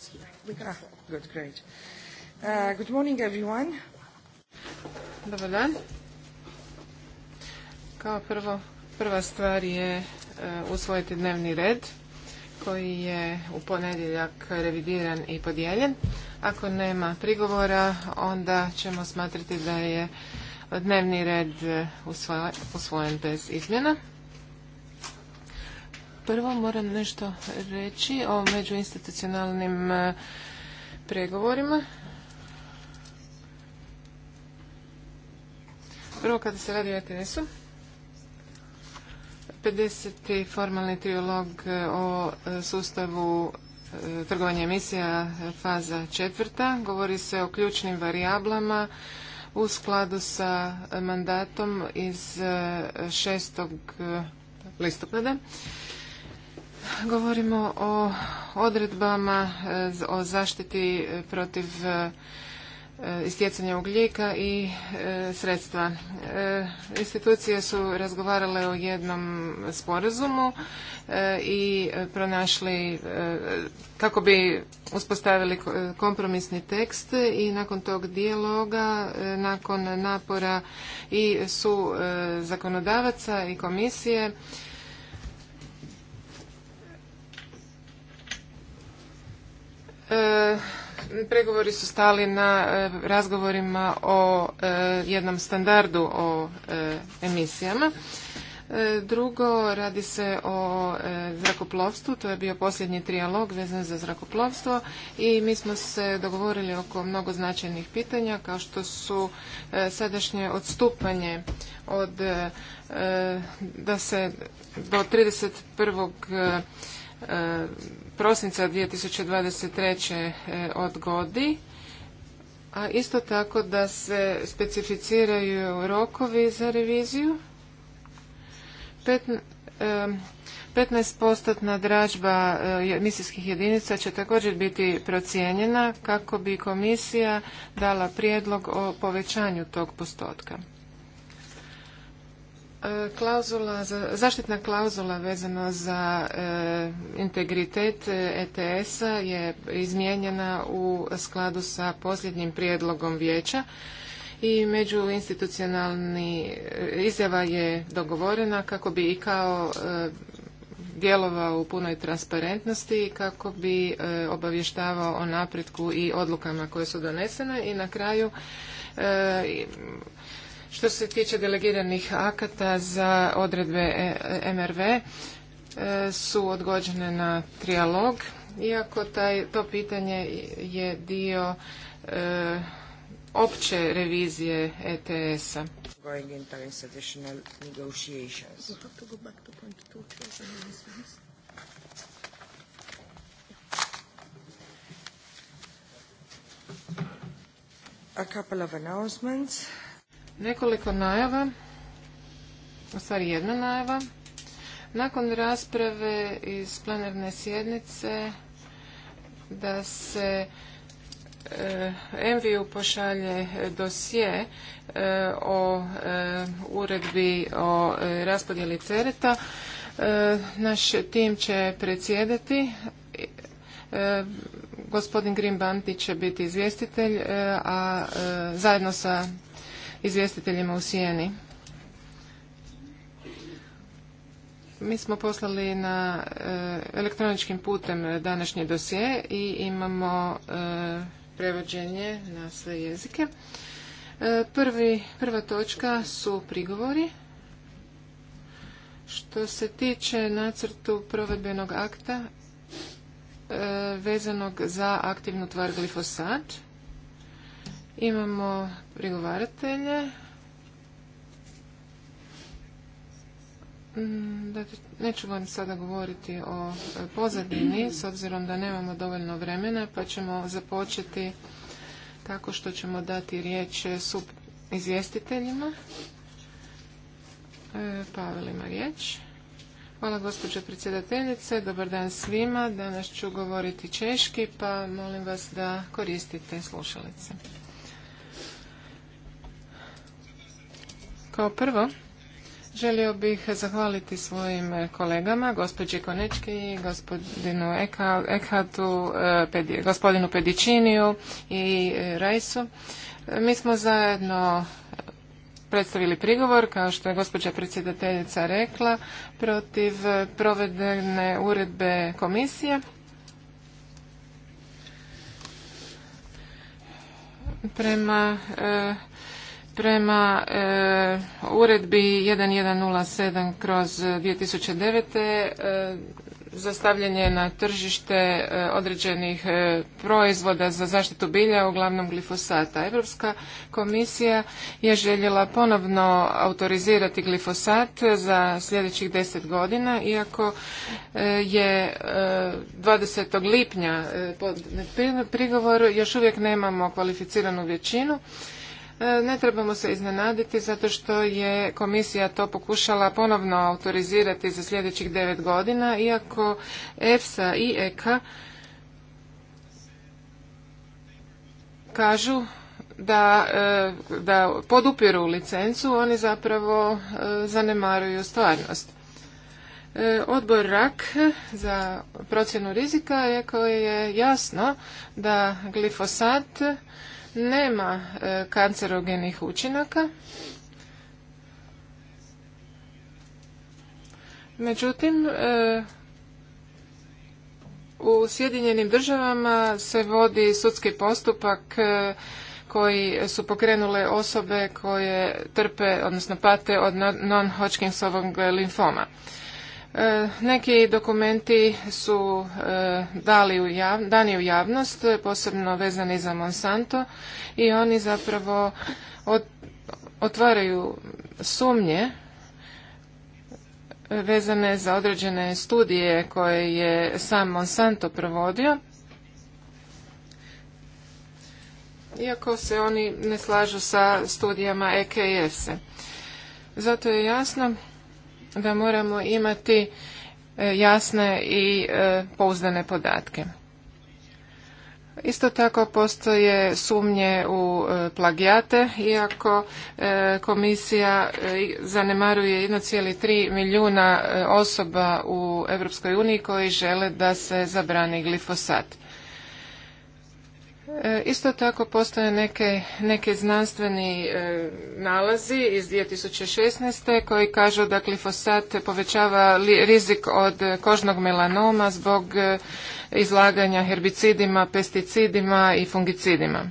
it's ah, here. good, great. Uh, good morning, everyone. Dobar dan. Kao prvo, prva stvar je e, usvojiti dnevni red koji je u ponedjeljak revidiran i podijeljen. Ako nema prigovora, onda ćemo smatrati da je dnevni red e, usvojen bez izmjena. Prvo moram nešto reći o međuinstitucionalnim e, pregovorima. Prvo kada se radi o ETS-u, 50. formalni triolog e, o e, sustavu trgovanja emisija faza četvrta. Govori se o ključnim varijablama u skladu sa mandatom iz 6. listopada. Govorimo o odredbama e, o zaštiti e, protiv e, istjecanja ugljika i sredstva. Institucije su razgovarale o jednom sporazumu i pronašli kako bi uspostavili kompromisni tekst i nakon tog dijaloga, nakon napora i su zakonodavaca i komisije E, pregovori su stali na e, razgovorima o e, jednom standardu o emisijama. Drugo, radi se o zrakoplovstvu, to je bio posljednji trijalog vezan za zrakoplovstvo i mi smo se dogovorili oko mnogo značajnih pitanja kao što su sadašnje odstupanje od da se do 31 prosinca 2023. E, odgodi, a isto tako da se specificiraju rokovi za reviziju. 15-postotna e, dražba e, emisijskih jedinica će također biti procijenjena kako bi komisija dala prijedlog o povećanju tog postotka. E, klauzula, zaštitna klauzula vezana za e, integritet ETS-a e je izmijenjena u skladu sa posljednjim prijedlogom vijeća i međuinstitucionalni izjava je dogovorena kako bi i kao djelovao u punoj transparentnosti i kako bi obavještavao o napretku i odlukama koje su donesene i na kraju što se tiče delegiranih akata za odredbe e, e, MRV, e, su odgođene na trijalog, iako taj, to pitanje je dio opće revizije ETS-a. A couple of announcements. Nekoliko najava, u stvari jedna najava. Nakon rasprave iz plenarne sjednice da se MVU eh, pošalje dosje eh, o eh, uredbi o raspodjeli cereta, Naš tim će predsjedati. Gospodin Grimbanti će biti izvjestitelj, a zajedno sa izvjestiteljima u Sijeni. Mi smo poslali na e, elektroničkim putem današnje dosije i imamo e, prevođenje na sve jezike. E, prva točka su prigovori. Što se tiče nacrtu provedbenog akta vezanog za aktivnu tvar glifosat, Imamo prigovaratelje. Mm, dakle, neću vam sada govoriti o e, pozadini, s obzirom da nemamo dovoljno vremena, pa ćemo započeti tako što ćemo dati riječ su izvjestiteljima. E, Pavel ima riječ. Hvala gospođo predsjedateljice, dobar dan svima. Danas ću govoriti češki, pa molim vas da koristite slušalice. Kao prvo, želio bih zahvaliti svojim kolegama, gospođi Konečki gospodinu Ekhatu, e, gospodinu Pediciniju i Rajsu. Mi smo zajedno predstavili prigovor, kao što je gospođa predsjedateljica rekla, protiv provedene uredbe komisije. Prema e, Prema e, uredbi 1107 kroz 2009. E, za stavljanje na tržište e, određenih e, proizvoda za zaštitu bilja, uglavnom glifosata. Europska komisija je željela ponovno autorizirati glifosat za sljedećih deset godina, iako e, je 20. lipnja pod prigovor još uvijek nemamo kvalificiranu većinu E, ne trebamo se iznenaditi zato što je komisija to pokušala ponovno autorizirati za sljedećih devet godina, iako EFSA i EK kažu da, e, da podupiru licencu, oni zapravo e, zanemaruju stvarnost. Odbor RAK za procjenu rizika rekao je jasno da glifosat nema e, kancerogenih učinaka. Međutim, e, u Sjedinjenim državama se vodi sudski postupak e, koji su pokrenule osobe koje trpe, odnosno pate od non-Hodgkinsovog limfoma. E, neki dokumenti su e, dani u javnost, posebno vezani za Monsanto i oni zapravo otvaraju sumnje vezane za određene studije koje je sam Monsanto provodio. Iako se oni ne slažu sa studijama EKS-e. Zato je jasno da moramo imati e, jasne i e, pouzdane podatke. Isto tako postoje sumnje u e, plagijate, iako komisija zanemaruje 1,3 milijuna osoba u EU koji žele da se zabrani glifosat. E, isto tako postoje neke, znanstveni e, nalazi iz 2016. koji kažu da glifosat povećava li, rizik od kožnog melanoma zbog e, izlaganja herbicidima, pesticidima i fungicidima.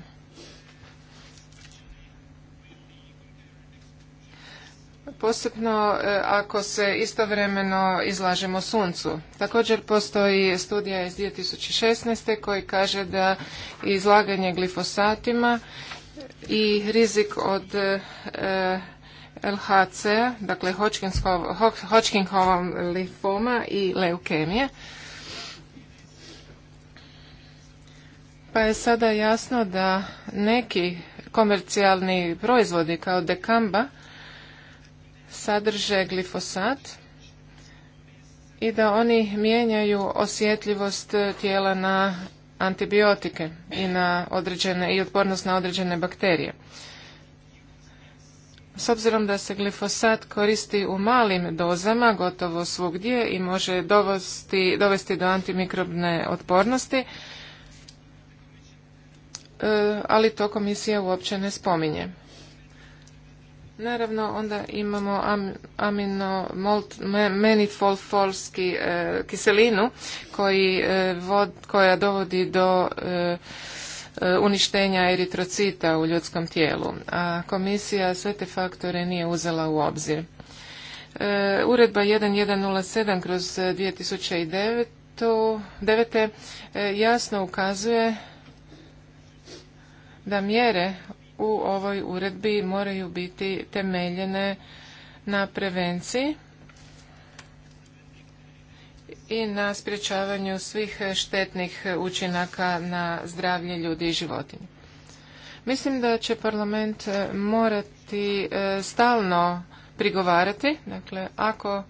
posebno e, ako se istovremeno izlažemo suncu. Također postoji studija iz 2016. koji kaže da izlaganje glifosatima i rizik od e, LHC, dakle hočkinhova lifoma i leukemije, pa je sada jasno da neki komercijalni proizvodi kao dekamba sadrže glifosat i da oni mijenjaju osjetljivost tijela na antibiotike i na određene i otpornost na određene bakterije. S obzirom da se glifosat koristi u malim dozama, gotovo svugdje i može dovesti, dovesti do antimikrobne otpornosti, e, ali to komisija uopće ne spominje. Naravno, onda imamo am, amino e, kiselinu e, koja dovodi do e, uništenja eritrocita u ljudskom tijelu. A komisija sve te faktore nije uzela u obzir. Uredba 1107 kroz 2009 jasno ukazuje da mjere u ovoj uredbi moraju biti temeljene na prevenciji i na sprječavanju svih štetnih učinaka na zdravlje ljudi i životinje. Mislim da će parlament e, morati e, stalno prigovarati, dakle ako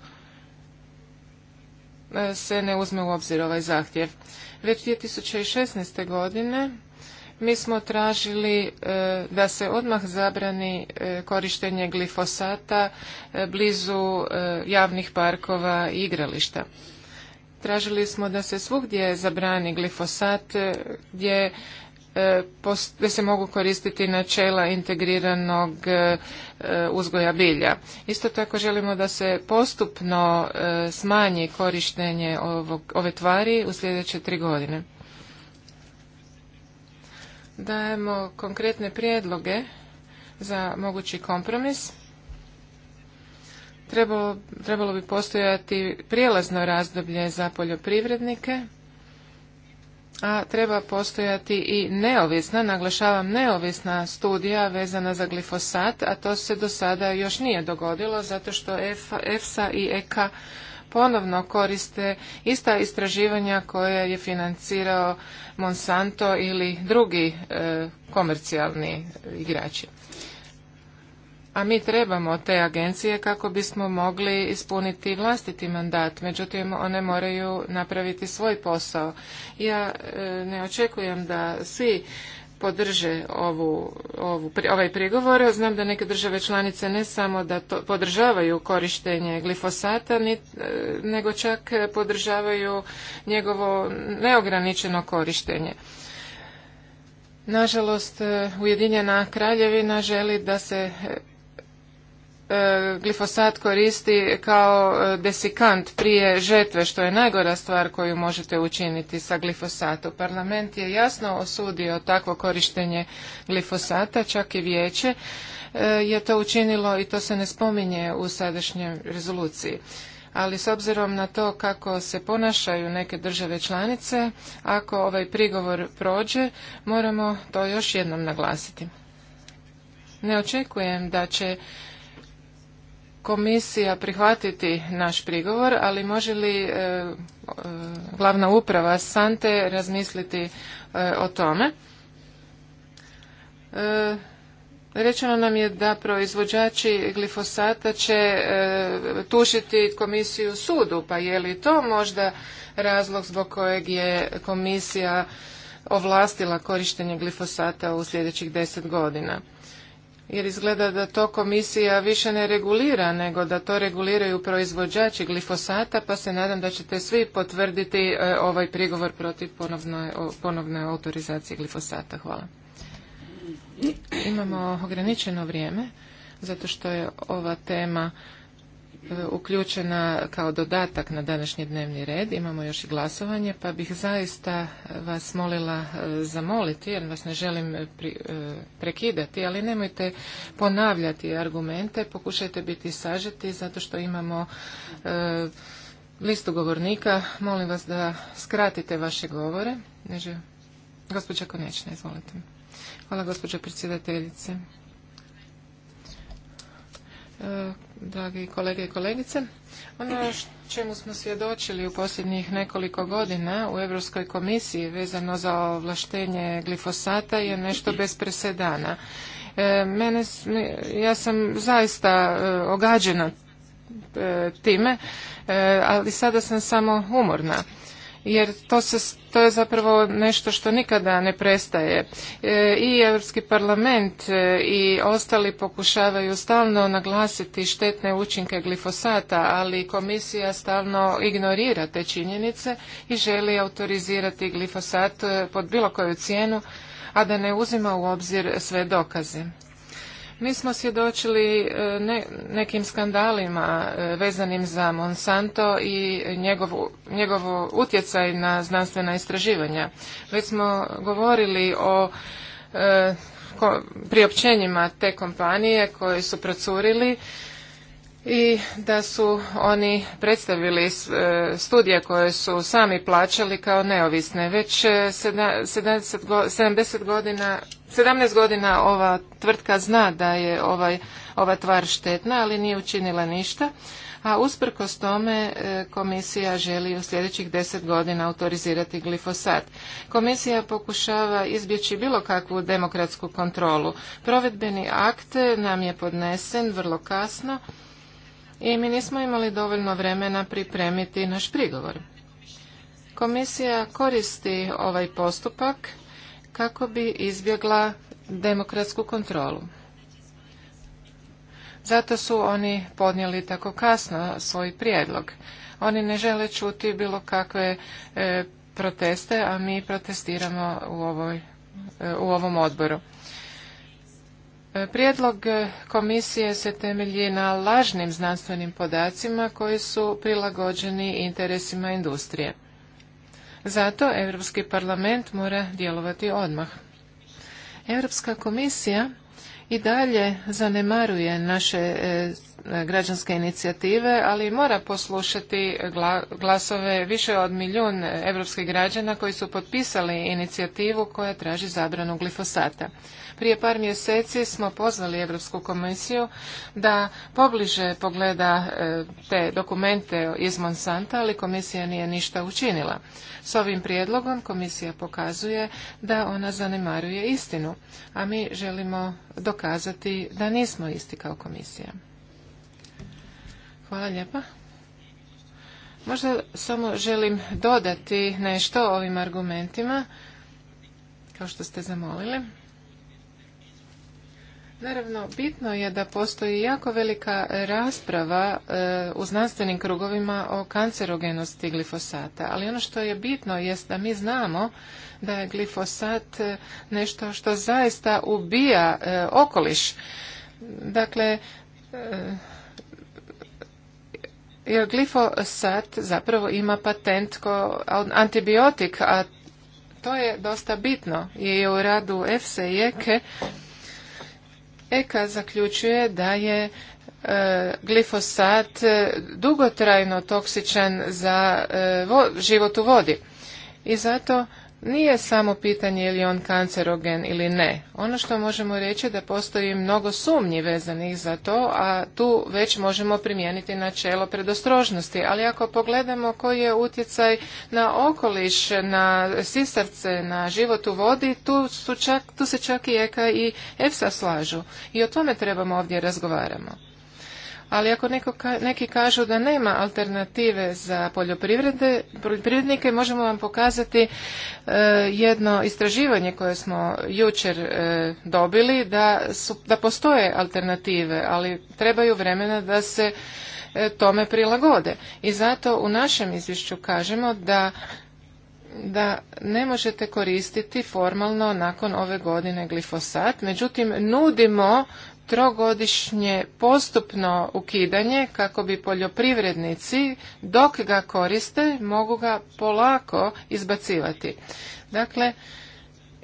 e, se ne uzme u obzir ovaj zahtjev. Već 2016. godine mi smo tražili e, da se odmah zabrani e, korištenje glifosata e, blizu javnih parkova i igrališta. Tražili smo da se svugdje zabrani glifosat gdje se mogu koristiti načela integriranog uzgoja bilja. Isto tako želimo da se postupno smanji korištenje ove tvari u sljedeće tri godine dajemo konkretne prijedloge za mogući kompromis. Trebalo, trebalo bi postojati prijelazno razdoblje za poljoprivrednike, a treba postojati i neovisna, naglašavam neovisna studija vezana za glifosat, a to se do sada još nije dogodilo zato što EFSA i EKA ponovno koriste ista istraživanja koja je financirao Monsanto ili drugi e, komercijalni igrači. A mi trebamo te agencije kako bismo mogli ispuniti vlastiti mandat, međutim one moraju napraviti svoj posao. Ja e, ne očekujem da svi podrže ovu, ovu, ovaj prigovor. Znam da neke države članice ne samo da to podržavaju korištenje glifosata, e, nego čak podržavaju njegovo neograničeno korištenje. Nažalost, e, Ujedinjena kraljevina želi da se E, glifosat koristi kao e, desikant prije žetve, što je najgora stvar koju možete učiniti sa glifosatom. Parlament je jasno osudio takvo korištenje glifosata, čak i vijeće e, je to učinilo i to se ne spominje u sadašnjoj rezoluciji. Ali s obzirom na to kako se ponašaju neke države članice, ako ovaj prigovor prođe, moramo to još jednom naglasiti. Ne očekujem da će komisija prihvatiti naš prigovor, ali može li e, e, glavna uprava Sante razmisliti e, o tome? Rečeno nam je da proizvođači glifosata će tušiti komisiju sudu, pa je li to možda razlog zbog kojeg je komisija ovlastila korištenje glifosata u sljedećih deset godina? jer izgleda da to komisija više ne regulira, nego da to reguliraju proizvođači glifosata, pa se nadam da ćete svi potvrditi e, ovaj prigovor protiv ponovne, ponovne autorizacije glifosata. Hvala. Imamo ograničeno vrijeme, zato što je ova tema E, uključena kao dodatak na današnji dnevni red. Imamo još i glasovanje, pa bih zaista vas molila e, zamoliti, jer vas ne želim e, prekidati, ali nemojte ponavljati argumente, pokušajte biti sažeti, zato što imamo listu govornika. Molim vas da skratite vaše govore. Neže, gospođa Konečna, izvolite. Hvala, gospođa predsjedateljice dragi kolege i kolegice. Ono čemu smo svjedočili u posljednjih nekoliko godina u Europskoj komisiji vezano za ovlaštenje glifosata je nešto bez presedana. E, mene, ja sam zaista e, ogađena e, time, ali sada sam samo umorna jer to, se, to je zapravo nešto što nikada ne prestaje. E, I Europski parlament e, i ostali pokušavaju stalno naglasiti štetne učinke glifosata, ali komisija stalno ignorira te činjenice i želi autorizirati glifosat e, pod bilo koju cijenu, a da ne uzima u obzir sve dokaze. Mi smo svjedočili e, ne, nekim skandalima e, vezanim za Monsanto i njegov, utjecaj na znanstvena istraživanja. Već smo govorili o e, priopćenjima te kompanije koje su procurili i da su oni predstavili studije koje su sami plaćali kao neovisne. Već 70 godina 17 godina ova tvrtka zna da je ovaj, ova tvar štetna, ali nije učinila ništa, a usprkos tome e, komisija želi u sljedećih 10 godina autorizirati glifosat. Komisija pokušava izbjeći bilo kakvu demokratsku kontrolu. Provedbeni akt nam je podnesen vrlo kasno i mi nismo imali dovoljno vremena pripremiti naš prigovor. Komisija koristi ovaj postupak kako bi izbjegla demokratsku kontrolu. Zato su oni podnijeli tako kasno svoj prijedlog. Oni ne žele čuti bilo kakve e, proteste, a mi protestiramo u, ovoj, e, u ovom odboru. E, prijedlog komisije se temelji na lažnim znanstvenim podacima koji su prilagođeni interesima industrije. Zato Europski parlament mora djelovati odmah. Europska komisija i dalje zanemaruje naše e, građanske inicijative, ali mora poslušati glasove više od milijun europskih građana koji su potpisali inicijativu koja traži zabranu glifosata. Prije par mjeseci smo pozvali Europsku komisiju da pobliže pogleda e, te dokumente iz Monsanta, ali komisija nije ništa učinila. S ovim prijedlogom komisija pokazuje da ona zanemaruje istinu, a mi želimo dokazati da nismo isti kao komisija. Hvala lijepa. Možda samo želim dodati nešto ovim argumentima, kao što ste zamolili. Naravno, bitno je da postoji jako velika rasprava e, u znanstvenim krugovima o kancerogenosti glifosata, ali ono što je bitno jest da mi znamo da je glifosat e, nešto što zaista ubija e, okoliš. Dakle, jer glifosat zapravo ima patent ko antibiotik, a to je dosta bitno. I u radu EFSE i EKE Eka zaključuje da je e, glifosat e, dugotrajno toksičan za e, život u vodi. I zato nije samo pitanje je li on kancerogen ili ne. Ono što možemo reći je da postoji mnogo sumnji vezanih za to, a tu već možemo primijeniti načelo predostrožnosti. Ali ako pogledamo koji je utjecaj na okoliš, na sisarce, na život u vodi, tu, su čak, tu se čak i Eka i EFSA slažu. I o tome trebamo ovdje razgovaramo ali ako neko, neki kažu da nema alternative za poljoprivrede, poljoprivrednike, možemo vam pokazati e, jedno istraživanje koje smo jučer e, dobili da, su, da postoje alternative, ali trebaju vremena da se e, tome prilagode. I zato u našem izvješću kažemo da da ne možete koristiti formalno nakon ove godine glifosat, međutim nudimo trogodišnje postupno ukidanje kako bi poljoprivrednici dok ga koriste mogu ga polako izbacivati. Dakle,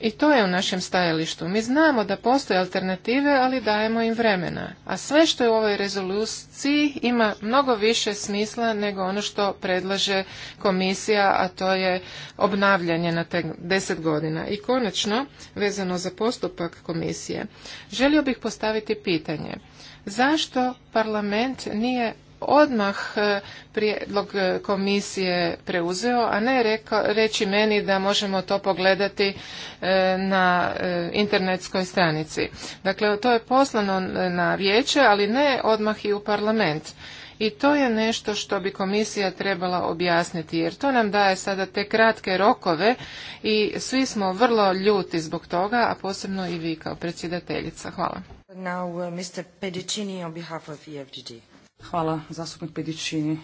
i to je u našem stajalištu. Mi znamo da postoje alternative, ali dajemo im vremena. A sve što je u ovoj rezoluciji ima mnogo više smisla nego ono što predlaže komisija, a to je obnavljanje na te deset godina. I konačno, vezano za postupak komisije, želio bih postaviti pitanje. Zašto parlament nije odmah e, prijedlog e, komisije preuzeo, a ne reći meni da možemo to pogledati e, na internetskoj stranici. Dakle, to je poslano na vijeće, ali ne odmah i u parlament. I to je nešto što bi komisija trebala objasniti, jer to nam daje sada te kratke rokove i svi smo vrlo ljuti zbog toga, a posebno i vi kao predsjedateljica. Hvala. Now, uh, Mr. Pedicini on behalf of Hvala, zastupnik Pedićini.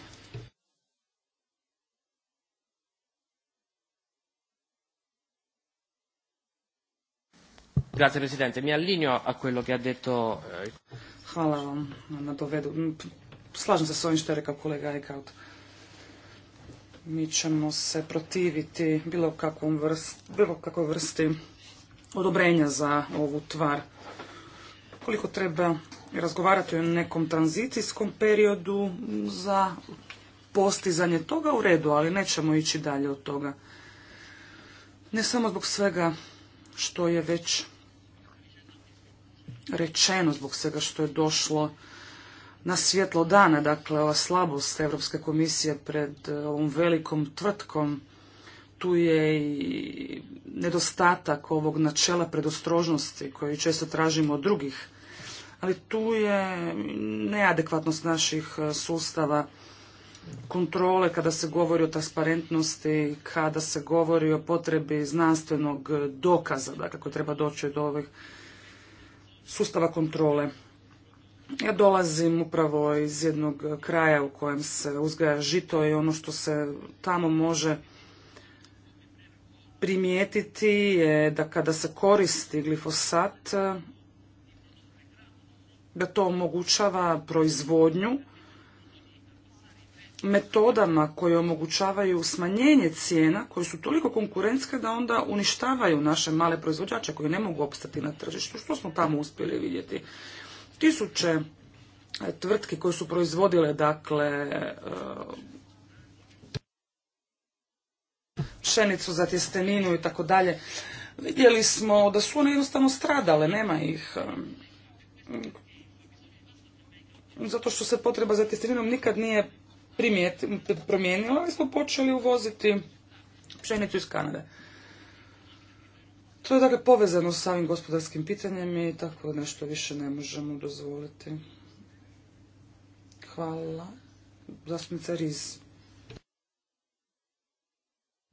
Grazie Presidente, mi allineo a quello che ha detto... Eh, Hvala vam na dovedu. Slažem se s ovim što je rekao kolega Eichhout. Mi ćemo se protiviti bilo kakvom bilo kakvoj vrsti odobrenja za ovu tvar. Koliko treba razgovarati o nekom tranzicijskom periodu za postizanje toga u redu, ali nećemo ići dalje od toga. Ne samo zbog svega što je već rečeno, zbog svega što je došlo na svjetlo dana, dakle ova slabost Europske komisije pred e, ovom velikom tvrtkom, tu je i nedostatak ovog načela predostrožnosti koji često tražimo od drugih ali tu je neadekvatnost naših e, sustava kontrole kada se govori o transparentnosti, kada se govori o potrebi znanstvenog dokaza, dakle koji treba doći do ovih sustava kontrole. Ja dolazim upravo iz jednog kraja u kojem se uzgaja žito i ono što se tamo može primijetiti je da kada se koristi glifosat da to omogućava proizvodnju metodama koje omogućavaju smanjenje cijena koje su toliko konkurentske da onda uništavaju naše male proizvođače koji ne mogu opstati na tržištu. Što smo tamo uspjeli vidjeti? Tisuće e, tvrtki koje su proizvodile dakle e, pšenicu za tjesteninu i tako dalje. Vidjeli smo da su one jednostavno stradale, nema ih zato što se potreba za testirinom nikad nije promijenila, ali smo počeli uvoziti pšenicu iz Kanade. To je dakle povezano s samim gospodarskim pitanjem i tako nešto više ne možemo dozvoliti. Hvala. Zastupnica Riz.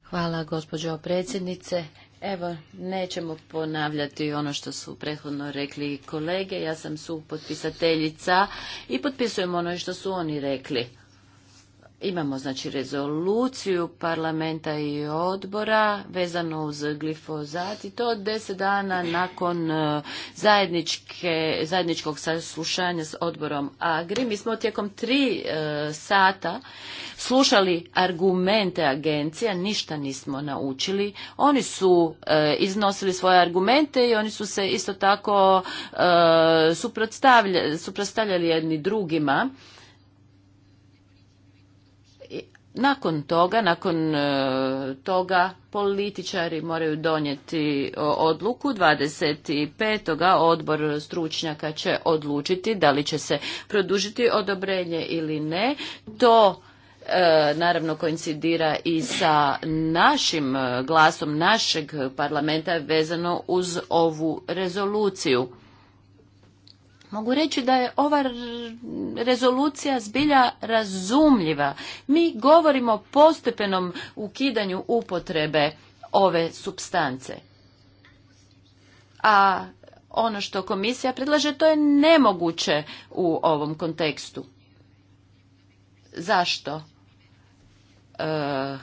Hvala gospođo predsjednice. Evo, nećemo ponavljati ono što su prethodno rekli kolege. Ja sam supotpisateljica i potpisujem ono što su oni rekli. Imamo znači rezoluciju parlamenta i odbora vezano uz glifozat i to deset dana nakon e, zajedničke, zajedničkog saslušanja s odborom Agri. Mi smo tijekom tri e, sata slušali argumente agencija, ništa nismo naučili. Oni su e, iznosili svoje argumente i oni su se isto tako e, suprotstavljali jedni drugima nakon toga, nakon e, toga političari moraju donijeti odluku. 25. odbor stručnjaka će odlučiti da li će se produžiti odobrenje ili ne. To e, naravno koincidira i sa našim e, glasom našeg parlamenta vezano uz ovu rezoluciju. Mogu reći da je ova rezolucija zbilja razumljiva. Mi govorimo o postepenom ukidanju upotrebe ove substance. A ono što komisija predlaže to je nemoguće u ovom kontekstu. Zašto? E,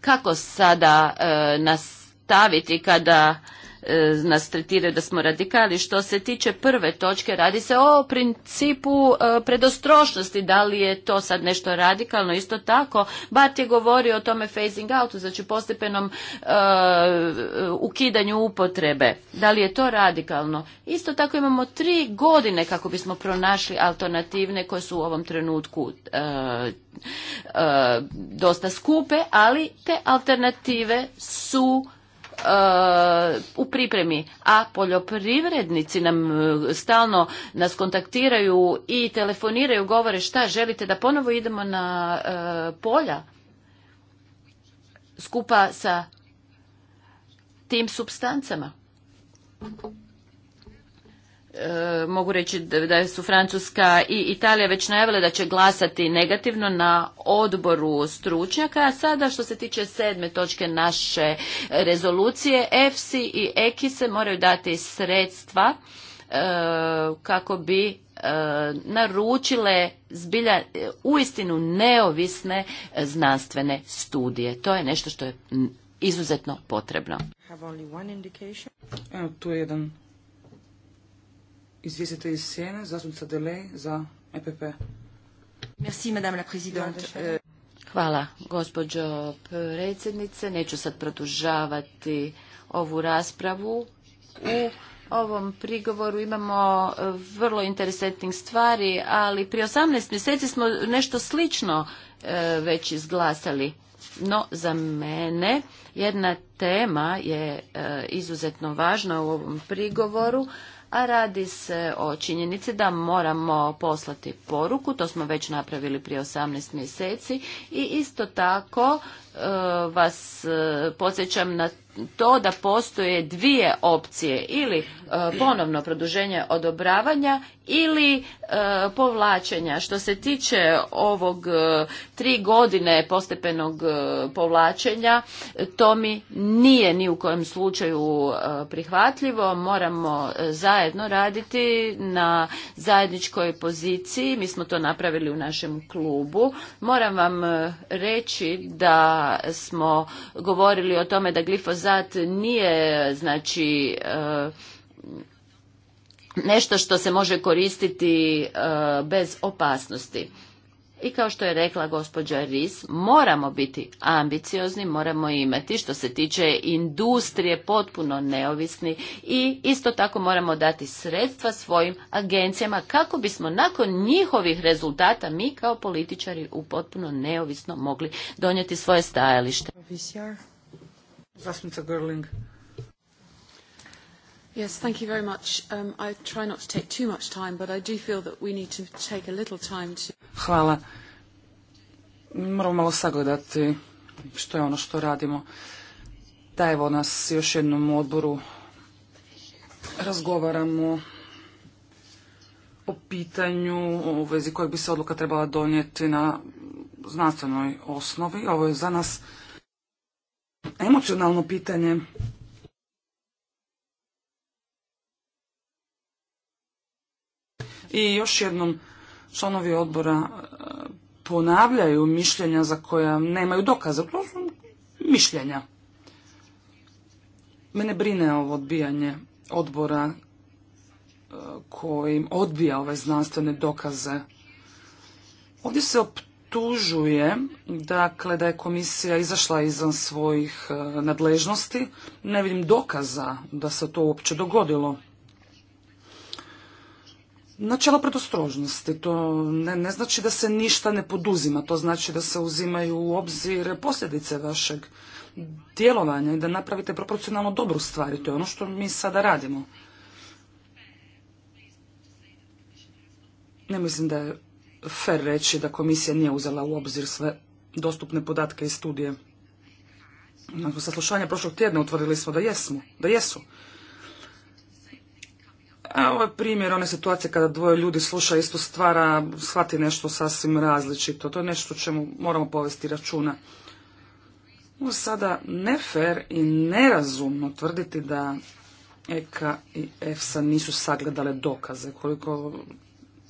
kako sada e, nastaviti kada E, nas tretiraju da smo radikali. Što se tiče prve točke, radi se o principu e, predostrošnosti. Da li je to sad nešto radikalno? Isto tako, Bart je govorio o tome phasing outu, znači postepenom e, ukidanju upotrebe. Da li je to radikalno? Isto tako imamo tri godine kako bismo pronašli alternativne koje su u ovom trenutku dosta skupe, ali te alternative su Uh, u pripremi, a poljoprivrednici nam uh, stalno nas kontaktiraju i telefoniraju, govore šta želite da ponovo idemo na uh, polja skupa sa tim substancama. E, mogu reći da su Francuska i Italija već najavile da će glasati negativno na odboru stručnjaka, a sada što se tiče sedme točke naše rezolucije, EFSI i EKI se moraju dati sredstva e, kako bi e, naručile zbilja uistinu neovisne znanstvene studije. To je nešto što je izuzetno potrebno. tu je jedan Izvjestitelj iz Sjene, Delej za EPP. Eh, hvala, gospođo predsjednice. Neću sad produžavati ovu raspravu. U ovom prigovoru imamo eh, vrlo interesantnih stvari, ali prije 18 mjeseci smo nešto slično eh, već izglasali. No, za mene jedna tema je izuzetno važna u ovom prigovoru, a radi se o činjenici da moramo poslati poruku, to smo već napravili prije 18 mjeseci i isto tako E, vas e, podsjećam na to da postoje dvije opcije ili e, ponovno produženje odobravanja ili povlačenja. Što se tiče ovog tri godine postepenog povlačenja, to mi nije ni u kojem slučaju prihvatljivo. Moramo zajedno raditi na zajedničkoj poziciji. Mi smo to napravili u našem klubu. Moram vam reći da smo govorili o tome da glifozat nije znači e, nešto što se može koristiti e, bez opasnosti. I kao što je rekla gospođa Ris, moramo biti ambiciozni, moramo imati što se tiče industrije potpuno neovisni i isto tako moramo dati sredstva svojim agencijama kako bismo nakon njihovih rezultata mi kao političari u potpuno neovisno mogli donijeti svoje stajalište. Yes, thank you very much. Um, I try not to take too much time, but I do feel that we need to take a little time to... Hvala. Moramo malo sagledati što je ono što radimo. Da evo nas još jednom u odboru razgovaramo o pitanju u vezi kojeg bi se odluka trebala donijeti na znanstvenoj osnovi. Ovo je za nas emocionalno pitanje I još jednom, članovi odbora e, ponavljaju mišljenja za koja nemaju dokaza. To su mišljenja. Mene brine ovo odbijanje odbora e, kojim odbija ove znanstvene dokaze. Ovdje se optužuje dakle, da je komisija izašla izvan svojih e, nadležnosti. Ne vidim dokaza da se to uopće dogodilo načelo predostrožnosti. To ne, ne znači da se ništa ne poduzima, to znači da se uzimaju u obzir posljedice vašeg djelovanja i da napravite proporcionalno dobru stvar i to je ono što mi sada radimo. Ne mislim da je fer reći da komisija nije uzela u obzir sve dostupne podatke i studije. Nakon saslušanja prošlog tjedna utvrdili smo da jesmo, da jesu. A ovo je primjer one situacije kada dvoje ljudi sluša istu stvar, a shvati nešto sasvim različito. To je nešto čemu moramo povesti računa. Ovo sada nefer i nerazumno tvrditi da Eka i EFSA nisu sagledale dokaze. Koliko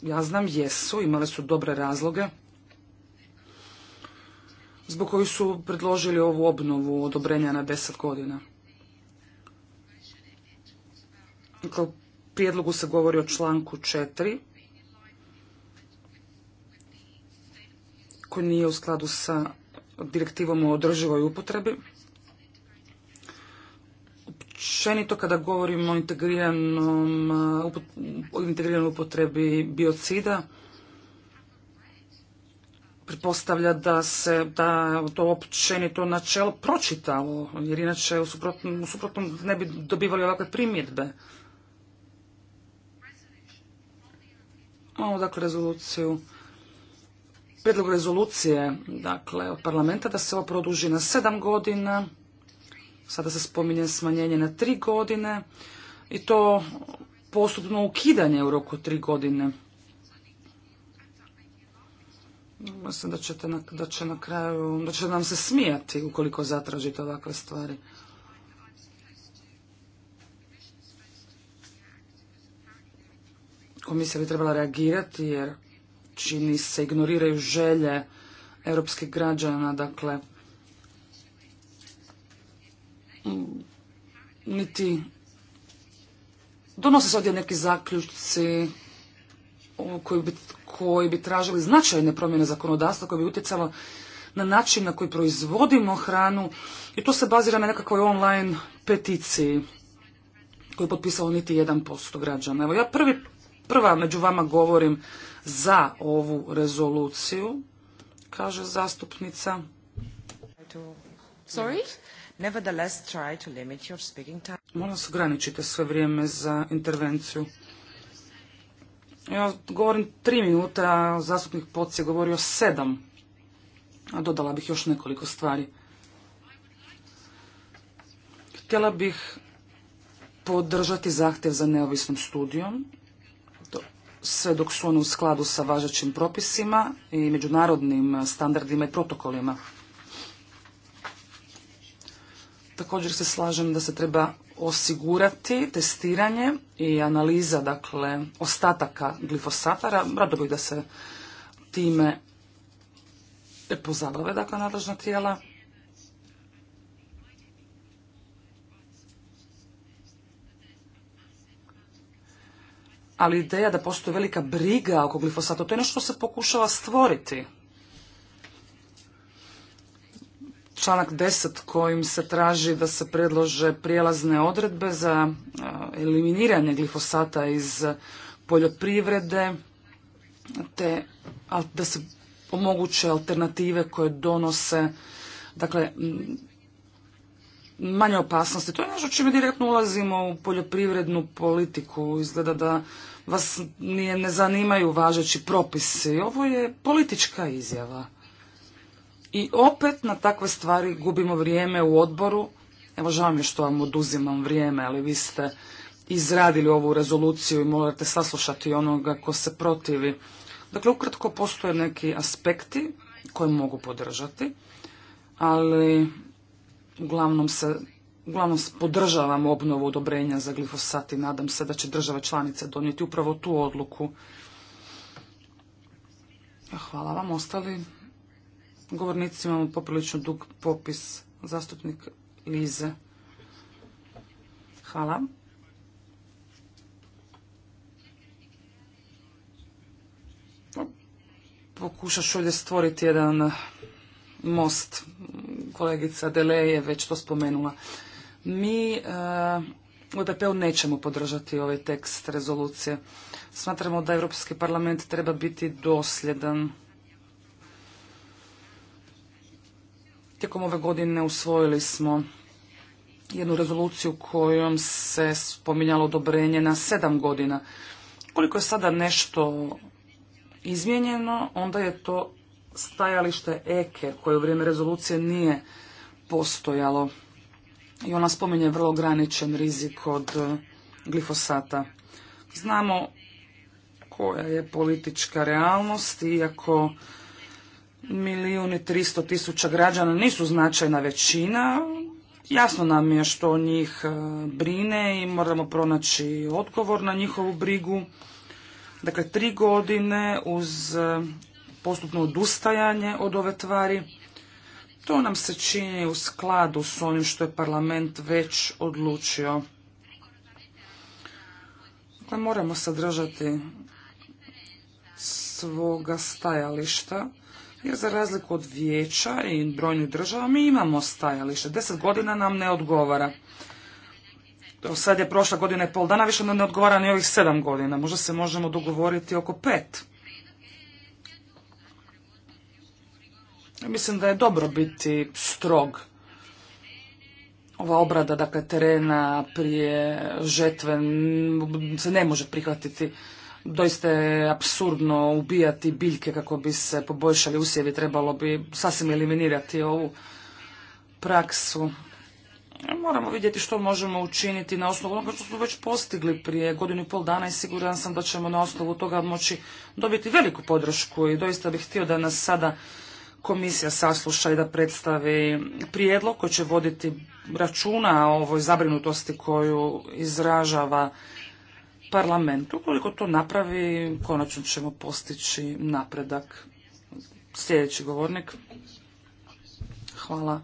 ja znam, jesu, imale su dobre razloge zbog kojih su predložili ovu obnovu odobrenja na deset godina. Dakle, prijedlogu se govori o članku 4 koji nije u skladu sa direktivom o održivoj upotrebi. Općenito kada govorimo o integriranom, integriranoj upotrebi biocida, pretpostavlja da se da to općenito načelo pročitalo, jer inače u u suprotnom ne bi dobivali ovakve primjedbe. Imamo dakle rezoluciju, prijedlog rezolucije dakle od parlamenta da se ovo produži na sedam godina. Sada se spominje smanjenje na tri godine i to postupno ukidanje u roku tri godine. Mislim da, ćete na kraju, da će nam se smijati ukoliko zatražite ovakve stvari. Komisija bi trebala reagirati jer čini se ignoriraju želje europskih građana, dakle mm, niti donose se ovdje neki zaključci koji bi, koji bi tražili značajne promjene zakonodavstva koje bi utjecalo na način na koji proizvodimo hranu i to se bazira na nekakvoj online peticiji koju je potpisao niti jedan posto građana. Evo ja prvi prva među vama govorim za ovu rezoluciju, kaže zastupnica. Sorry? Nevertheless, try Molim vas ograničite sve vrijeme za intervenciju. Ja govorim tri minuta, a zastupnik Poc je govorio sedam. A dodala bih još nekoliko stvari. Htjela bih podržati zahtjev za neovisnom studijom sve dok su one u skladu sa važećim propisima i međunarodnim standardima i protokolima. Također se slažem da se treba osigurati testiranje i analiza dakle ostataka glifosatara. Rado bih da se time pozabave dakle nadležna tijela. ali ideja da postoji velika briga oko glifosata, to je nešto što se pokušava stvoriti. Članak 10 kojim se traži da se predlože prijelazne odredbe za e, eliminiranje glifosata iz poljoprivrede, te da se omoguće alternative koje donose dakle manje opasnosti. To je nešto čime direktno ulazimo u poljoprivrednu politiku. Izgleda da vas nije, ne zanimaju važeći propisi. Ovo je politička izjava. I opet na takve stvari gubimo vrijeme u odboru. Evo žao mi je što vam oduzimam vrijeme, ali vi ste izradili ovu rezoluciju i morate saslušati onoga ko se protivi. Dakle, ukratko postoje neki aspekti koje mogu podržati, ali Uglavnom se Uglavnom podržavam obnovu odobrenja za glifosat i nadam se da će država članice donijeti upravo tu odluku. Hvala vam. Ostali govornici imamo poprilično dug popis. Zastupnik Lize. Hvala. Pokušaš ovdje stvoriti jedan most. Kolegica Dele je već to spomenula. Mi eh, u EPP-u nećemo podržati ovaj tekst rezolucije. Smatramo da Europski parlament treba biti dosljedan. Tijekom ove godine usvojili smo jednu rezoluciju kojom se spominjalo odobrenje na sedam godina. Koliko je sada nešto izmijenjeno, onda je to stajalište EKE koje u vrijeme rezolucije nije postojalo i ona spominje vrlo ograničen rizik od e, glifosata. Znamo koja je politička realnost, iako milijuni tristo tisuća građana nisu značajna većina, jasno nam je što njih e, brine i moramo pronaći odgovor na njihovu brigu. Dakle, tri godine uz e, postupno odustajanje od ove tvari. To nam se čini u skladu s onim što je parlament već odlučio. Dakle, moramo sadržati svoga stajališta, jer za razliku od vijeća i brojnih država mi imamo stajalište. Deset godina nam ne odgovara. Do sad je prošla godina i pol dana, više nam ne odgovara ni ovih sedam godina. Možda se možemo dogovoriti oko pet. Mislim da je dobro biti strog. Ova obrada dakle, terena prije žetve se ne može prihvatiti. Doista je absurdno ubijati biljke kako bi se poboljšali usjevi. Trebalo bi sasvim eliminirati ovu praksu. Moramo vidjeti što možemo učiniti na osnovu onoga što smo već postigli prije godinu i pol dana i siguran sam da ćemo na osnovu toga moći dobiti veliku podršku i doista bih htio da nas sada komisija sasluša i da predstavi prijedlog koji će voditi računa o ovoj zabrinutosti koju izražava parlament. Ukoliko to napravi, konačno ćemo postići napredak. Sljedeći govornik. Hvala.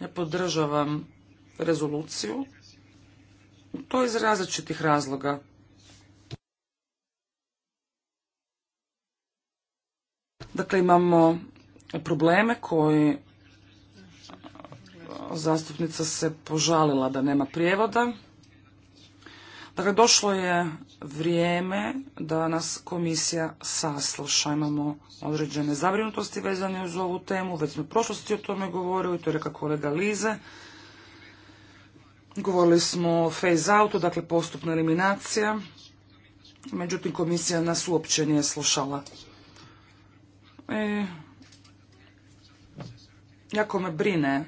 Ja podržavam rezoluciju. To je iz različitih razloga. Dakle, imamo probleme koji zastupnica se požalila da nema prijevoda. Dakle, došlo je vrijeme da nas komisija sasluša. Imamo određene zabrinutosti vezane uz ovu temu. Već smo u prošlosti o tome govorili, to je rekao kolega Lize. Govorili smo o phase-outu, dakle postupna eliminacija. Međutim, komisija nas uopće nije slušala. I e, Jako me brine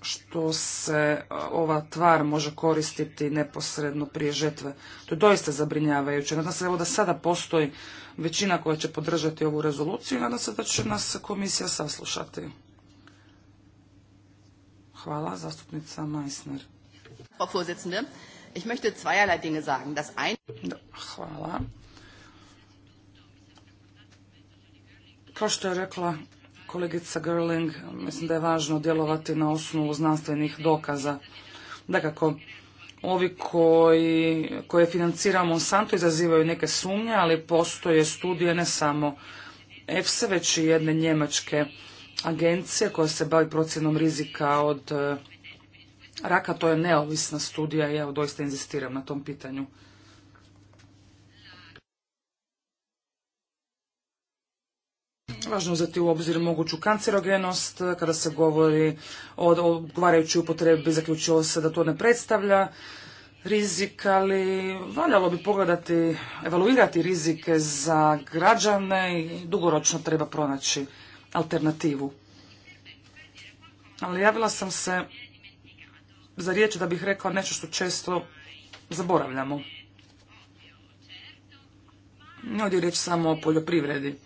što se e, ova tvar može koristiti neposredno prije žetve. To je doista zabrinjavajuće. Nadam se evo da sada postoji većina koja će podržati ovu rezoluciju i nadam se da će nas komisija saslušati. Hvala, zastupnica Meissner. Hvala. Kao što je rekla Kolegica Gerling, mislim da je važno djelovati na osnovu znanstvenih dokaza. Dakako, ovi koji, koje financiramo Monsanto izazivaju neke sumnje, ali postoje studije ne samo EFSE, već i jedne njemačke agencije koja se bavi procjenom rizika od eh, raka. To je neovisna studija i ja doista inzistiram na tom pitanju. Važno uzeti u obzir moguću kancerogenost eh, kada se govori o odgovarajućoj upotrebi, zaključilo se da to ne predstavlja rizik, ali valjalo bi pogledati, evaluirati rizike za građane i dugoročno treba pronaći alternativu. Ali javila sam se za riječ da bih rekao nešto što često zaboravljamo. Ovdje je riječ samo o poljoprivredi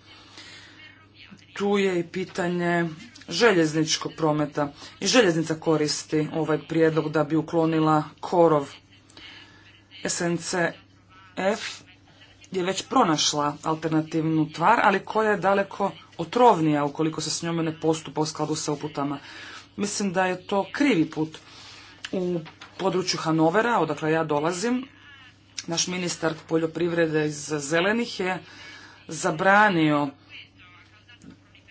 tu je i pitanje željezničkog prometa. I željeznica koristi ovaj prijedlog da bi uklonila korov. SNCF je već pronašla alternativnu tvar, ali koja je daleko otrovnija ukoliko se s njome ne postupa u skladu sa uputama. Mislim da je to krivi put. U području Hanovera, odakle ja dolazim, naš ministar poljoprivrede iz Zelenih je zabranio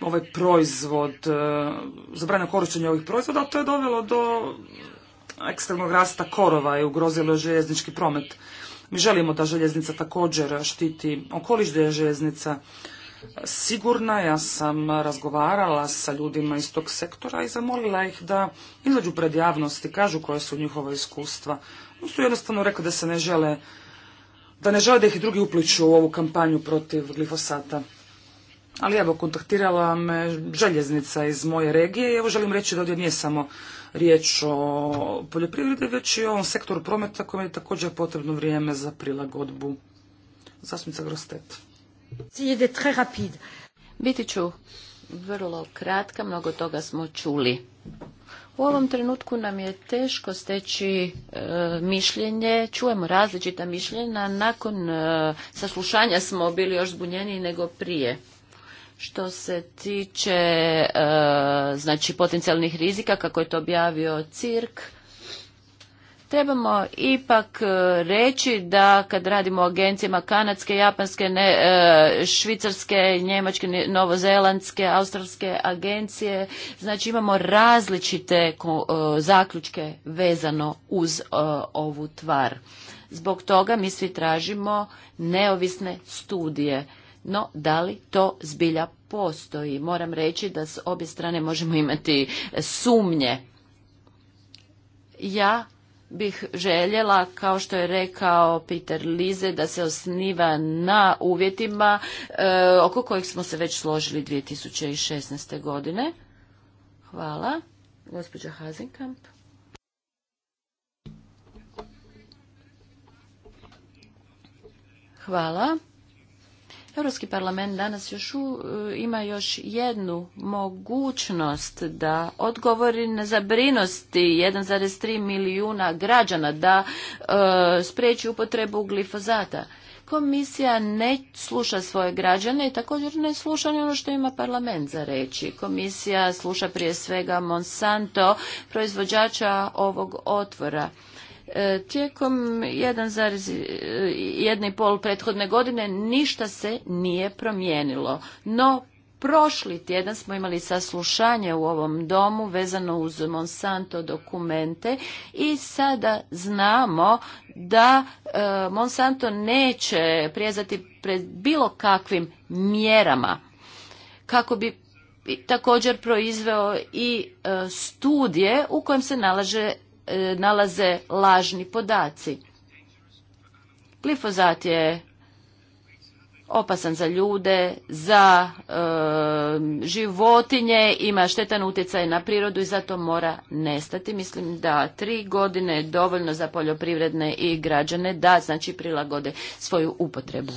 ovaj proizvod, e, zabranjeno korištenje ovih proizvoda, to je dovelo do ekstremnog rasta korova i ugrozilo je željeznički promet. Mi želimo da željeznica također štiti okoliš, da je željeznica sigurna. Ja sam razgovarala sa ljudima iz tog sektora i zamolila ih da izađu pred javnosti, kažu koje su njihova iskustva. Oni su jednostavno rekli da se ne žele da ne žele da ih drugi upliču u ovu kampanju protiv glifosata ali evo kontaktirala me željeznica iz moje regije i evo želim reći da ovdje nije samo riječ o poljoprivredi, već i o ovom sektoru prometa kojem je također potrebno vrijeme za prilagodbu. Zastupnica Grostet. Biti ću vrlo kratka, mnogo toga smo čuli. U ovom trenutku nam je teško steći e, mišljenje, čujemo različita mišljenja, nakon e, saslušanja smo bili još zbunjeniji nego prije. Što se tiče e, znači potencijalnih rizika, kako je to objavio CIRK, trebamo ipak e, reći da kad radimo o agencijama kanadske, japanske, ne, e, švicarske, njemačke, novozelandske, australske agencije, znači imamo različite zaključke vezano uz ovu tvar. Zbog toga mi svi tražimo neovisne studije no, da li to zbilja postoji? Moram reći da s obje strane možemo imati sumnje. Ja bih željela, kao što je rekao Peter Lize, da se osniva na uvjetima e, oko kojih smo se već složili 2016. godine. Hvala. Gospođa Hazenkamp. Hvala. Europski parlament danas još u, e, ima još jednu mogućnost da odgovori na zabrinosti 1,3 milijuna građana da e, spriječi upotrebu glifozata. Komisija ne sluša svoje građane i također ne sluša ni ono što ima parlament za reći. Komisija sluša prije svega Monsanto, proizvođača ovog otvora E, tijekom 1,5 e, prethodne godine ništa se nije promijenilo, no Prošli tjedan smo imali saslušanje u ovom domu vezano uz Monsanto dokumente i sada znamo da e, Monsanto neće prijezati pred bilo kakvim mjerama kako bi također proizveo i studije u kojem se nalaže E, nalaze lažni podaci. Glifozat je opasan za ljude, za e, životinje, ima štetan utjecaj na prirodu i zato mora nestati. Mislim da tri godine je dovoljno za poljoprivredne i građane da znači prilagode svoju upotrebu.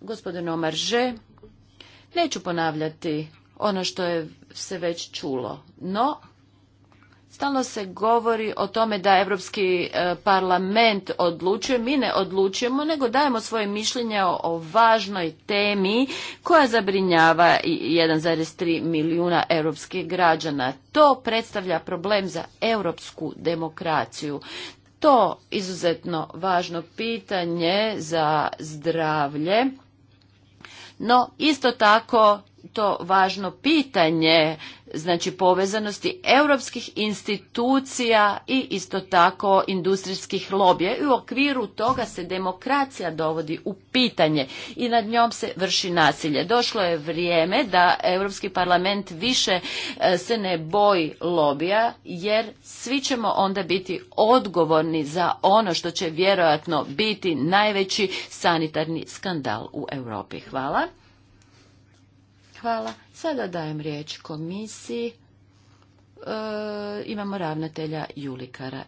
Gospodin Omarže, Neću ponavljati ono što je se već čulo, no stalno se govori o tome da Europski e, parlament odlučuje, mi ne odlučujemo, nego dajemo svoje mišljenje o, o važnoj temi koja zabrinjava 1,3 milijuna europskih građana. To predstavlja problem za europsku demokraciju. To izuzetno važno pitanje za zdravlje no, isto tako to važno pitanje znači povezanosti europskih institucija i isto tako industrijskih lobija i u okviru toga se demokracija dovodi u pitanje i nad njom se vrši nasilje. Došlo je vrijeme da Europski parlament više e, se ne boji lobija jer svi ćemo onda biti odgovorni za ono što će vjerojatno biti najveći sanitarni skandal u Europi. Hvala. Hvala. Sada dajem riječ komisiji. E, imamo ravnatelja Julikara.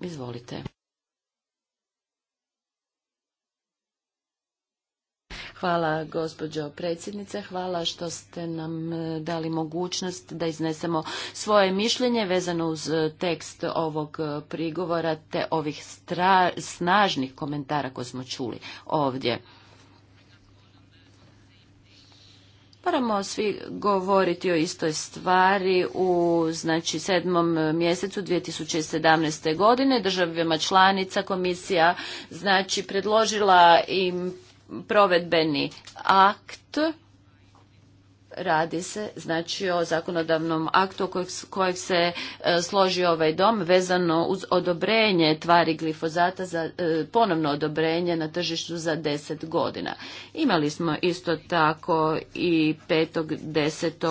Izvolite. Hvala gospođo predsjednice, hvala što ste nam e, dali mogućnost da iznesemo svoje mišljenje vezano uz e, tekst ovog prigovora te ovih snažnih komentara koje smo čuli ovdje. Moramo svi govoriti o istoj stvari u znači sedmom mjesecu 2017. godine državima članica komisija znači predložila im provedbeni akt Radi se znači o zakonodavnom aktu kojeg, se e, složio ovaj dom vezano uz odobrenje tvari glifozata za e, ponovno odobrenje na tržištu za 10 godina. Imali smo isto tako i petdeset e,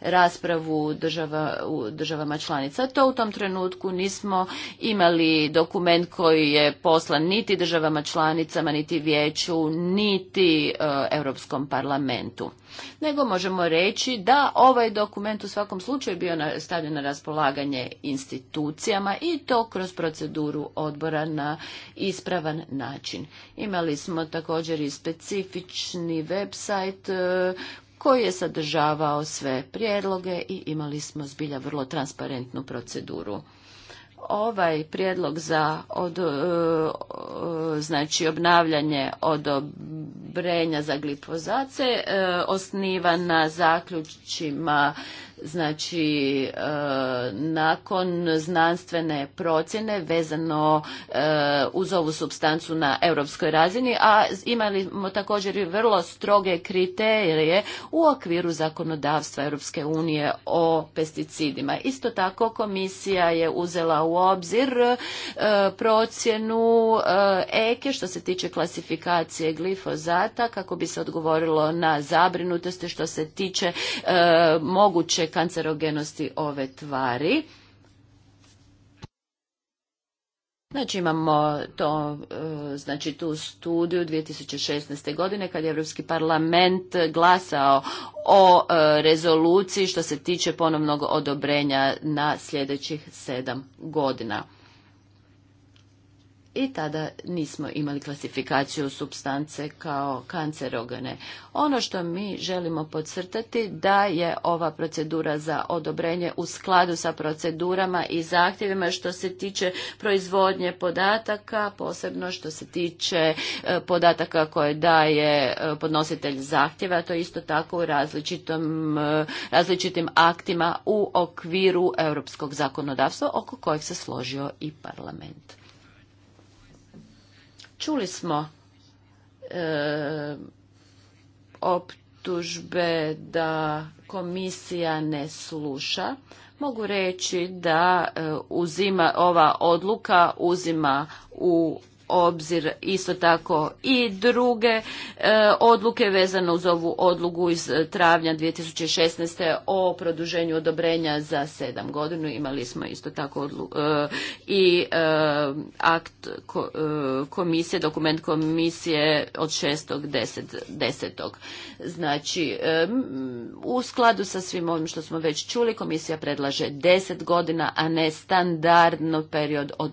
raspravu u državama članica. To u tom trenutku nismo imali dokument koji je poslan niti državama članicama, niti vijeću, niti Europskom parlamentu nego možemo reći da ovaj dokument u svakom slučaju bio stavljen na raspolaganje institucijama i to kroz proceduru odbora na ispravan način. Imali smo također i specifični website e, koji je sadržavao sve prijedloge i imali smo zbilja vrlo transparentnu proceduru ovaj prijedlog za od, e, znači obnavljanje odobrenja za glipozace e, osniva na zaključima Znači, e, nakon znanstvene procjene vezano e, uz ovu substancu na europskoj razini, a imali smo također i vrlo stroge kriterije u okviru zakonodavstva Europske unije o pesticidima. Isto tako komisija je uzela u obzir e, procjenu EKE što se tiče klasifikacije glifozata kako bi se odgovorilo na zabrinutosti što se tiče mogućeg kancerogenosti ove tvari. Znači imamo to, e, znači tu studiju 2016. godine kad je Europski parlament glasao o e, rezoluciji što se tiče ponovnog odobrenja na sljedećih sedam godina i tada nismo imali klasifikaciju substance kao kancerogene. Ono što mi želimo podcrtati da je ova procedura za odobrenje u skladu sa procedurama i zahtjevima što se tiče proizvodnje podataka, posebno što se tiče e, podataka koje daje e, podnositelj zahtjeva, to isto tako u različitom, e, različitim aktima u okviru europskog zakonodavstva oko kojeg se složio i parlament. Čuli smo e, optužbe da komisija ne sluša. Mogu reći da e, ova odluka uzima u obzir isto tako i druge e, odluke vezano uz ovu odlugu iz travnja 2016. o produženju odobrenja za sedam godinu. Imali smo isto tako odlu, e, i e, akt komisije, dokument komisije od desetog. Znači, u skladu sa svim ovim što smo već čuli, komisija predlaže deset godina, a ne standardno period od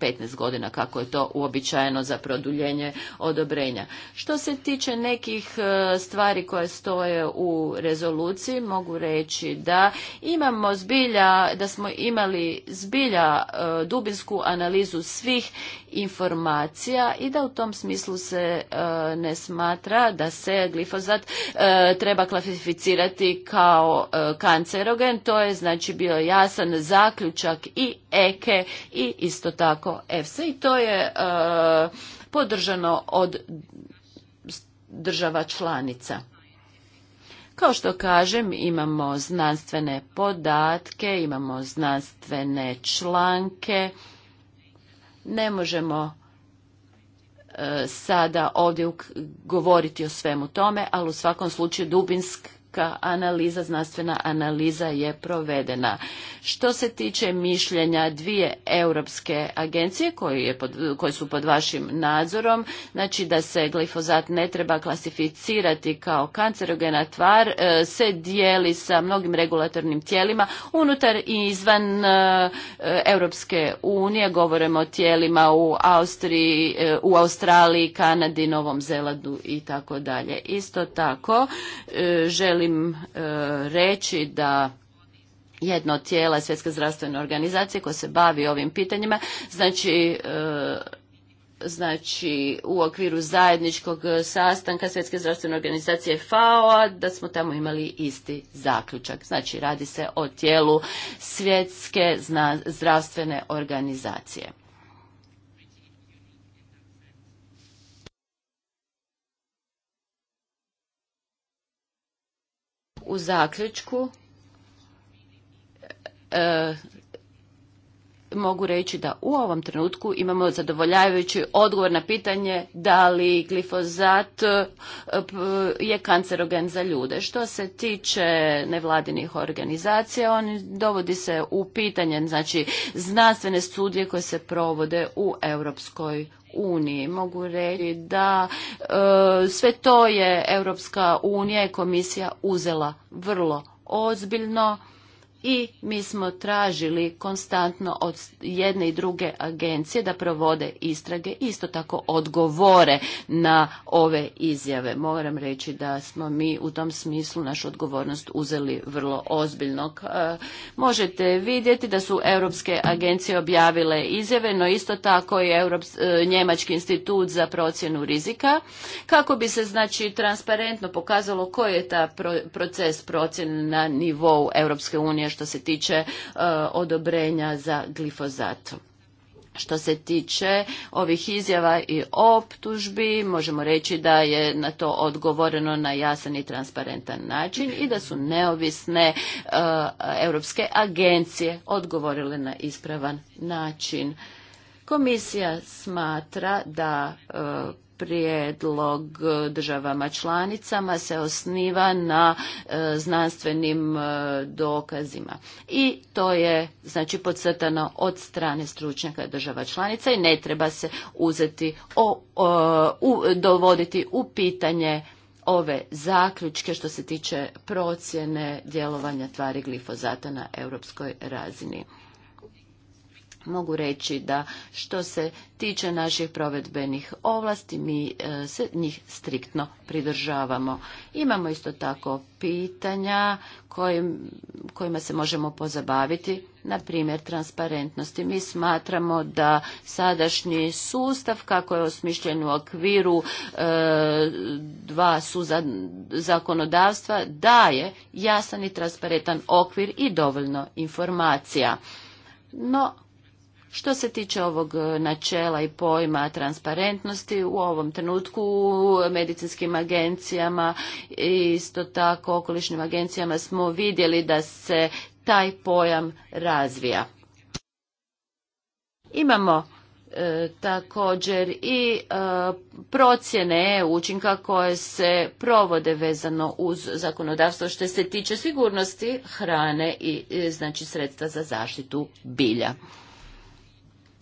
petnaest godina kako je to u uobičajeno za produljenje odobrenja. Što se tiče nekih e, stvari koje stoje u rezoluciji, mogu reći da imamo zbilja, da smo imali zbilja e, dubinsku analizu svih informacija i da u tom smislu se e, ne smatra da se glifozat e, treba klasificirati kao e, kancerogen. To je znači bio jasan zaključak i EKE i isto tako EFSA i to je podržano od država članica. Kao što kažem, imamo znanstvene podatke, imamo znanstvene članke ne možemo e, sada ovdje govoriti o svemu tome, ali u svakom slučaju dubinsk analiza, znanstvena analiza je provedena. Što se tiče mišljenja dvije europske agencije koje, je pod, koje su pod vašim nadzorom, znači da se glifozat ne treba klasificirati kao kancerogena tvar, e, se dijeli sa mnogim regulatornim tijelima unutar i izvan e, Europske unije, govorimo o tijelima u Austriji, e, u Australiji, Kanadi, Novom Zelandu i tako dalje. Isto tako želim želim e, reći da jedno tijela Svjetske zdravstvene organizacije koje se bavi ovim pitanjima, znači e, znači u okviru zajedničkog sastanka Svjetske zdravstvene organizacije fao da smo tamo imali isti zaključak. Znači radi se o tijelu Svjetske zdravstvene organizacije. u zaključku e, mogu reći da u ovom trenutku imamo zadovoljavajući odgovor na pitanje da li glifozat e, je kancerogen za ljude. Što se tiče nevladinih organizacija, on dovodi se u pitanje, znači znanstvene studije koje se provode u Europskoj uniji. Mogu reći da e, sve to je Europska unija i komisija uzela vrlo ozbiljno i mi smo tražili konstantno od jedne i druge agencije da provode istrage isto tako odgovore na ove izjave. Moram reći da smo mi u tom smislu našu odgovornost uzeli vrlo ozbiljno. E, možete vidjeti da su europske agencije objavile izjave, no isto tako i e, Njemački institut za procjenu rizika kako bi se znači transparentno pokazalo koji je ta proces procjene na nivou Europske unije što se tiče e, odobrenja za glifozat. Što se tiče ovih izjava i optužbi, možemo reći da je na to odgovoreno na jasan i transparentan način i da su neovisne e, europske agencije odgovorile na ispravan način. Komisija smatra da e, prijedlog državama članicama se osniva na e, znanstvenim e, dokazima. I to je znači podcrtano od strane stručnjaka država članica i ne treba se uzeti u, dovoditi u pitanje ove zaključke što se tiče procjene djelovanja tvari glifozata na europskoj razini mogu reći da što se tiče naših provedbenih ovlasti mi e, se njih striktno pridržavamo. Imamo isto tako pitanja kojima se možemo pozabaviti, na primjer transparentnosti. Mi smatramo da sadašnji sustav kako je osmišljen u okviru e, dva suza zakonodavstva daje jasan i transparentan okvir i dovoljno informacija. No, što se tiče ovog e, načela i pojma transparentnosti, u ovom trenutku u medicinskim agencijama i isto tako okolišnim agencijama smo vidjeli da se taj pojam razvija. Imamo e, također i e, procjene učinka koje se provode vezano uz zakonodavstvo što se tiče sigurnosti hrane i znači sredstva za zaštitu bilja.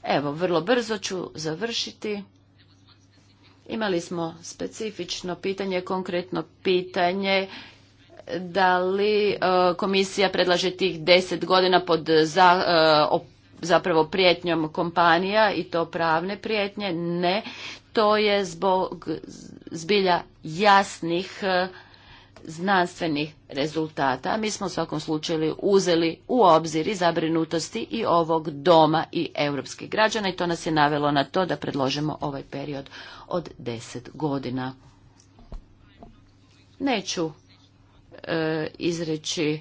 Evo, vrlo brzo ću završiti. Imali smo specifično pitanje, konkretno pitanje da li e, komisija predlaže tih deset godina pod e, zapravo prijetnjom kompanija i to pravne prijetnje? Ne, to je zbog zbilja jasnih e, znanstvenih rezultata. Mi smo u svakom slučaju uzeli u obzir i zabrinutosti i ovog doma i europskih građana i to nas je navelo na to da predložimo ovaj period od 10 godina. Neću e, izreći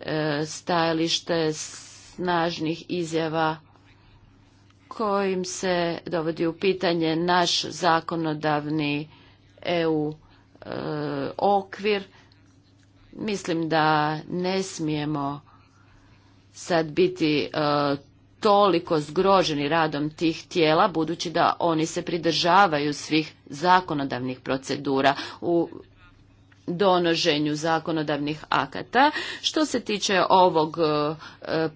e, stajalište snažnih izjava kojim se dovodi u pitanje naš zakonodavni EU e, okvir Mislim da ne smijemo sad biti e, toliko zgroženi radom tih tijela budući da oni se pridržavaju svih zakonodavnih procedura u donoženju zakonodavnih akata. Što se tiče ovog e,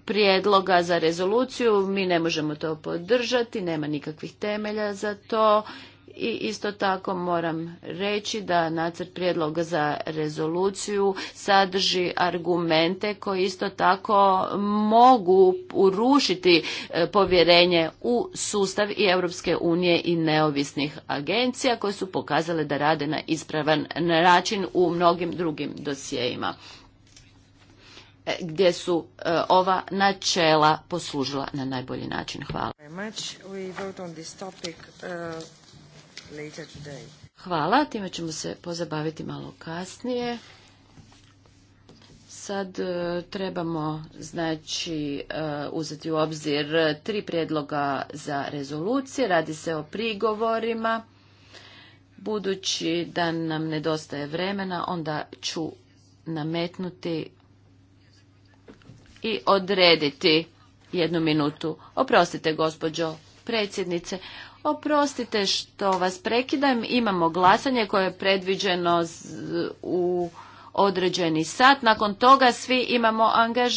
prijedloga za rezoluciju, mi ne možemo to podržati, nema nikakvih temelja za to i isto tako moram reći da nacrt prijedloga za rezoluciju sadrži argumente koji isto tako mogu urušiti e, povjerenje u sustav i Europske unije i neovisnih agencija koje su pokazale da rade na ispravan način u mnogim drugim dosjejima e, gdje su e, ova načela poslužila na najbolji način. Hvala. Hvala, time ćemo se pozabaviti malo kasnije. Sad e, trebamo znači e, uzeti u obzir tri prijedloga za rezolucije. Radi se o prigovorima. Budući da nam nedostaje vremena, onda ću nametnuti i odrediti jednu minutu. Oprostite, gospođo predsjednice, Oprostite što vas prekidam, imamo glasanje koje je predviđeno u određeni sat. Nakon toga svi imamo e,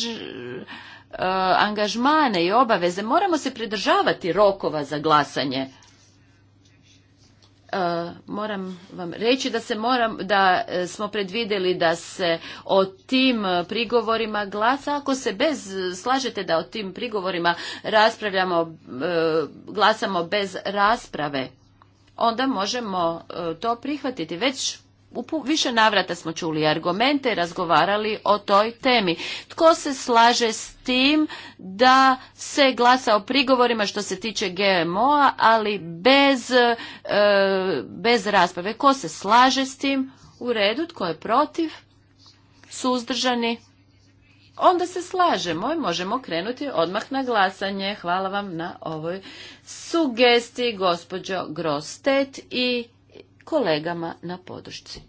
angažmane i obaveze. Moramo se pridržavati rokova za glasanje. E, moram vam reći da se moram, da e, smo predvidjeli da se o tim e, prigovorima glasa, ako se bez, slažete da o tim prigovorima raspravljamo, glasamo bez rasprave, onda možemo to prihvatiti. Već u više navrata smo čuli argumente i razgovarali o toj temi. Tko se slaže s tim da se glasa o prigovorima što se tiče GMO-a, ali bez, e, bez rasprave? Tko se slaže s tim? U redu, tko je protiv? Suzdržani? Onda se slažemo i možemo krenuti odmah na glasanje. Hvala vam na ovoj sugestiji, gospođo Grostet i kolegama na podršci.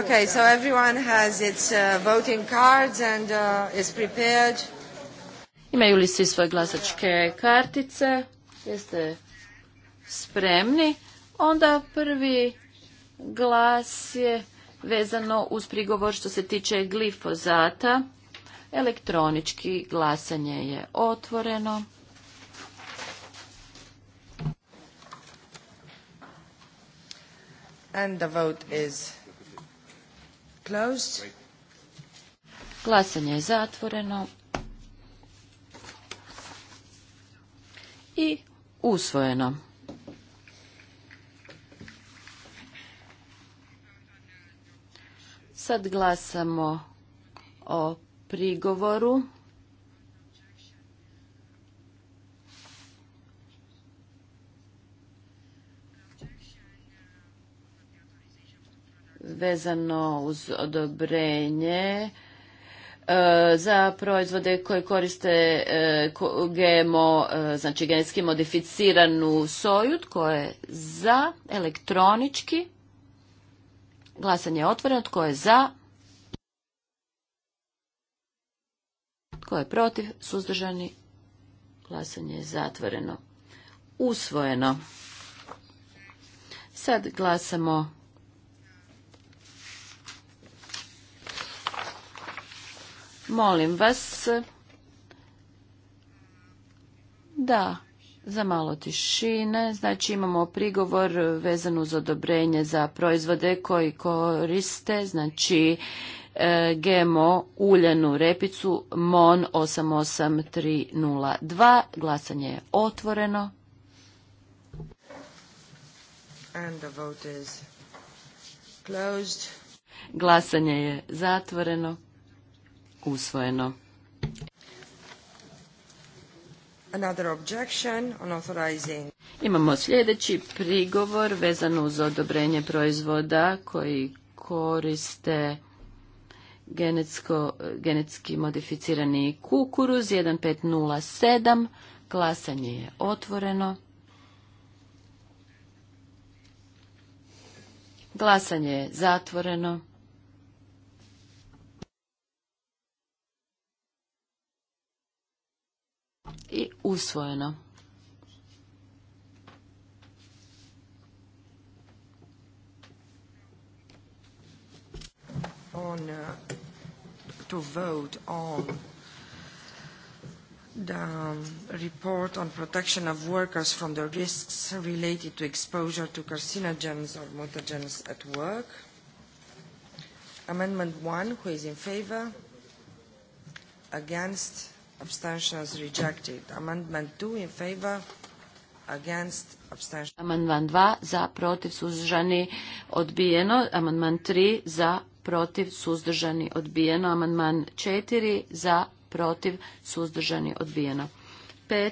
Okay, so everyone has its uh, voting cards and uh, is prepared. Imaju li svi svoje glasačke kartice? Jeste spremni? Onda prvi glas je vezano uz prigovor što se tiče glifozata. Elektronički glasanje je otvoreno. And the vote is closed. Glasanje je zatvoreno. I usvojeno. Sad glasamo o prigovoru. vezano uz odobrenje e, za proizvode koji koriste e, GMO, e, znači genetski modificiranu soju, tko je za elektronički, glasanje je otvoreno, tko je za, Tko je protiv? Suzdržani? Glasanje je zatvoreno. Usvojeno. Sad glasamo Molim vas da za malo tišine. Znači imamo prigovor vezan uz odobrenje za proizvode koji koriste, znači E, GMO uljenu repicu MON 88302. Glasanje je otvoreno. Glasanje je zatvoreno. Usvojeno. Imamo sljedeći prigovor vezano uz odobrenje proizvoda koji koriste genetsko, genetski modificirani kukuruz 1507. Glasanje je otvoreno. Glasanje je zatvoreno. I usvojeno. On uh, to vote on the report on protection of workers from the risks related to exposure to carcinogens or mutagens at work. Amendment 1, who is in favor? Against? Abstentions rejected. Amendment 2, in favor? Against? Abstentions. Amendment 2, za, protiv, suzdržani, odbijeno. Amendment 3, za, protiv, suzdržani, odbijeno. Amandman 4 za, protiv, suzdržani, odbijeno. 5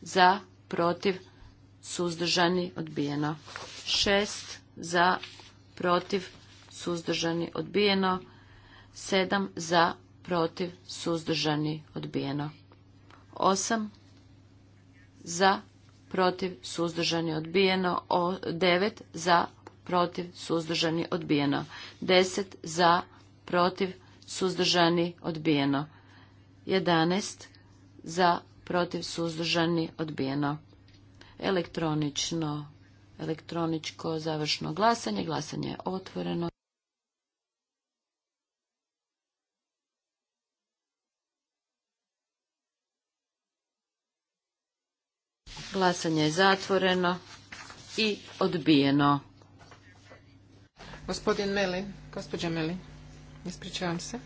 za, protiv, suzdržani, odbijeno. 6 za, protiv, suzdržani, odbijeno. 7 za, protiv, suzdržani, odbijeno. 8 za, protiv, suzdržani, odbijeno. 9 za, protiv, suzdržani, odbijeno. 10 za, protiv, suzdržani, odbijeno. 11 za, protiv, suzdržani, odbijeno. Elektronično, elektroničko završno glasanje, glasanje je otvoreno. Glasanje je zatvoreno i odbijeno. Gospodin Meli, gospođa Meli, ispričavam se.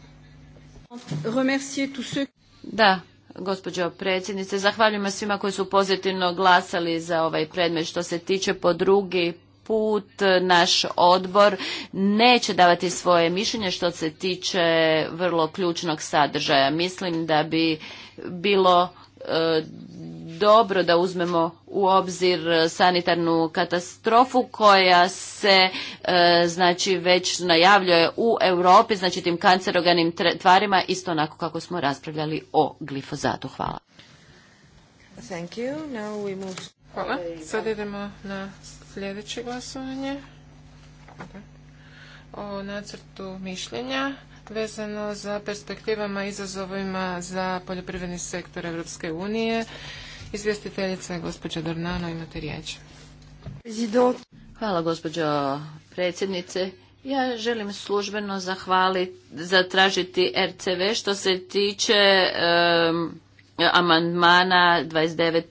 Da, gospođo predsjednice, zahvaljujem svima koji su pozitivno glasali za ovaj predmet što se tiče po drugi put naš odbor neće davati svoje mišljenje što se tiče vrlo ključnog sadržaja. Mislim da bi bilo e, dobro da uzmemo u obzir e, sanitarnu katastrofu koja se e, znači već najavljuje u Europi, znači tim kanceroganim tvarima, isto onako kako smo raspravljali o glifozatu. Hvala. Thank you. Now we move... Hvala. Sad idemo na sljedeće glasovanje. O nacrtu mišljenja vezano za perspektivama i izazovima za poljoprivredni sektor Europske unije Izvjestiteljica, gospođa Dornano, imate riječ. Hvala, gospođo predsjednice. Ja želim službeno zahvaliti, zatražiti RCV što se tiče amandmana 29,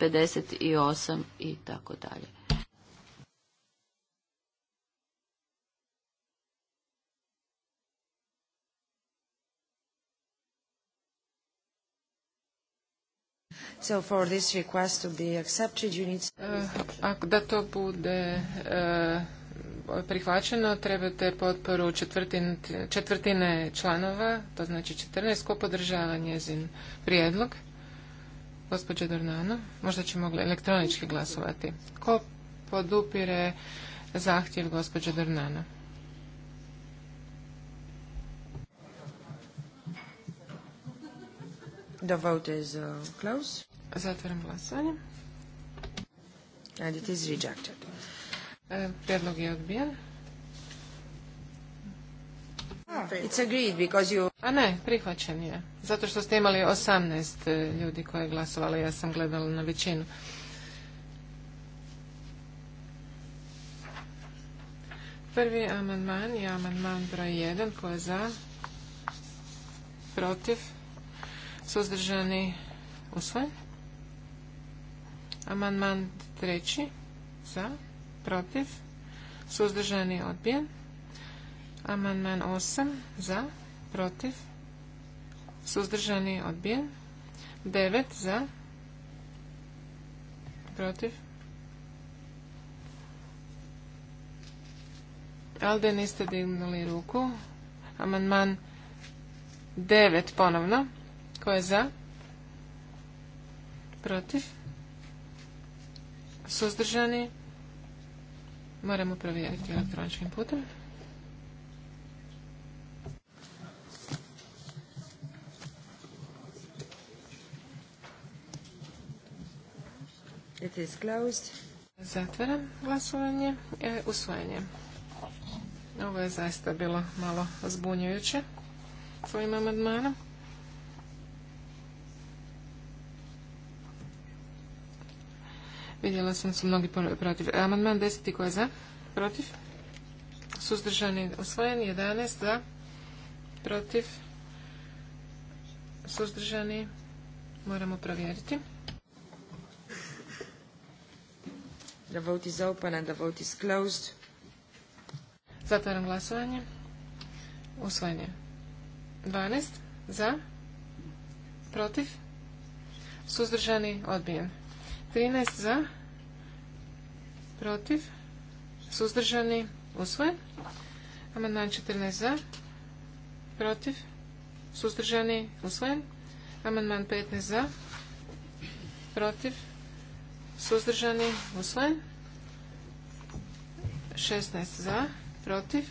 58 i tako dalje. So for this request to eh, Ako da to bude eh, prihvaćeno, trebate potporu četvrtine članova, to znači 14, ko podržava njezin prijedlog. Gospođa Dornano, možda će mogli elektronički glasovati. Ko podupire zahtjev gospođe Dornano? The vote is uh, closed. Zatvaram glasovanje. is e, prijedlog je odbijen. Ah, it's agreed because you... A ne, prihvaćen je. Zato što ste imali 18 e, ljudi koje je glasovalo, ja sam gledala na većinu. Prvi amandman je amandman broj 1, koji je za, protiv, suzdržani, usvojen. Amandman treći za, protiv, suzdržani odbijen. Amandman osam, za, protiv, suzdržani odbijen. Devet, za, protiv. Alde niste dignuli ruku. Amandman devet, ponovno. Ko je za? Protiv suzdržani, moramo provjeriti elektroničkim putem. It Zatvaram glasovanje. i e, usvojenje. Ovo je zaista bilo malo zbunjujuće svojim amandmanom. Vidjela sam su mnogi protiv. E, amandman 10. tko je za? Protiv? Suzdržani usvojen. 11. Za? Protiv? Suzdržani? Moramo provjeriti. The vote is open and the vote is closed. Zatvaram glasovanje. Usvojen je. 12. Za? Protiv? Suzdržani? Odbijen. 13 za, protiv, suzdržani, usvojen. Amandman 14 za, protiv, suzdržani, usvojen. Amandman 15 za, protiv, suzdržani, usvojen. 16 za, protiv,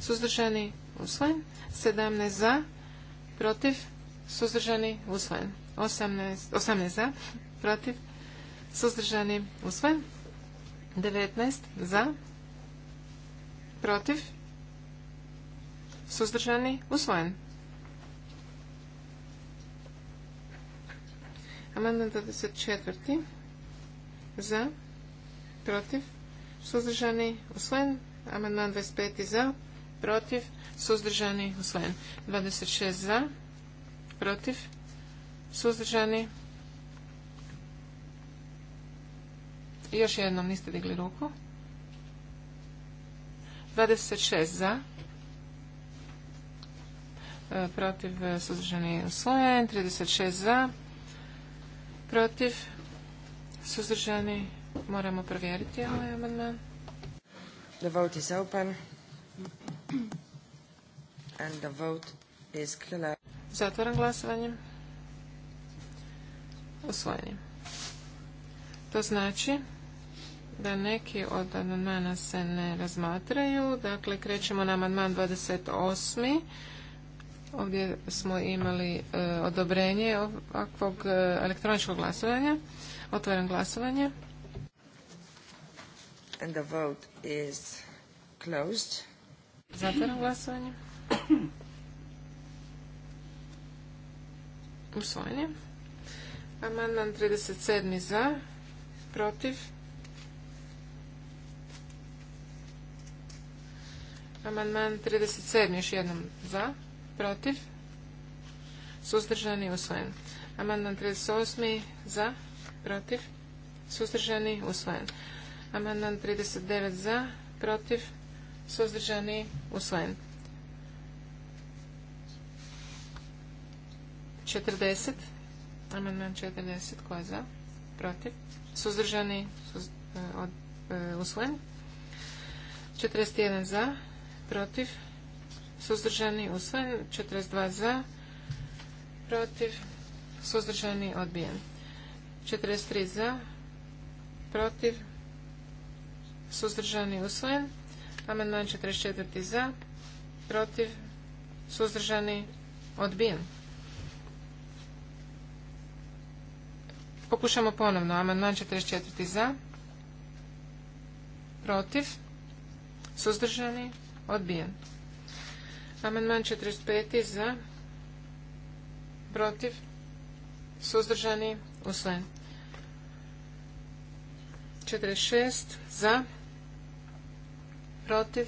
suzdržani, usvojen. 17 za, protiv, suzdržani, usvojen. 18, 18 za, protiv, suzdržani, usvojen. 19 za, protiv, suzdržani, usvojen. Amandman 24. Za, protiv, suzdržani, usvojen. Amandman 25. za, protiv, suzdržani, usvojen. 26 za, protiv, suzdržani, Još jednom niste digli ruku. 26 za. E, protiv e, suzdržani usvojen. 36 za. Protiv suzdržani. Moramo provjeriti ovaj amandman. The vote is open. And the vote is clear. Zatvoram glasovanje. Usvojenje. To znači da neki od amandmana se ne razmatraju. Dakle, krećemo na amandman 28. Ovdje smo imali e, odobrenje ovakvog e, elektroničkog glasovanja. Otvaram glasovanje. And the vote is closed. Zatvaram glasovanje. Usvojenje. Amandman 37. za, protiv, Amandman 37 još jednom za, protiv, suzdržani, usvojen. Amandman 38 za, protiv, suzdržani, usvojen. Amandman 39 za, protiv, suzdržani, usvojen. 40, amandman 40, ko je za, protiv, suzdržani, suz, e, e, usvojen. 41 za, protiv, suzdržani, usvojen. 42 za, protiv, suzdržani, odbijen. 43 za, protiv, suzdržani, usvojen. Amandman 44 za, protiv, suzdržani, odbijen. Pokušamo ponovno. Amandman 44 za, protiv, suzdržani, Odbijen. Amandman 45. za. Protiv. Suzdržani. Usvojen. 46. Za. Protiv.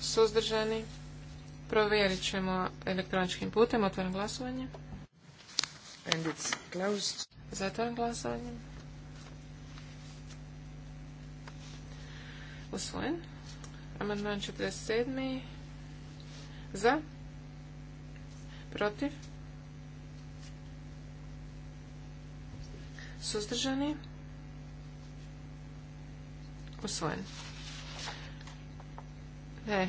Suzdržani. Provjerit ćemo elektroničkim putem. Otvaram glasovanje. And it's closed. Zatvaram glasovanje. Usvojen. Amandman 47. Za? Protiv? Suzdržani? Usvojen. Ne,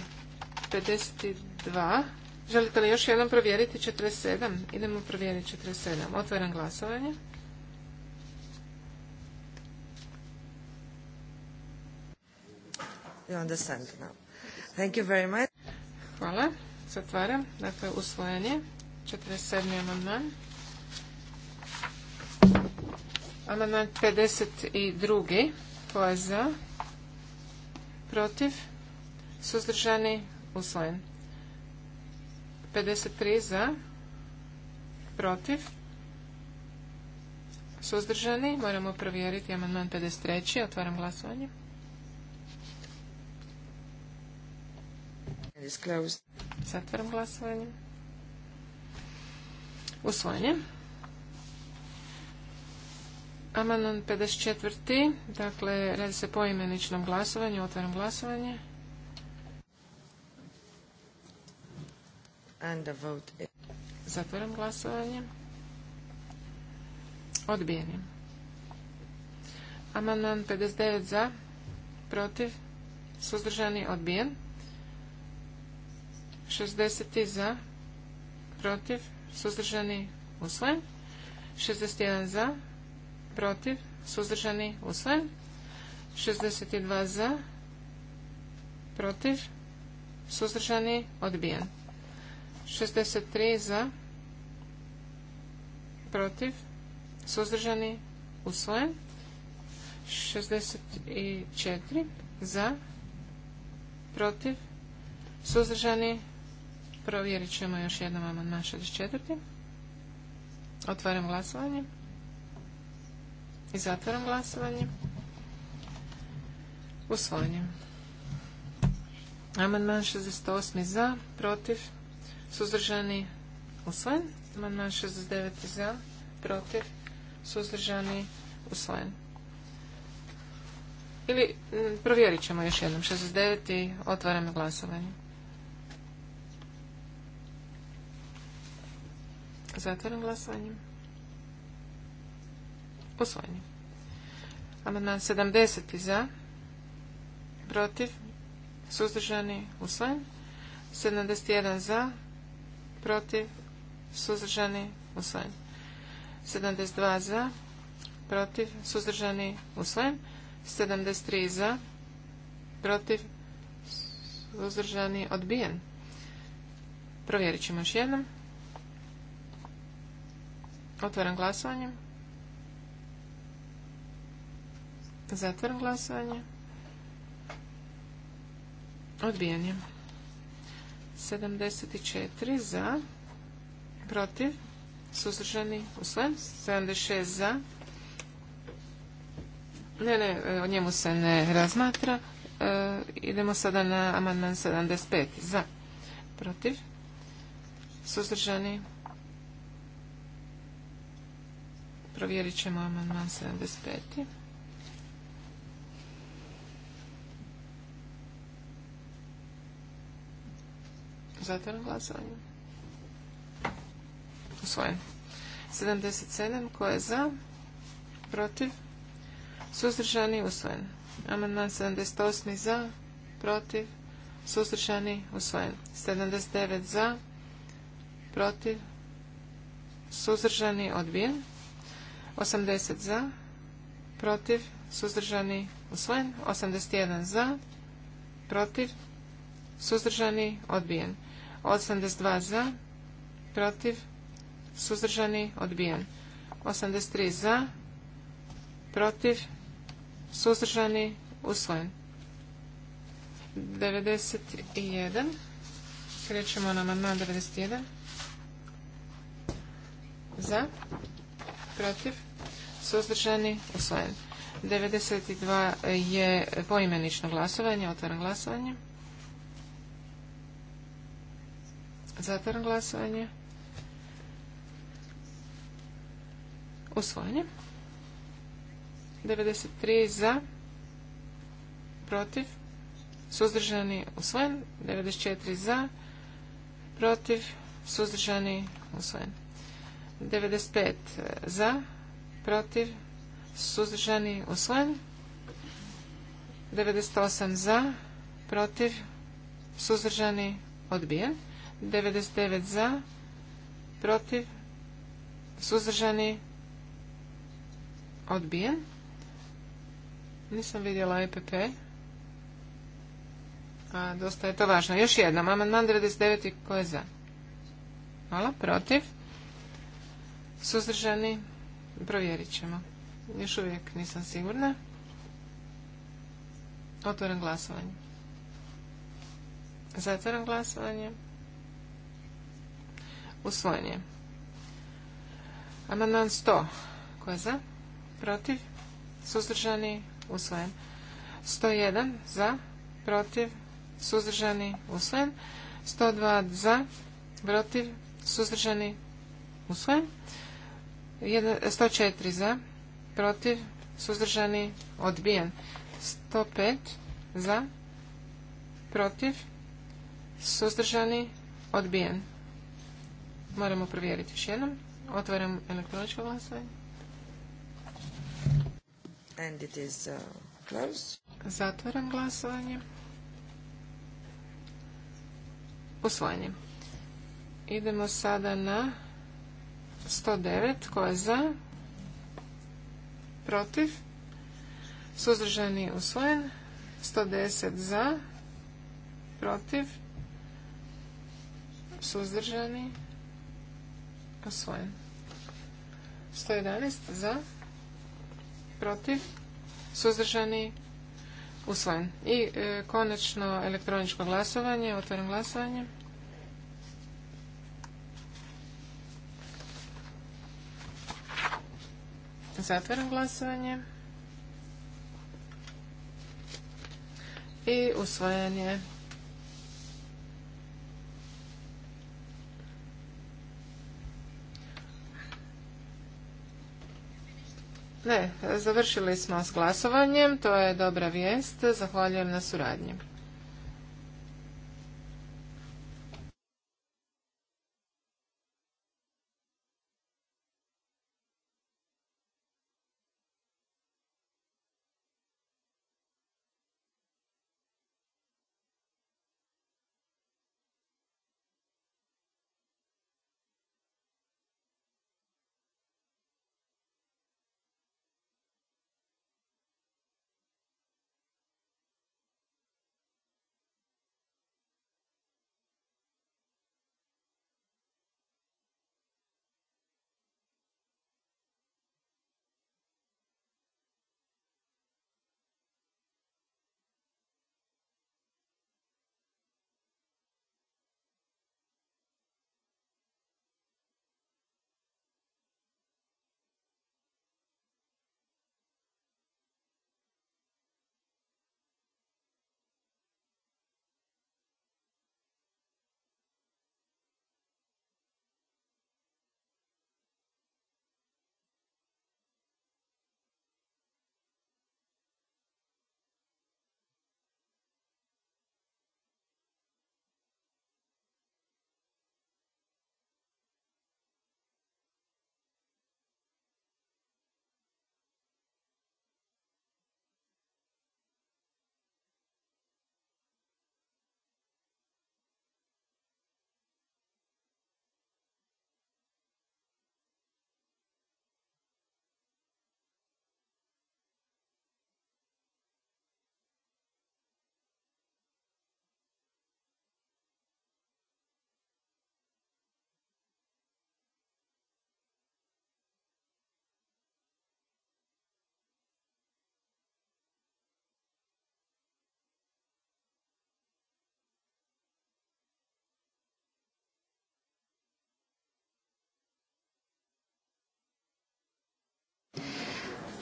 52. Želite li još jednom provjeriti 47? Idemo provjeriti 47. Otvaram glasovanje. Thank you very Hvala. Zatvaram. Dakle, usvojenje. 47. amandman. Amandman 52. Ko je za? Protiv? Suzdržani? Usvojen. 53 za? Protiv? Suzdržani? Moramo provjeriti amandman 53. Otvaram glasovanje. Zatvaram glasovanje. Usvojenje. Amandman 54. Dakle, radi se po imeničnom glasovanju. Otvaram glasovanje. Zatvaram glasovanje. Odbijen Amanon 59 za, protiv, suzdržani, odbijen. 60. za, protiv, suzdržani, usvojen. 61 za, protiv, suzdržani, usvojen. 62 za, protiv, suzdržani, odbijen. 63 za, protiv, suzdržani, usvojen. 64 za, protiv, suzdržani, Provjerit ćemo još jednom amandman 64. Otvaram glasovanje. I zatvaram glasovanje. Usvojenje. Amandman 68. za, protiv, suzdržani, usvojen. Amandman 69. za, protiv, suzdržani, usvojen. Ili provjerit ćemo još jednom. 69. otvaram glasovanje. Zatvaram glasovanje. Usvojenje. Amandman 70. za. Protiv. Suzdržani. Usvojen. 71 za. Protiv. Suzdržani. Usvojen. 72 za. Protiv. Suzdržani. Usvojen. 73 za. Protiv. Suzdržani. Odbijen. Provjerit ćemo još jednom. Otvaram glasovanje. Zatvaram glasovanje. Odbijan je. 74 za, protiv, suzdržani, usvojen. 76 za. Ne, ne, o njemu se ne razmatra. E, idemo sada na amandman 75 za, protiv, suzdržani, Provjerit ćemo amandman 75. Zatvaram glasovanje. Usvojen. 77. Ko je za? Protiv? Suzdržani? Usvojen. Amandman 78. Za? Protiv? Suzdržani? Usvojen. 79. Za? Protiv? Suzdržani? Odbijen. 80 za, protiv, suzdržani, usvojen. 81 za, protiv, suzdržani, odbijen. 82 za, protiv, suzdržani, odbijen. 83 za, protiv, suzdržani, usvojen. 91. Krećemo na amandman 91. Za, protiv, suzdržani, suzdržani, usvojen. 92 je poimenično glasovanje, otvaram glasovanje. Zatvaram glasovanje. Usvojenje. 93 za, protiv, suzdržani, usvojen. 94 za, protiv, suzdržani, usvojen. 95 za, protiv, suzdržani, usvojen. 98 za, protiv, suzdržani, odbijen. 99 za, protiv, suzdržani, odbijen. Nisam vidjela EPP. A, dosta je to važno. Još jednom, amandman 99. Ko je za? Hvala, protiv. Suzdržani, Provjerit ćemo. Još uvijek nisam sigurna. Otvoram glasovanje. Zatvoram glasovanje. Usvojen je. Amandman 100. Ko je za? Protiv? Suzdržani? Usvojen. 101. Za? Protiv? Suzdržani? Usvojen. 102. Za? Protiv? Suzdržani? Usvojen. 104 za, protiv, suzdržani, odbijen. 105 za, protiv, suzdržani, odbijen. Moramo provjeriti još jednom. Otvaram elektroničko glasovanje. And it is uh, Zatvaram glasovanje. Usvojenje. Idemo sada na 109. Tko je za? Protiv? Suzdržani usvojen. 110 za. Protiv? Suzdržani usvojen. 111 za. Protiv? Suzdržani usvojen. I konečno konačno elektroničko glasovanje. Otvaram glasovanje. Zatvaram glasovanje. I usvojen je. Ne, završili smo s glasovanjem, to je dobra vijest, zahvaljujem na suradnji.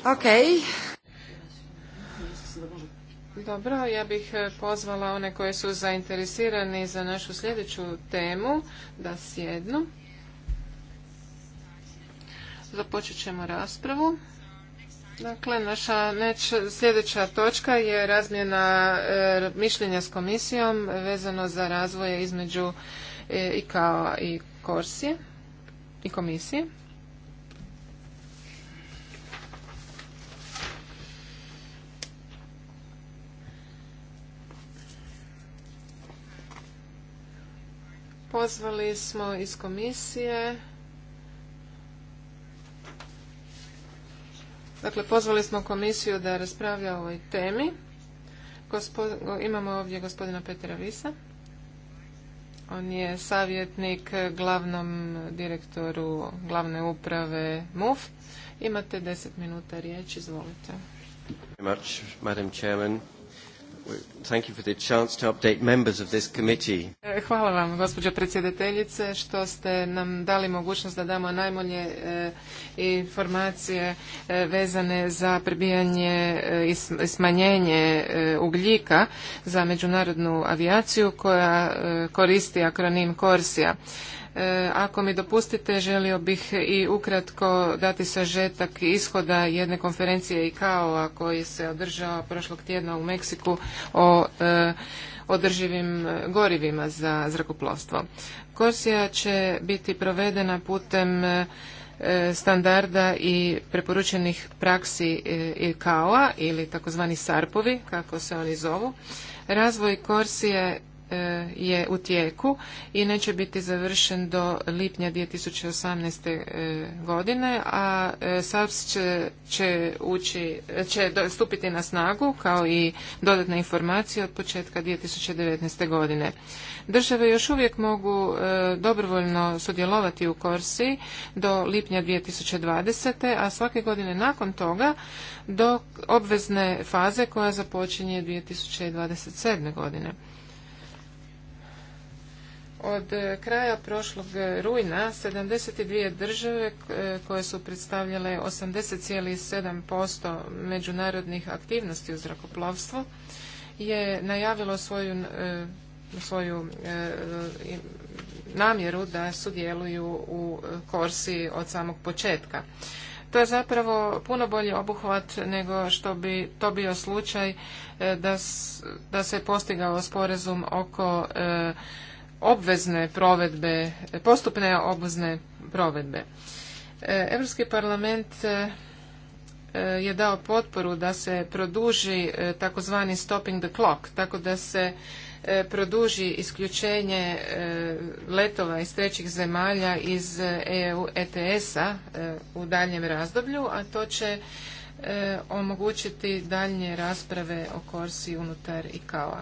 Ok. Dobro, ja bih pozvala one koje su zainteresirani za našu sljedeću temu da sjednu. Započet ćemo raspravu. Dakle, naša neč, sljedeća točka je razmjena e, mišljenja s komisijom vezano za razvoje između e, i i korsije i komisije. Pozvali smo iz komisije Dakle, pozvali smo komisiju da raspravlja o ovoj temi. imamo ovdje gospodina Petra Visa. On je savjetnik glavnom direktoru glavne uprave MUF. Imate deset minuta riječ, izvolite. Thank Hvala vam, gospođo predsjedateljice, što ste nam dali mogućnost da damo najbolje e, informacije e, vezane za prebijanje e, i smanjenje ugljika za međunarodnu avijaciju koja koristi akronim Korsija. E, ako mi dopustite, želio bih i ukratko dati sažetak ishoda jedne konferencije ICAO-a koji se održao prošlog tjedna u Meksiku o e, održivim gorivima za zrakoplovstvo. Korsija će biti provedena putem e, standarda i preporučenih praksi ICAO-a ili takozvani SARPovi, kako se oni zovu. Razvoj Korsije E, je u tijeku i neće biti završen do lipnja 2018. E, godine, a e, SAPS će, će, ući, će stupiti na snagu kao i dodatne informacije od početka 2019. godine. Države još uvijek mogu dobrovoljno sudjelovati u Korsi do lipnja 2020. a svake godine nakon toga do obvezne faze koja započinje 2027. godine. Od e, kraja prošlog rujna 72 države e, koje su predstavljale 80,7% međunarodnih aktivnosti u zrakoplovstvu je najavilo svoju, e, svoju namjeru da sudjeluju u korsi od samog početka. To je zapravo puno bolji obuhvat nego što bi to bio slučaj da, da se postigao sporazum oko obvezne provedbe, postupne obvezne provedbe. E, Europski parlament e, e, je dao potporu da se produži takozvani stopping the clock, tako da se produži isključenje letova iz trećih zemalja iz EU ETS-a u daljem razdoblju, a to će omogućiti daljnje rasprave o korsi unutar ICAO-a.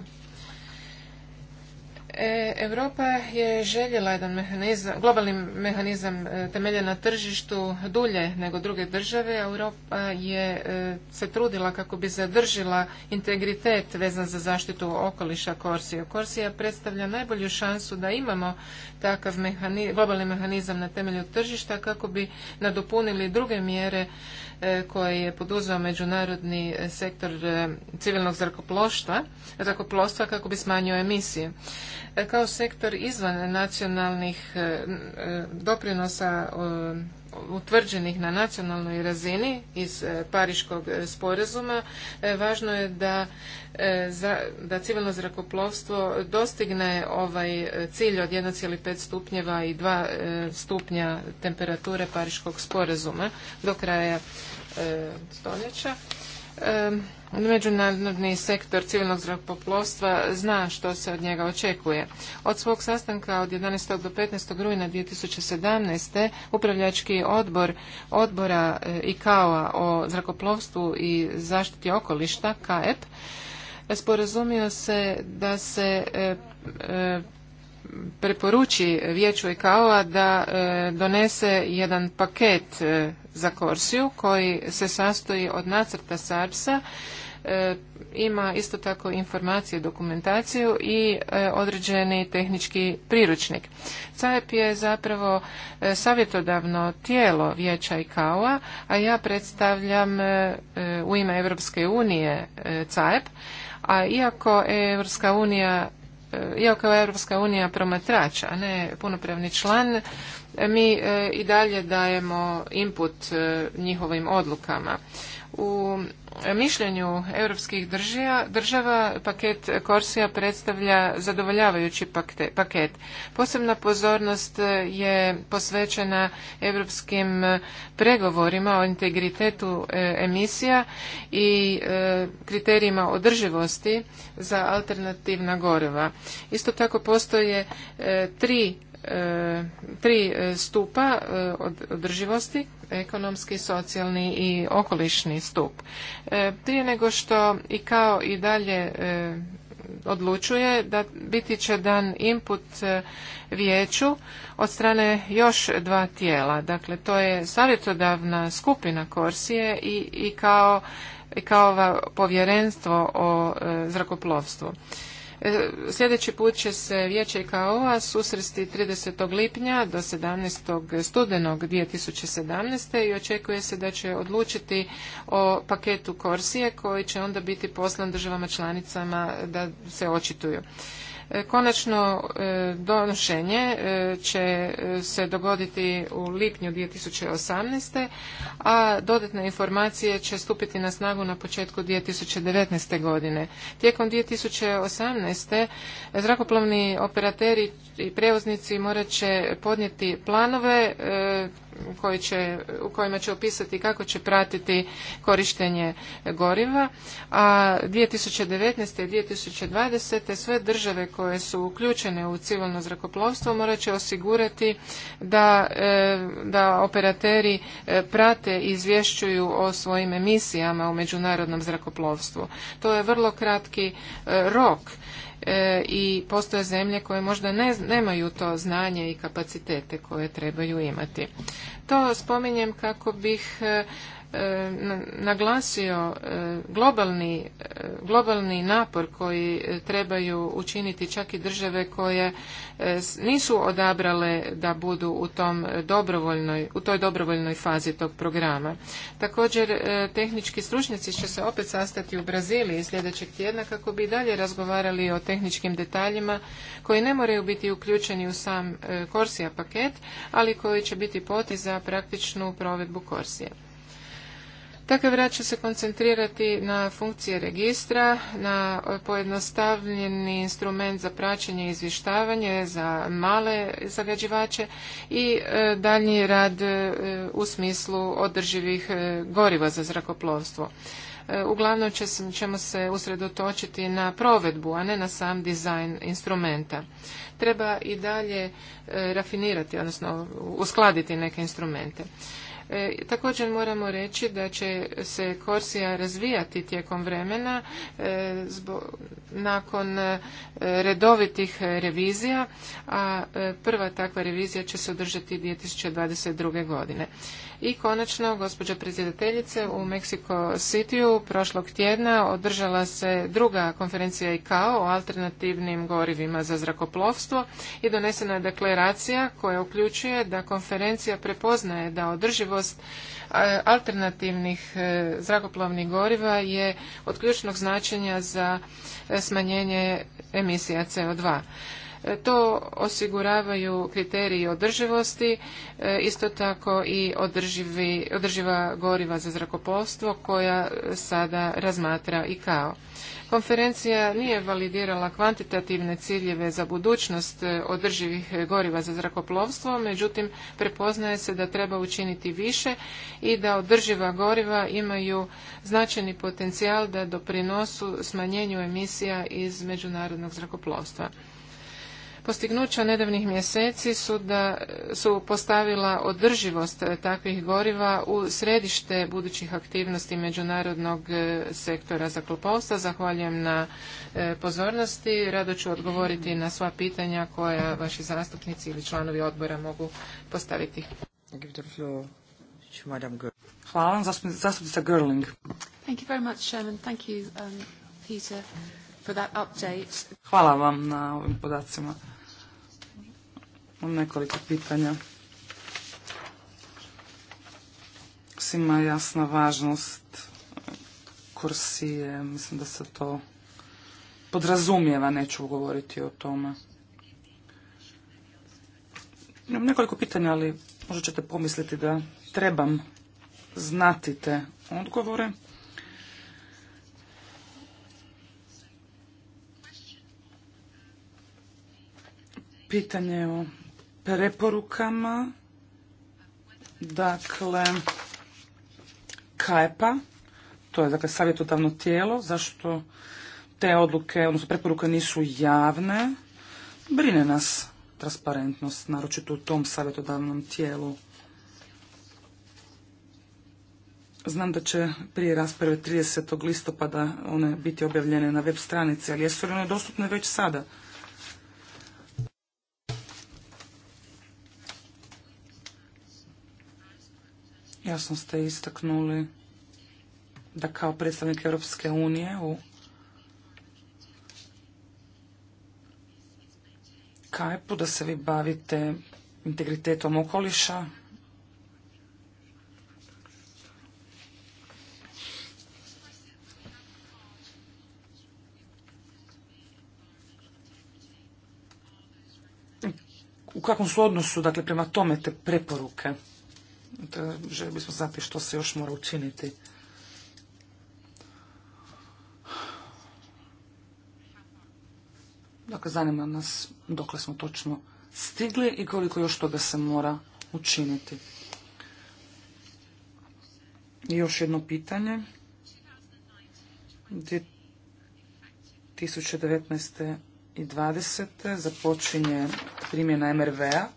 E, Europa je željela jedan mehanizam, globalni mehanizam e, temelja na tržištu dulje nego druge države. Europa je e, se trudila kako bi zadržila integritet vezan za zaštitu okoliša Korsija. Korsija predstavlja najbolju šansu da imamo takav globalni mehanizam na temelju tržišta kako bi nadopunili druge mjere koje je poduzeo međunarodni sektor civilnog zrakoplovstva kako bi smanjio emisije kao sektor izvan nacionalnih e, e, doprinosa utvrđenih na nacionalnoj razini iz e, Pariškog sporazuma, važno je da, da civilno zrakoplovstvo dostigne ovaj cilj od 1,5 stupnjeva i 2 stupnja temperature Pariškog sporazuma do kraja stoljeća Međunarodni sektor civilnog zrakoplovstva zna što se od njega očekuje. Od svog sastanka od 11. do 15. rujna 2017. upravljački odbor odbora eh, ICAO-a o zrakoplovstvu i zaštiti okolišta, KEP, sporazumio se da se eh, eh, preporuči vijeću icao da donese jedan paket za Korsiju koji se sastoji od nacrta SARS-a, e, ima isto tako informacije, dokumentaciju i e, određeni tehnički priručnik. CAEP je zapravo e, savjetodavno tijelo Vijeća i a a ja predstavljam u ime Europske unije CAEP, a iako Europska unija iako je Europska unija promatrač, a ne punopravni član, mi e, i dalje dajemo input e, njihovim odlukama. U mišljenju europskih država paket Korsija predstavlja zadovoljavajući paket. Posebna pozornost e, je posvećena europskim pregovorima o integritetu emisija i kriterijima održivosti za alternativna goriva. Isto tako postoje tri E, tri e, stupa e, održivosti, ekonomski, socijalni i okolišni stup. Prije nego što i kao i dalje odlučuje da biti će dan input vijeću od strane još dva tijela. Dakle, to je savjetodavna skupina Korsije i, i kao, kao povjerenstvo o zrakoplovstvu. E, sljedeći put će se Vijeće iko susresti 30. lipnja do 17. studenog 2017. i očekuje se da će odlučiti o paketu Korsije koji će onda biti poslan državama članicama da se očituju. E, konačno e, donošenje e, će se dogoditi u lipnju 2018. a dodatne informacije će stupiti na snagu na početku 2019. godine. Tijekom 2018. zrakoplovni operateri i prevoznici morat će podnijeti planove koji će, u kojima će opisati kako će pratiti korištenje goriva, a 2019. i 2020. sve države koje su uključene u civilno zrakoplovstvo morat će osigurati da, e, da operateri e, prate i izvješćuju o svojim emisijama u međunarodnom zrakoplovstvu. To je vrlo kratki e, rok E, i postoje zemlje koje možda ne, nemaju to znanje i kapacitete koje trebaju imati. To spominjem kako bih e, E, naglasio e, globalni, e, globalni napor koji trebaju učiniti čak i države koje nisu odabrale da budu u tom dobrovoljnoj, u toj dobrovoljnoj fazi tog programa. Također tehnički stručnjaci će se opet sastati u Braziliji sljedećeg tjedna kako bi dalje razgovarali o tehničkim detaljima koji ne moraju biti uključeni u sam Korsija paket, ali koji će biti poti za praktičnu provedbu Korsije. Takav dakle, rad će se koncentrirati na funkcije registra, na pojednostavljeni instrument za praćenje i izvještavanje za male zagađivače i e, dalji rad e, u smislu održivih e, goriva za zrakoplovstvo. Uglavnom ćemo se usredotočiti na provedbu, a ne na sam dizajn instrumenta. Treba i dalje rafinirati, odnosno uskladiti neke instrumente. E, također moramo reći da će se Korsija razvijati tijekom vremena e, nakon e, redovitih revizija, a prva takva revizija će se održati 2022. godine. I konačno, gospođa predsjedateljice, u Mexico Cityu prošlog tjedna održala se druga konferencija ICAO o alternativnim gorivima za zrakoplovstvo i donesena je deklaracija koja uključuje da konferencija prepoznaje da održivost e, alternativnih e, zrakoplovnih goriva je od ključnog značenja za e, smanjenje emisija CO2. E, to osiguravaju kriteriji održivosti, e, isto tako i održiva goriva za zrakoplovstvo koja sada razmatra i kao. Konferencija nije validirala kvantitativne ciljeve za budućnost e, održivih goriva za zrakoplovstvo, međutim prepoznaje se da treba učiniti više i da održiva goriva imaju značajni potencijal da doprinosu smanjenju emisija iz međunarodnog zrakoplovstva. Postignuća nedavnih mjeseci su da su postavila održivost e, takvih goriva u središte budućih aktivnosti međunarodnog e, sektora za zaklopovstva. Zahvaljujem na e, pozornosti. Rado ću odgovoriti na sva pitanja koja vaši zastupnici ili članovi odbora mogu postaviti. Hvala vam, zastupnica Gerling. Um, Hvala vam na ovim podacima nekoliko pitanja. Svima je jasna važnost korsije, mislim da se to podrazumijeva, neću govoriti o tome. Imam nekoliko pitanja, ali možda ćete pomisliti da trebam znati te odgovore. Pitanje o preporukama, dakle, KAEPA, to je dakle savjetodavno tijelo, zašto te odluke, odnosno preporuke nisu javne, brine nas transparentnost, naročito u tom savjetodavnom tijelu. Znam da će prije rasprave 30. listopada one biti objavljene na web stranici, ali jesu li one dostupne već sada? Jasno ste istaknuli da kao predstavnik Europske unije u Kajpu e da se vi bavite integritetom okoliša. U kakvom su odnosu, dakle, prema tome te preporuke? Želi bismo znati što se još mora učiniti. Dakle, zanima nas dokle smo točno stigli i koliko još toga se mora učiniti. I još jedno pitanje. 2019. i 2020. započinje primjena MRV-a.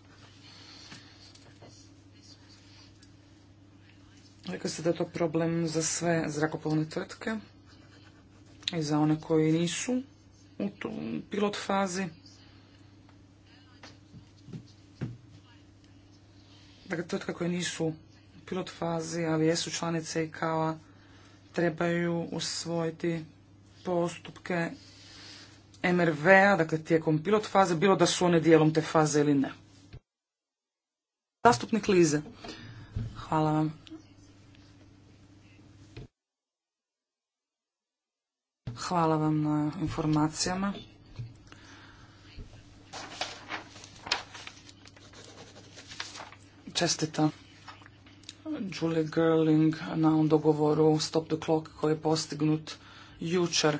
Rekli ste da je to problem za sve zrakoplovne tvrtke i za one koji nisu u pilot fazi. Dakle, tvrtke koje nisu u pilot fazi, ali jesu članice i a trebaju usvojiti postupke MRV-a, dakle tijekom pilot faze, bilo da su one dijelom te faze ili ne. Zastupnik Lize, hvala vam. Hvala vam na informacijama. Čestita Julie Gerling na ovom dogovoru Stop the Clock koji je postignut jučer.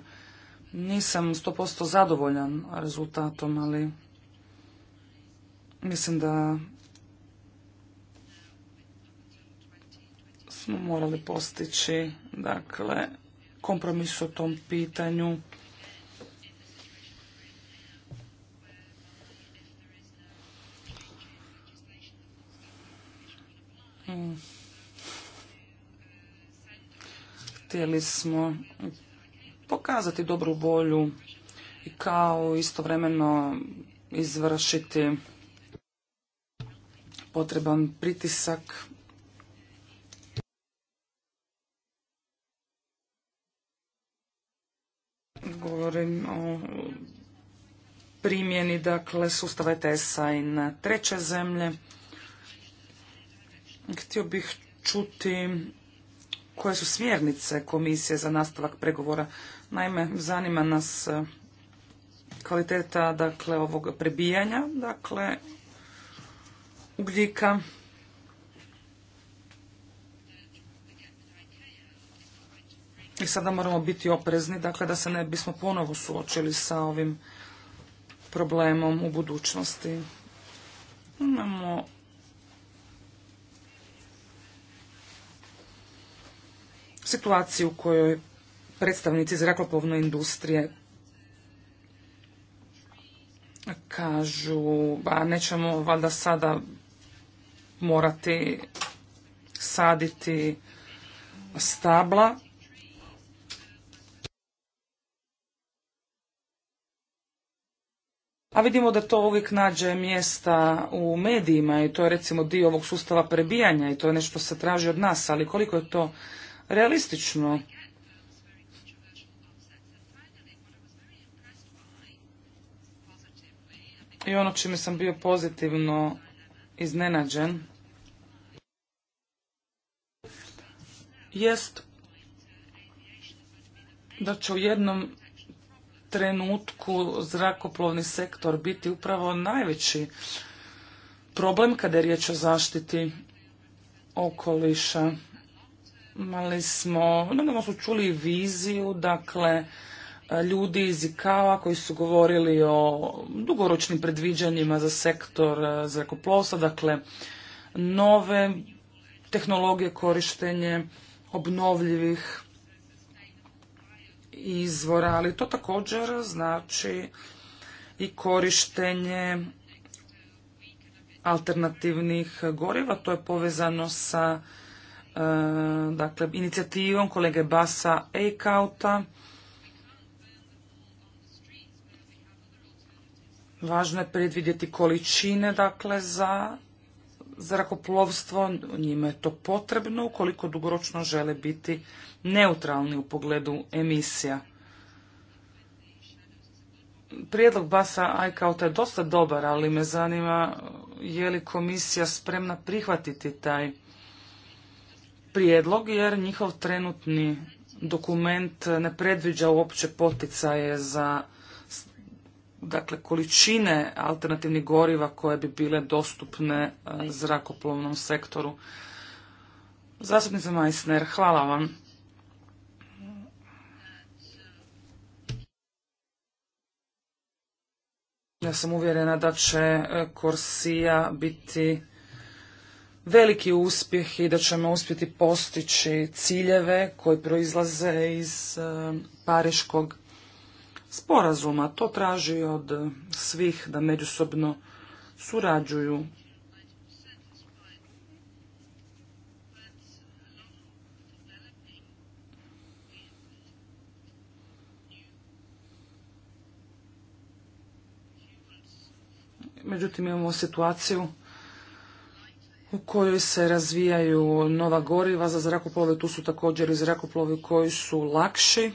Nisam 100% zadovoljan rezultatom, ali mislim da smo morali postići dakle kompromis o tom pitanju. Htjeli smo pokazati dobru volju i kao istovremeno izvršiti potreban pritisak govorim o primjeni dakle, sustava ETS-a i na treće zemlje. Htio bih čuti koje su smjernice komisije za nastavak pregovora. Naime, zanima nas e, kvaliteta dakle, ovog prebijanja dakle, ugljika I sada moramo biti oprezni, dakle da se ne bismo ponovo suočili sa ovim problemom u budućnosti. Imamo situaciju u kojoj predstavnici zrakoplovne industrije kažu, ba nećemo valjda sada morati saditi stabla A vidimo da to uvijek nađe mjesta u medijima i to je recimo dio ovog sustava prebijanja i to je nešto se traži od nas, ali koliko je to realistično? I ono čime sam bio pozitivno iznenađen jest da će u jednom trenutku zrakoplovni sektor biti upravo najveći problem kada je riječ o zaštiti okoliša. Mali smo, nadamo su čuli viziju, dakle, ljudi iz IKAVA koji su govorili o dugoročnim predviđanjima za sektor zrakoplovstva, dakle, nove tehnologije korištenje obnovljivih izvora, ali to također znači i korištenje alternativnih goriva, to je povezano sa e, dakle, inicijativom kolege Basa Eikauta. Važno je predvidjeti količine dakle, za zrakoplovstvo, njima je to potrebno ukoliko dugoročno žele biti neutralni u pogledu emisija. Prijedlog Basa to je dosta dobar, ali me zanima je li komisija spremna prihvatiti taj prijedlog, jer njihov trenutni dokument ne predviđa uopće poticaje za dakle količine alternativnih goriva koje bi bile dostupne e, zrakoplovnom sektoru. Zastupnica Meissner, hvala vam. Ja sam uvjerena da će Korsija e, biti veliki uspjeh i da ćemo uspjeti postići ciljeve koji proizlaze iz e, Pariškog sporazuma. To traži od svih da međusobno surađuju. Međutim, imamo situaciju u kojoj se razvijaju nova goriva za zrakoplove. Tu su također i zrakoplovi koji su lakši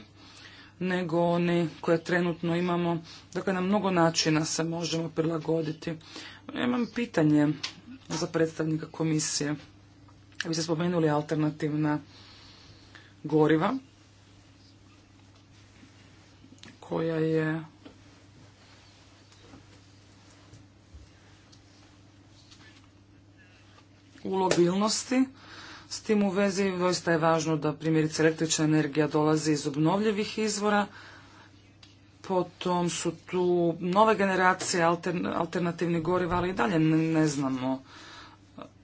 nego oni koje trenutno imamo. Dakle, na mnogo načina se možemo prilagoditi. Ja imam pitanje za predstavnika komisije. Vi ste spomenuli alternativna goriva koja je u lobilnosti s tim u vezi doista je važno da primjerice električna energija dolazi iz obnovljivih izvora, potom su tu nove generacije alternativnih goriva, ali i dalje ne znamo e,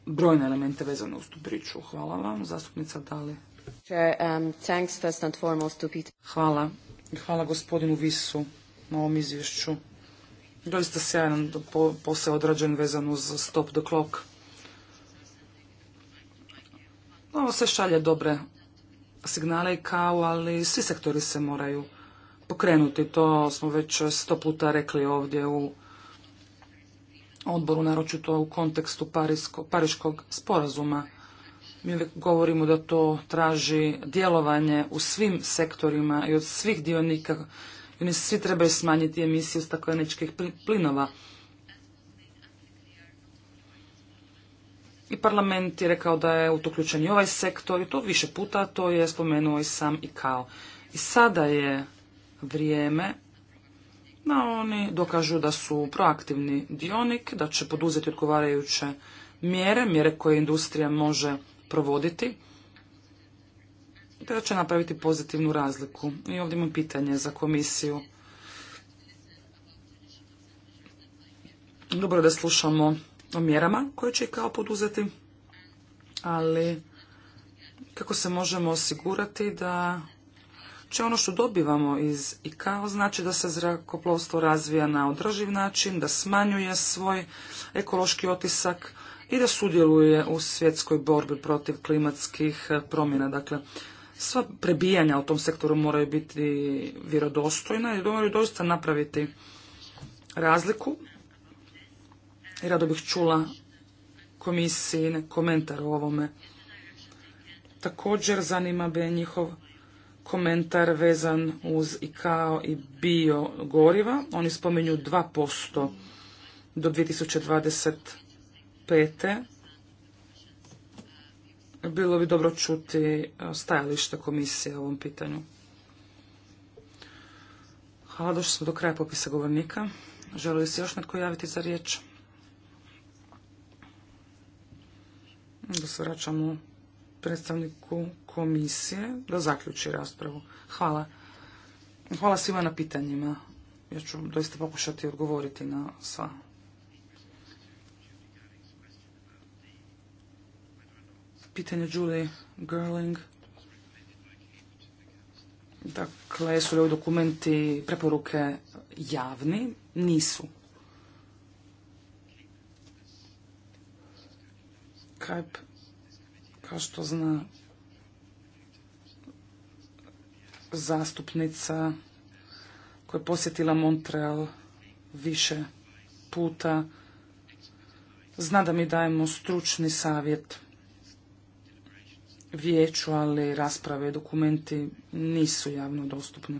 brojne elemente vezane uz tu priču. Hvala vam, zastupnica Dali. Um, Hvala. Hvala gospodinu Visu na ovom izvješću. Doista sjajan posao odrađen vezan uz stop the clock. Ovo se šalje dobre signale i kao, ali svi sektori se moraju pokrenuti. To smo već sto puta rekli ovdje u odboru, naročito u kontekstu Pariškog sporazuma. Mi govorimo da to traži djelovanje u svim sektorima i od svih dionika. Oni svi trebaju smanjiti emisiju stakleničkih plinova. I parlament je rekao da je u i ovaj sektor i to više puta, to je spomenuo i sam i kao. I sada je vrijeme da oni dokažu da su proaktivni dionik, da će poduzeti odgovarajuće mjere, mjere koje industrija može provoditi, te da će napraviti pozitivnu razliku. I ovdje imam pitanje za komisiju. Dobro da slušamo o mjerama koje će kao poduzeti, ali kako se možemo osigurati da će ono što dobivamo iz ICAO znači da se zrakoplovstvo razvija na održiv način, da smanjuje svoj ekološki otisak i da sudjeluje u svjetskoj borbi protiv klimatskih promjena. Dakle, sva prebijanja u tom sektoru moraju biti vjerodostojna i moraju doista napraviti razliku i rado bih čula komisiji komentar o ovome. Također zanima me njihov komentar vezan uz i kao i bio goriva. Oni spominju 2% do 2025. Bilo bi dobro čuti e, stajalište komisije o ovom pitanju. Hvala, došli smo do kraja popisa govornika. Želi li se još netko javiti za riječ? da se vraćamo predstavniku komisije da zaključi raspravu. Hvala. Hvala svima na pitanjima. Ja ću doista pokušati odgovoriti na sva. Pitanje Julie Gerling. Dakle, su li ovi dokumenti preporuke javni? Nisu. Skype, kao što zna zastupnica koja je posjetila Montreal više puta, zna da mi dajemo stručni savjet vijeću, ali rasprave i dokumenti nisu javno dostupni.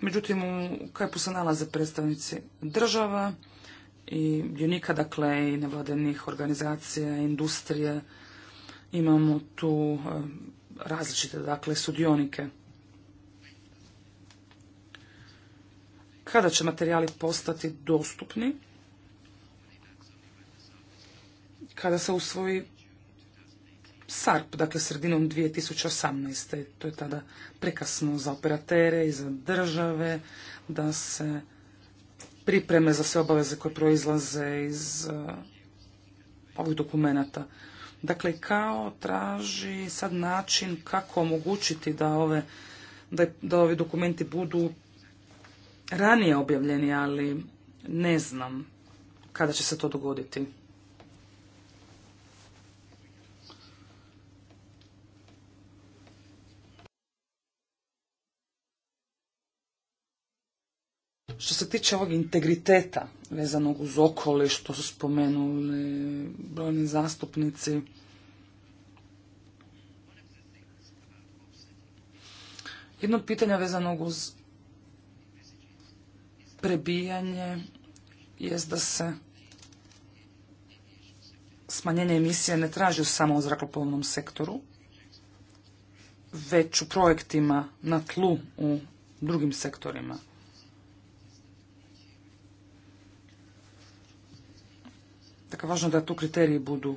Međutim, u Kajpu se nalaze predstavnici država, i dionika, dakle i nevladenih organizacija, industrije. Imamo tu eh, različite, dakle, sudionike. Kada će materijali postati dostupni? Kada se usvoji SARP, dakle sredinom 2018. To je tada prekasno za operatere i za države da se pripreme za sve obaveze koje proizlaze iz e, ovih dokumenata. Dakle, kao traži sad način kako omogućiti da, ove, da, da ovi dokumenti budu ranije objavljeni, ali ne znam kada će se to dogoditi. Što se tiče ovog integriteta vezanog uz okoli, što su spomenuli brojni zastupnici, jedno od pitanja vezanog uz prebijanje jest da se smanjenje emisije ne traži samo u zrakoplovnom sektoru, već u projektima na tlu u drugim sektorima. Tako dakle, važno da tu kriteriji budu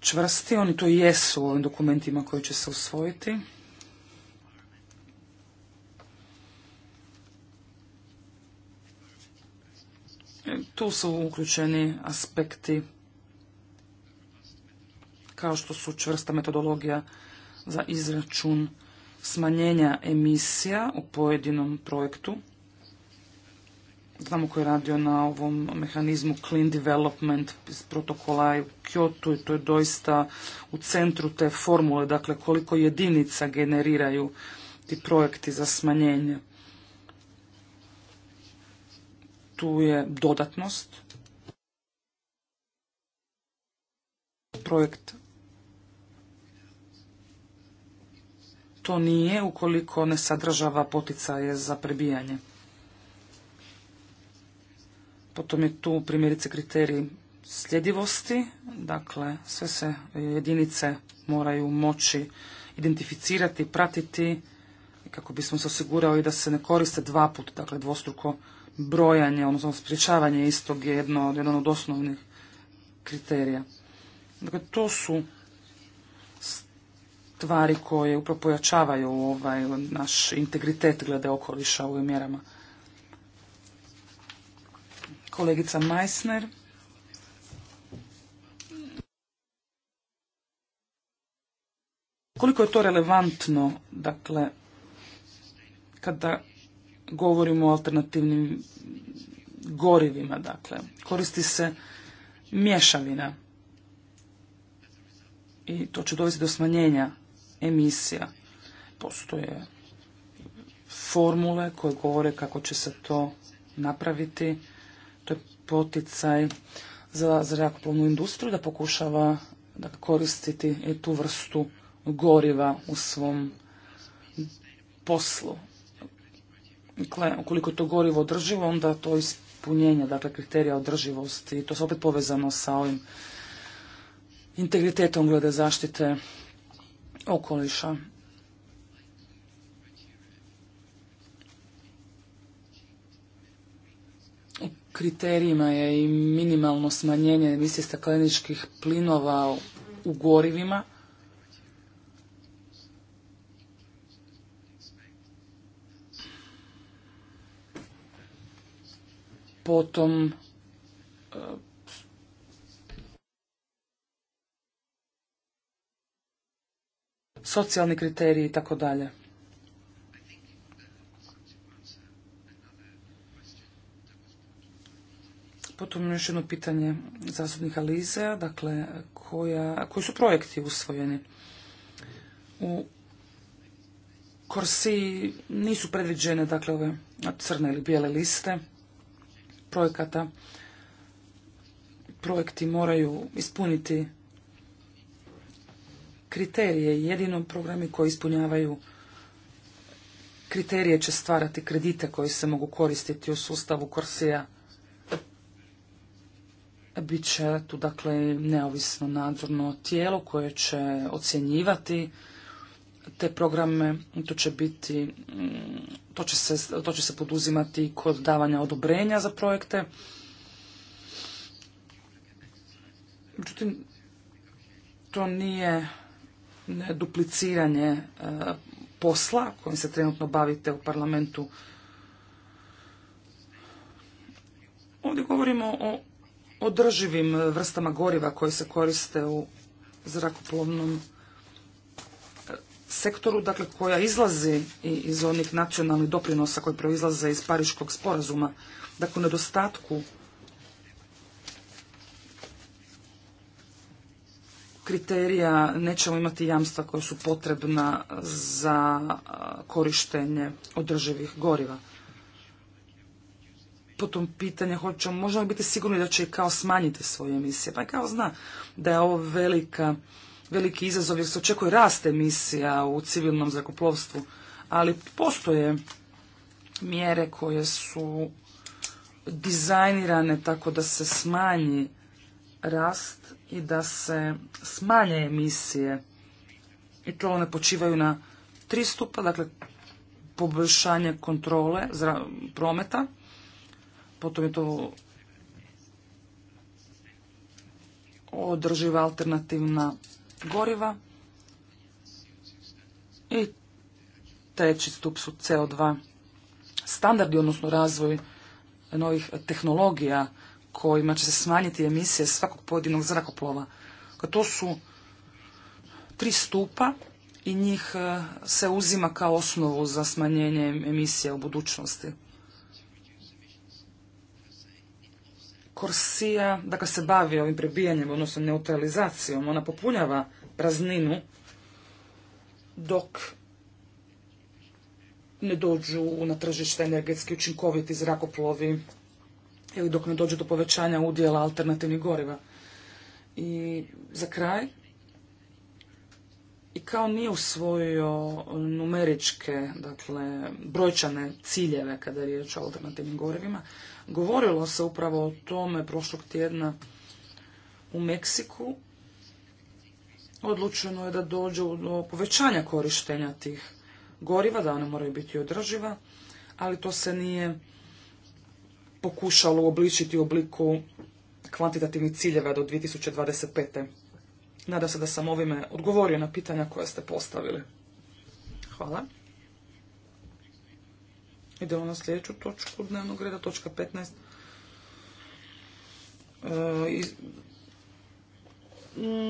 čvrsti. Oni to jesu u ovim dokumentima koji će se usvojiti. Tu su uključeni aspekti kao što su čvrsta metodologija za izračun smanjenja emisija u pojedinom projektu znamo koji je radio na ovom mehanizmu Clean Development iz protokola u Kyoto i to je doista u centru te formule, dakle koliko jedinica generiraju ti projekti za smanjenje. Tu je dodatnost. Projekt to nije ukoliko ne sadržava poticaje za prebijanje. Potom je tu primjerice kriterij sljedivosti, dakle sve se e, jedinice moraju moći identificirati, pratiti kako bismo se osigurali da se ne koriste dva put, dakle dvostruko brojanje, odnosno sprječavanje istog je jedno, jedan od osnovnih kriterija. Dakle, to su stvari koje upravo pojačavaju ovaj naš integritet glede okoliša u ovim mjerama. Kolegica Meissner. Koliko je to relevantno, dakle, kada govorimo o alternativnim gorivima, dakle, koristi se mješavina i to će dovesti do smanjenja emisija. Postoje formule koje govore kako će se to napraviti poticaj za zrakoplovnu industriju da pokušava da koristiti tu vrstu goriva u svom poslu. Dakle, ukoliko je to gorivo održivo, onda to ispunjenje, dakle, kriterija održivosti, to se opet povezano sa ovim integritetom glede zaštite okoliša. kriterijima je i minimalno smanjenje emisije stakleničkih plinova u gorivima. Potom e, socijalni kriteriji i tako dalje. Potom još jedno pitanje zastupnika Lizea, dakle, koja, koji su projekti usvojeni? U Korsi nisu predviđene, dakle, ove crne ili bijele liste projekata. Projekti moraju ispuniti kriterije. Jedino programi koji ispunjavaju kriterije će stvarati kredite koji se mogu koristiti u sustavu Korsija bit će tu dakle neovisno nadzorno tijelo koje će ocjenjivati te programe, to će biti, mm, to će se, to će se poduzimati kod davanja odobrenja za projekte. Međutim, to nije dupliciranje e, posla kojim se trenutno bavite u parlamentu. Ovdje govorimo o održivim e, vrstama goriva koje se koriste u zrakoplovnom e, sektoru, dakle koja izlazi iz onih nacionalnih doprinosa koji proizlaze iz Pariškog sporazuma. Dakle, u nedostatku kriterija nećemo imati jamstva koja su potrebna za korištenje održivih goriva potom pitanje hoćemo, možemo biti sigurni da će i kao smanjiti svoje emisije. Pa kao zna da je ovo velika, veliki izazov jer se očekuje rast emisija u civilnom zrakoplovstvu, ali postoje mjere koje su dizajnirane tako da se smanji rast i da se smanje emisije i to one počivaju na tri stupa, dakle poboljšanje kontrole prometa, potom je to održiva alternativna goriva i treći stup su CO2 standardi, odnosno razvoj novih tehnologija kojima će se smanjiti emisije svakog pojedinog zrakoplova. To su tri stupa i njih eh, se uzima kao osnovu za smanjenje emisija u budućnosti. Korsija dakle, se bavi ovim prebijanjem, odnosno neutralizacijom. Ona popunjava prazninu dok ne dođu na tržište energetski učinkoviti zrakoplovi ili dok ne dođu do povećanja udjela alternativnih goriva. I za kraj, i kao nije usvojio numeričke, dakle, brojčane ciljeve kada je riječ o alternativnim gorivima, Govorilo se upravo o tome prošlog tjedna u Meksiku. Odlučeno je da dođe do povećanja korištenja tih goriva, da ona moraju biti održiva, ali to se nije pokušalo obličiti u obliku kvantitativnih ciljeva do 2025. Nadam se da sam ovime odgovorio na pitanja koja ste postavili. Hvala. Idemo na sljedeću točku dnevnog reda, točka 15.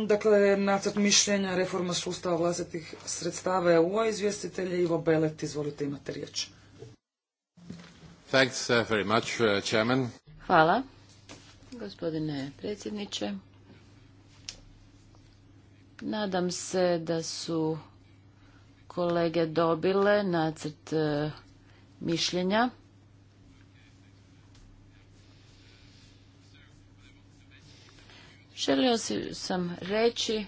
E, dakle, nacrt mišljenja reforma sustava vlastitih sredstava EU-a, izvjestitelj Ivo Belet, izvolite imate riječ. Thanks uh, uh, Hvala, gospodine predsjedniče. Nadam se da su kolege dobile nacrt uh, mišljenja. Želio sam reći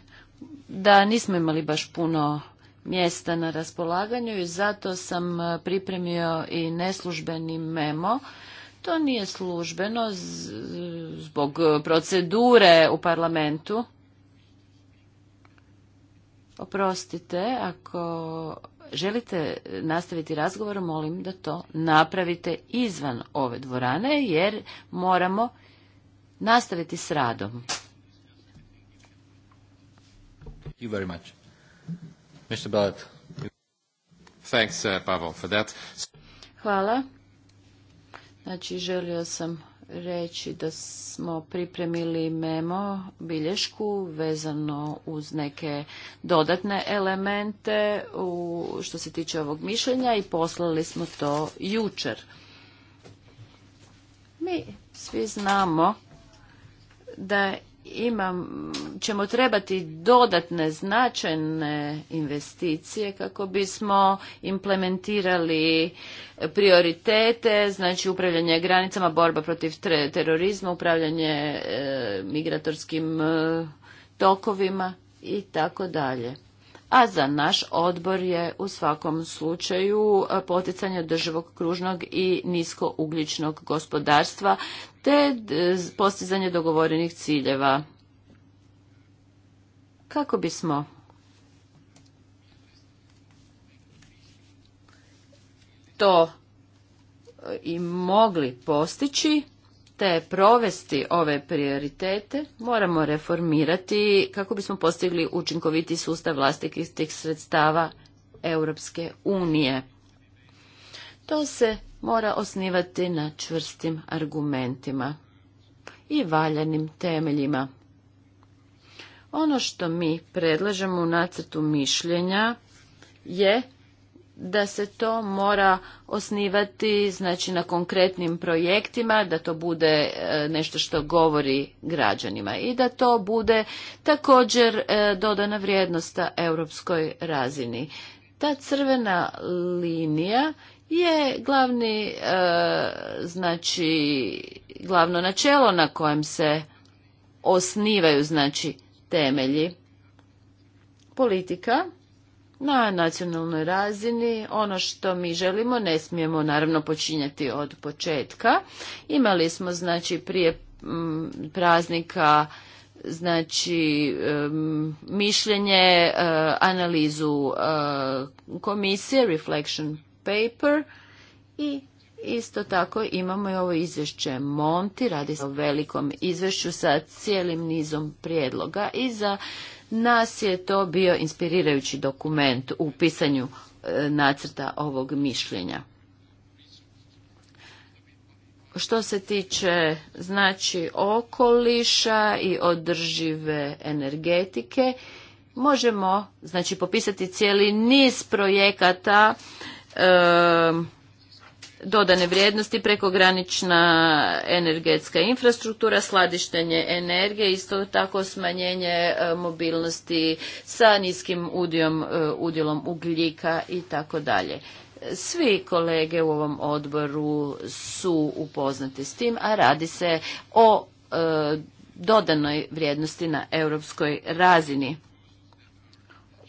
da nismo imali baš puno mjesta na raspolaganju i zato sam e, pripremio i neslužbeni memo. To nije službeno zbog procedure u parlamentu. Oprostite ako želite nastaviti razgovor, molim da to napravite izvan ove dvorane, jer moramo nastaviti s radom. Uh, Hvala. Znači, želio sam reći da smo pripremili memo bilješku vezano uz neke dodatne elemente u, što se tiče ovog mišljenja i poslali smo to jučer. Mi svi znamo da imam, ćemo trebati dodatne značajne investicije kako bismo implementirali prioritete, znači upravljanje granicama, borba protiv terorizma, upravljanje e, migratorskim e, tokovima i tako dalje a za naš odbor je u svakom slučaju e, poticanje održivog kružnog i niskougljičnog gospodarstva te e, postizanje dogovorenih ciljeva. Kako bismo to e, i mogli postići, te provesti ove prioritete moramo reformirati kako bismo postigli učinkoviti sustav vlastitih sredstava Europske unije. To se mora osnivati na čvrstim argumentima i valjanim temeljima. Ono što mi predlažemo u nacrtu mišljenja je da se to mora osnivati znači na konkretnim projektima da to bude e, nešto što govori građanima i da to bude također e, dodana vrijednost na europskoj razini ta crvena linija je glavni e, znači glavno načelo na kojem se osnivaju znači temelji politika na nacionalnoj razini ono što mi želimo ne smijemo naravno počinjati od početka imali smo znači prije mm, praznika znači mišljenje eh, analizu eh, komisije reflection paper i Isto tako imamo i ovo izvješće Monti, radi se o velikom izvješću sa cijelim nizom prijedloga i za nas je to bio inspirirajući dokument u pisanju e, nacrta ovog mišljenja. Što se tiče znači okoliša i održive energetike, možemo znači popisati cijeli niz projekata e, dodane vrijednosti, prekogranična energetska infrastruktura, sladištenje energije, isto tako smanjenje e, mobilnosti sa niskim udijom, e, udjelom ugljika i tako dalje. Svi kolege u ovom odboru su upoznati s tim, a radi se o e, dodanoj vrijednosti na europskoj razini.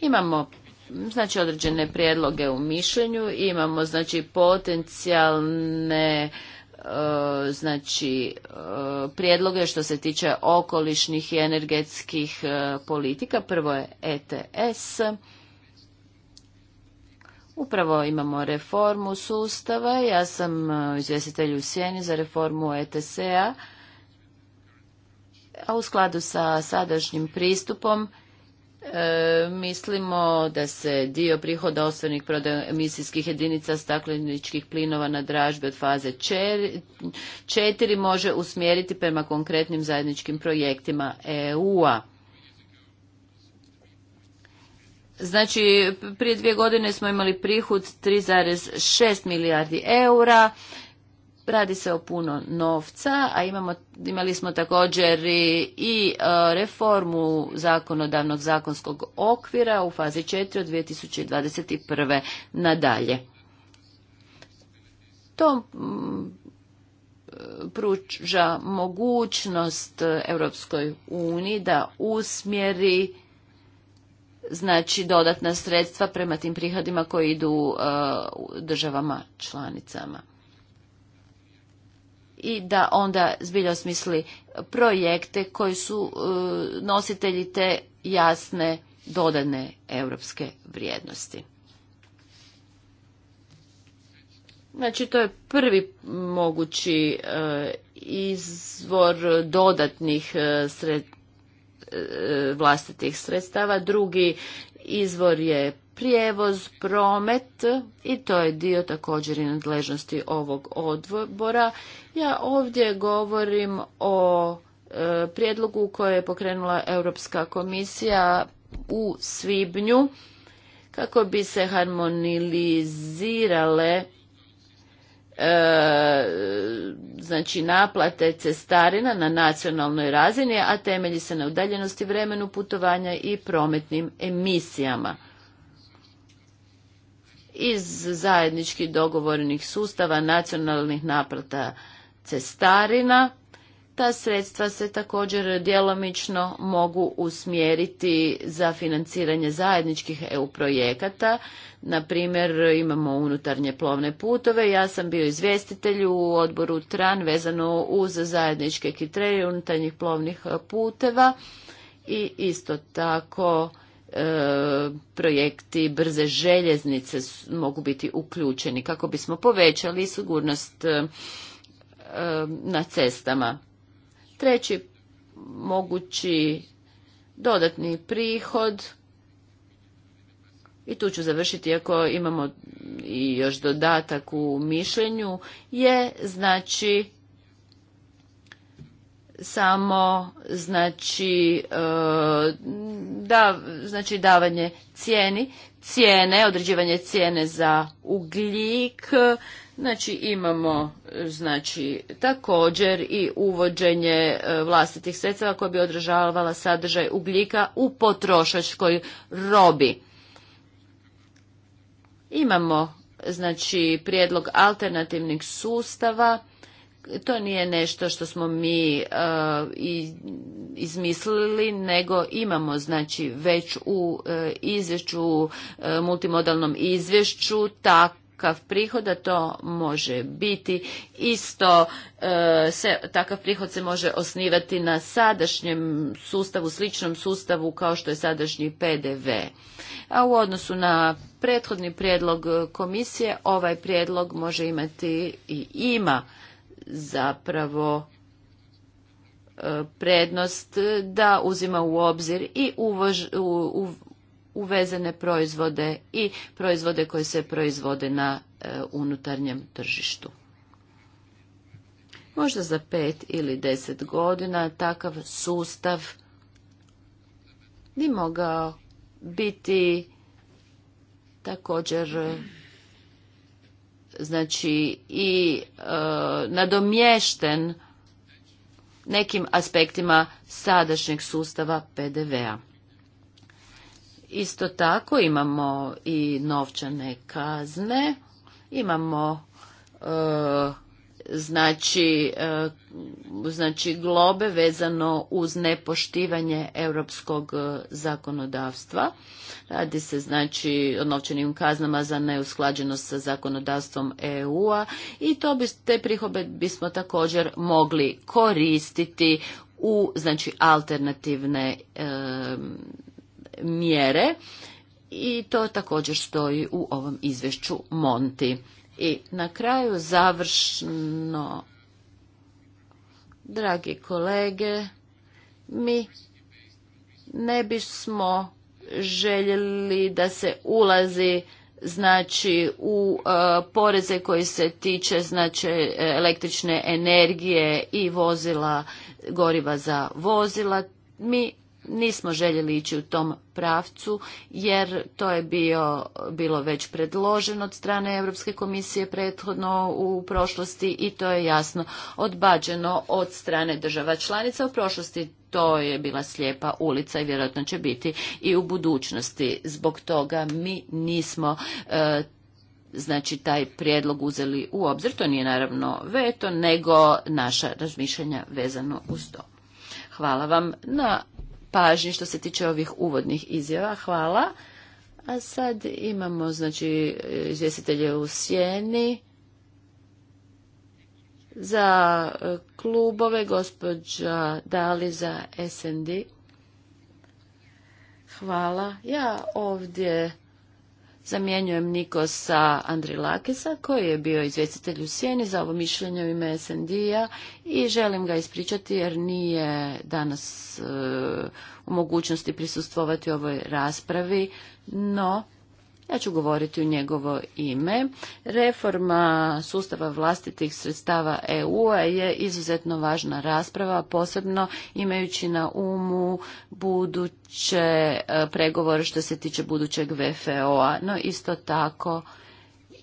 Imamo znači određene prijedloge u mišljenju, imamo znači potencijalne e, znači e, prijedloge što se tiče okolišnih i energetskih e, politika. Prvo je ETS. Upravo imamo reformu sustava. Ja sam izvjestitelj u Sjeni za reformu ETS-a. A u skladu sa sadašnjim pristupom E, mislimo da se dio prihoda ostvarenih prodaja emisijskih jedinica stakleničkih plinova na dražbi od faze četiri može usmjeriti prema konkretnim zajedničkim projektima EU-a. Znači, prije dvije godine smo imali prihod 3,6 milijardi eura Radi se o puno novca, a imamo, imali smo također i, e, reformu zakonodavnog zakonskog okvira u fazi 4 od 2021. nadalje. To pruža mogućnost Europskoj uniji da usmjeri znači dodatna sredstva prema tim prihodima koji idu e, državama članicama i da onda zbilja osmisli projekte koji su e, nositelji te jasne dodane europske vrijednosti. Znači, to je prvi mogući e, izvor dodatnih e, vlastitih sredstava. Drugi izvor je prijevoz, promet i to je dio također i nadležnosti ovog odbora. Ja ovdje govorim o e, prijedlogu koje je pokrenula Europska komisija u svibnju kako bi se harmonizirale e, znači naplate cestarina na nacionalnoj razini, a temelji se na udaljenosti vremenu putovanja i prometnim emisijama iz zajednički dogovorenih sustava nacionalnih naplata cestarina. Ta sredstva se također djelomično mogu usmjeriti za financiranje zajedničkih EU projekata. Na primjer, imamo unutarnje plovne putove. Ja sam bio izvjestitelj u odboru TRAN vezano uz zajedničke kitreje unutarnjih plovnih puteva i isto tako E, projekti brze željeznice mogu biti uključeni kako bismo povećali sigurnost e, e, na cestama. Treći mogući dodatni prihod i tu ću završiti ako imamo i još dodatak u mišljenju je znači samo znači e, da znači davanje cijeni cijene određivanje cijene za ugljik znači imamo znači također i uvođenje e, vlastitih sredstava koja bi održavala sadržaj ugljika u potrošačkoj robi imamo znači prijedlog alternativnih sustava to nije nešto što smo mi e, izmislili nego imamo znači već u e, izvješću e, multimodalnom izvješću takav prihod a to može biti isto se takav prihod se može osnivati na sadašnjem sustavu sličnom sustavu kao što je sadašnji PDV a u odnosu na prethodni prijedlog komisije ovaj prijedlog može imati i ima zapravo e, prednost da uzima u obzir i uvezene proizvode i proizvode koji se proizvode na e, unutarnjem tržištu. Možda za pet ili deset godina takav sustav bi mogao biti također znači i e, nadomješten nekim aspektima sadašnjeg sustava PDV-a. Isto tako imamo i novčane kazne, imamo e, znači e, znači globe vezano uz nepoštivanje europskog e, zakonodavstva. Radi se znači o novčanim kaznama za neusklađenost sa zakonodavstvom EU-a i to bi, te prihode bismo također mogli koristiti u znači alternativne e, mjere i to također stoji u ovom izvješću Monti. I na kraju završno Dragi kolege, mi ne bismo željeli da se ulazi znači u e, poreze koji se tiče znači električne energije i vozila goriva za vozila mi nismo željeli ići u tom pravcu jer to je bio, bilo već predloženo od strane Europske komisije prethodno u prošlosti i to je jasno odbađeno od strane država članica u prošlosti to je bila slijepa ulica i vjerojatno će biti i u budućnosti. Zbog toga mi nismo e, znači taj prijedlog uzeli u obzir. To nije naravno veto, nego naša razmišljanja vezano uz to. Hvala vam na pažnji što se tiče ovih uvodnih izjava. Hvala. A sad imamo, znači, izvjestitelje u sjeni za e, klubove, gospođa Dali za SND. Hvala. Ja ovdje Zamjenjujem Nikosa Andrilakisa koji je bio izvjestitelj u Sjeni za ovo mišljenje u ime SND-a i želim ga ispričati jer nije danas e, u mogućnosti prisustvovati ovoj raspravi, no ja ću govoriti u njegovo ime. Reforma sustava vlastitih sredstava eu je izuzetno važna rasprava, posebno imajući na umu buduće e, pregovore što se tiče budućeg VFO-a, no isto tako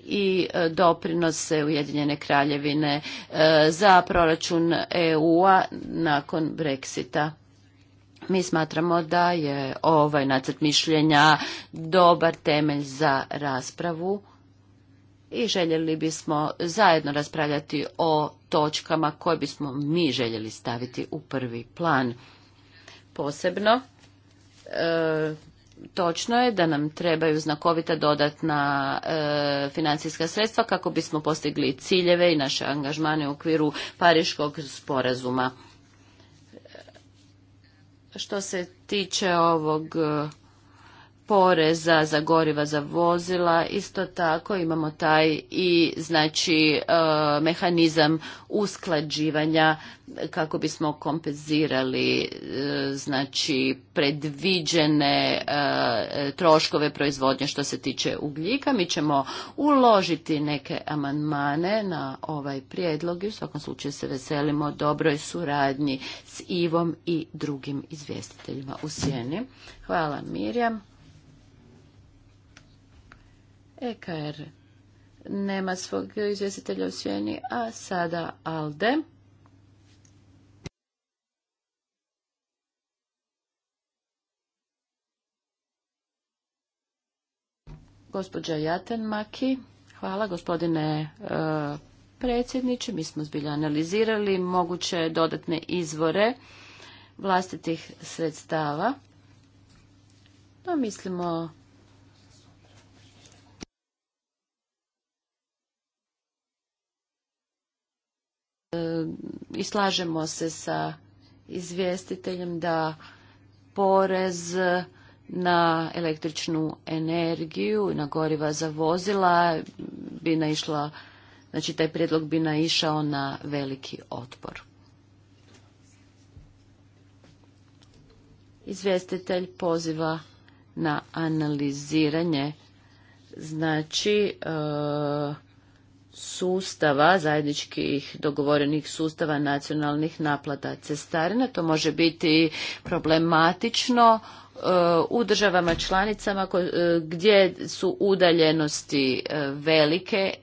i e, doprinose Ujedinjene kraljevine e, za proračun EU-a nakon Brexita. Mi smatramo da je ovaj nacrt mišljenja dobar temelj za raspravu i željeli bismo zajedno raspravljati o točkama koje bismo mi željeli staviti u prvi plan. Posebno e, točno je da nam trebaju znakovita dodatna e, financijska sredstva kako bismo postigli ciljeve i naše angažmane u okviru Pariškog sporazuma. Što se tiče ovog poreza za goriva za vozila isto tako imamo taj i znači e, mehanizam usklađivanja kako bismo kompenzirali e, znači predviđene e, troškove proizvodnje što se tiče ugljika mi ćemo uložiti neke amandmane na ovaj prijedlog i u svakom slučaju se veselimo dobroj suradnji s Ivom i drugim izvjestiteljima u sjeni hvala Mirjam EKR er. nema svog izvjestitelja u sjeni, a sada ALDE. Gospođa Jaten Maki, hvala gospodine e, predsjedniče. Mi smo zbilja analizirali moguće dodatne izvore vlastitih sredstava. No, mislimo i slažemo se sa izvjestiteljem da porez na električnu energiju i na goriva za vozila bi naišla, znači taj prijedlog bi naišao na veliki otpor. Izvjestitelj poziva na analiziranje znači e, sustava, zajedničkih dogovorenih sustava nacionalnih naplata cestarina. To može biti problematično e, u državama članicama e, gdje su udaljenosti e, velike,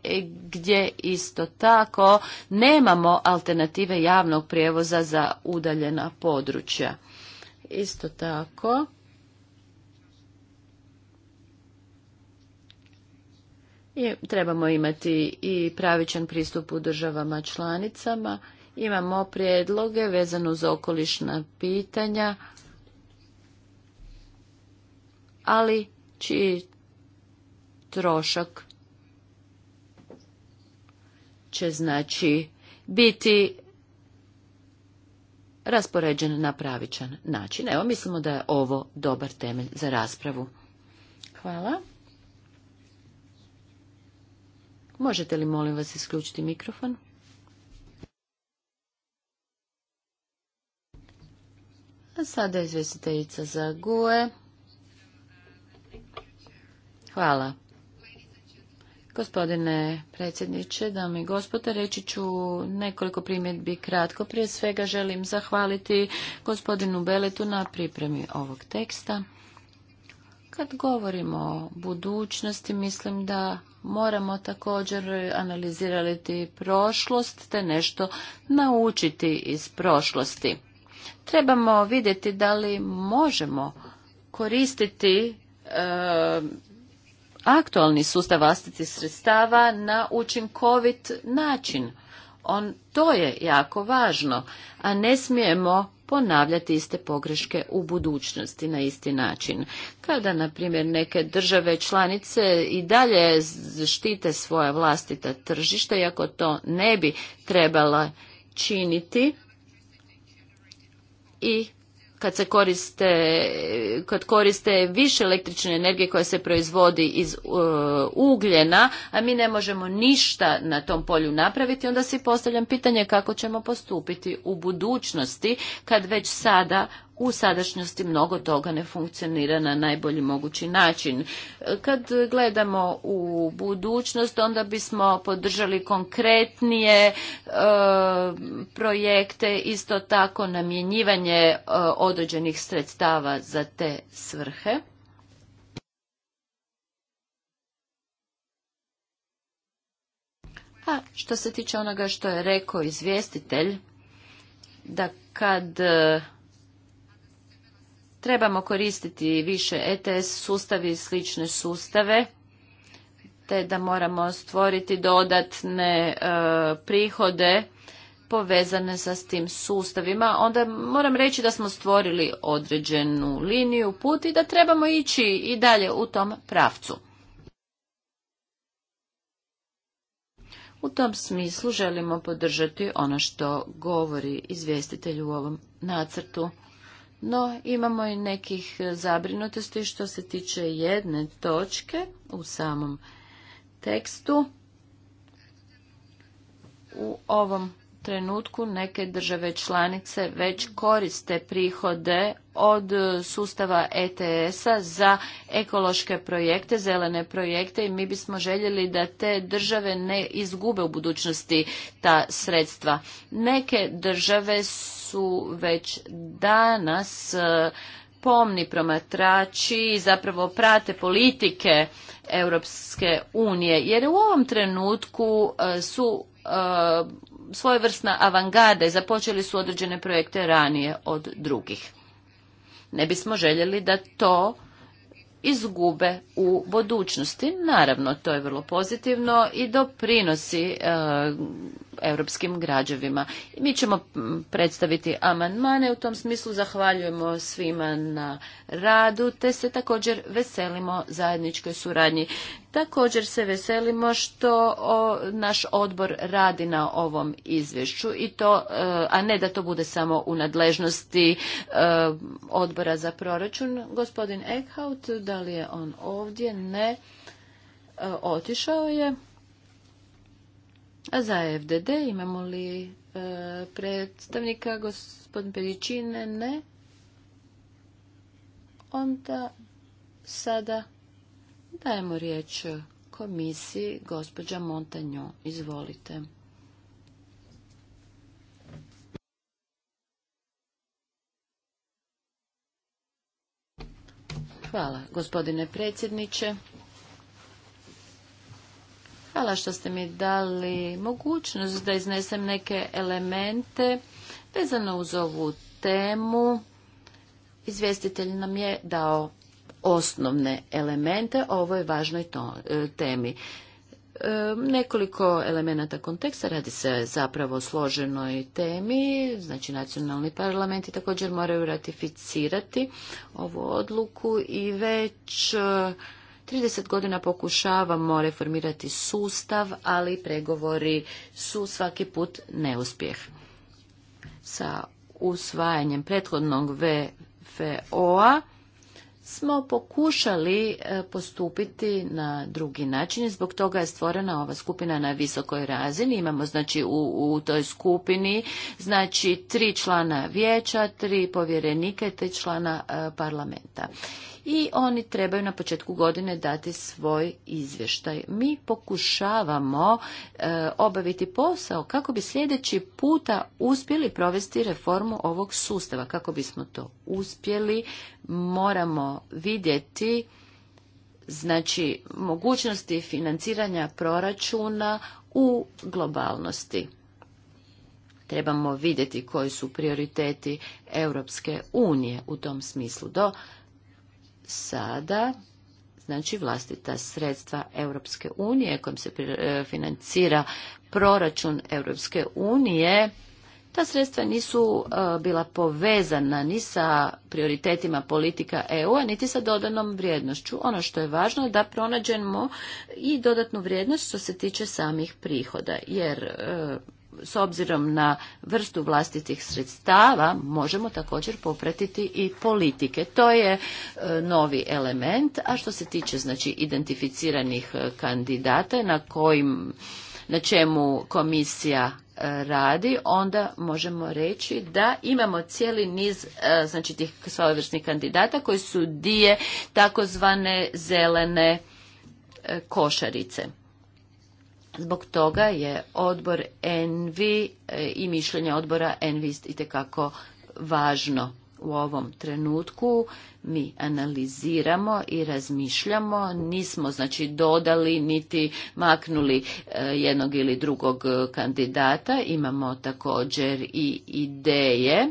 gdje isto tako nemamo alternative javnog prijevoza za udaljena područja. Isto tako, I trebamo imati i pravičan pristup u državama članicama. Imamo prijedloge vezano uz okolišna pitanja, ali čiji trošak će znači biti raspoređen na pravičan način. Evo, mislimo da je ovo dobar temelj za raspravu. Hvala. Možete li molim vas isključiti mikrofon? A sada izvjestiteljica za GUE. Hvala. Gospodine predsjedniče, dame i gospode, reći ću nekoliko primjedbi kratko. Prije svega želim zahvaliti gospodinu Beletu na pripremi ovog teksta. Kad govorimo o budućnosti, mislim da moramo također analizirati prošlost te nešto naučiti iz prošlosti. Trebamo vidjeti da li možemo koristiti e, aktualni sustav vlastitih sredstava na učinkovit način. On, to je jako važno, a ne smijemo ponavljati iste pogreške u budućnosti na isti način. Kada, na primjer, neke države članice i dalje štite svoja vlastita tržišta, iako to ne bi trebala činiti i kad se koriste, kad koriste više električne energije koja se proizvodi iz uh, ugljena, a mi ne možemo ništa na tom polju napraviti, onda si postavljam pitanje kako ćemo postupiti u budućnosti kad već sada u sadašnjosti mnogo toga ne funkcionira na najbolji mogući način. Kad gledamo u budućnost, onda bismo podržali konkretnije e, projekte, isto tako namjenjivanje e, određenih sredstava za te svrhe. A što se tiče onoga što je rekao izvjestitelj, da kad Trebamo koristiti više ETS sustavi i slične sustave, te da moramo stvoriti dodatne e, prihode povezane sa s tim sustavima, onda moram reći da smo stvorili određenu liniju put i da trebamo ići i dalje u tom pravcu. U tom smislu želimo podržati ono što govori izvjestitelj u ovom nacrtu. No, imamo i nekih zabrinutosti što se tiče jedne točke u samom tekstu. U ovom trenutku neke države članice već koriste prihode od sustava ETS-a za ekološke projekte, zelene projekte i mi bismo željeli da te države ne izgube u budućnosti ta sredstva. Neke države su već danas e, pomni promatrači zapravo prate politike Europske unije jer u ovom trenutku e, su e, svojevrsna avangarda i započeli su određene projekte ranije od drugih. Ne bismo željeli da to izgube u budućnosti. Naravno, to je vrlo pozitivno i doprinosi europskim građevima. Mi ćemo predstaviti amandmane, u tom smislu zahvaljujemo svima na radu, te se također veselimo zajedničkoj suradnji. Također se veselimo što o, naš odbor radi na ovom izvješću i to, e, a ne da to bude samo u nadležnosti e, odbora za proračun. Gospodin Eckhout, da li je on ovdje? Ne. E, otišao je. A za FDD imamo li e, predstavnika gospodin Peričine? Ne. Onda sada dajemo riječ komisiji gospođa Montanjo. Izvolite. Hvala gospodine predsjedniče. Hvala što ste mi dali mogućnost da iznesem neke elemente vezano uz ovu temu. Izvjestitelj nam je dao osnovne elemente o ovoj važnoj e, temi. E, nekoliko elemenata konteksta radi se zapravo o složenoj temi, znači nacionalni parlamenti također moraju ratificirati ovu odluku i već e, 30 godina pokušavamo reformirati sustav, ali pregovori su svaki put neuspjeh. Sa usvajanjem prethodnog VFO-a smo pokušali e, postupiti na drugi način i zbog toga je stvorena ova skupina na visokoj razini. Imamo znači u, toj skupini znači tri člana vijeća, tri povjerenika i tri člana e, parlamenta. I oni trebaju na početku godine dati svoj izvještaj. Mi pokušavamo e, obaviti posao kako bi sljedeći puta uspjeli provesti reformu ovog sustava. Kako bismo to uspjeli, moramo vidjeti znači mogućnosti financiranja proračuna u globalnosti. Trebamo vidjeti koji su prioriteti Europske unije u tom smislu. Do sada znači vlastita sredstva Europske unije kojim se e, financira proračun Europske unije ta sredstva nisu e, bila povezana ni sa prioritetima politika EU-a, niti sa dodanom vrijednošću. Ono što je važno je da pronađemo i dodatnu vrijednost što se tiče samih prihoda, jer e, s obzirom na vrstu vlastitih sredstava možemo također popratiti i politike. To je e, novi element, a što se tiče znači identificiranih kandidata na kojim na čemu komisija radi, onda možemo reći da imamo cijeli niz e, znači tih svojevrsnih kandidata koji su dije takozvane zelene e, košarice. Zbog toga je odbor Envi e, i mišljenje odbora Envi itekako važno u ovom trenutku mi analiziramo i razmišljamo, nismo znači dodali niti maknuli e, jednog ili drugog e, kandidata, imamo također i ideje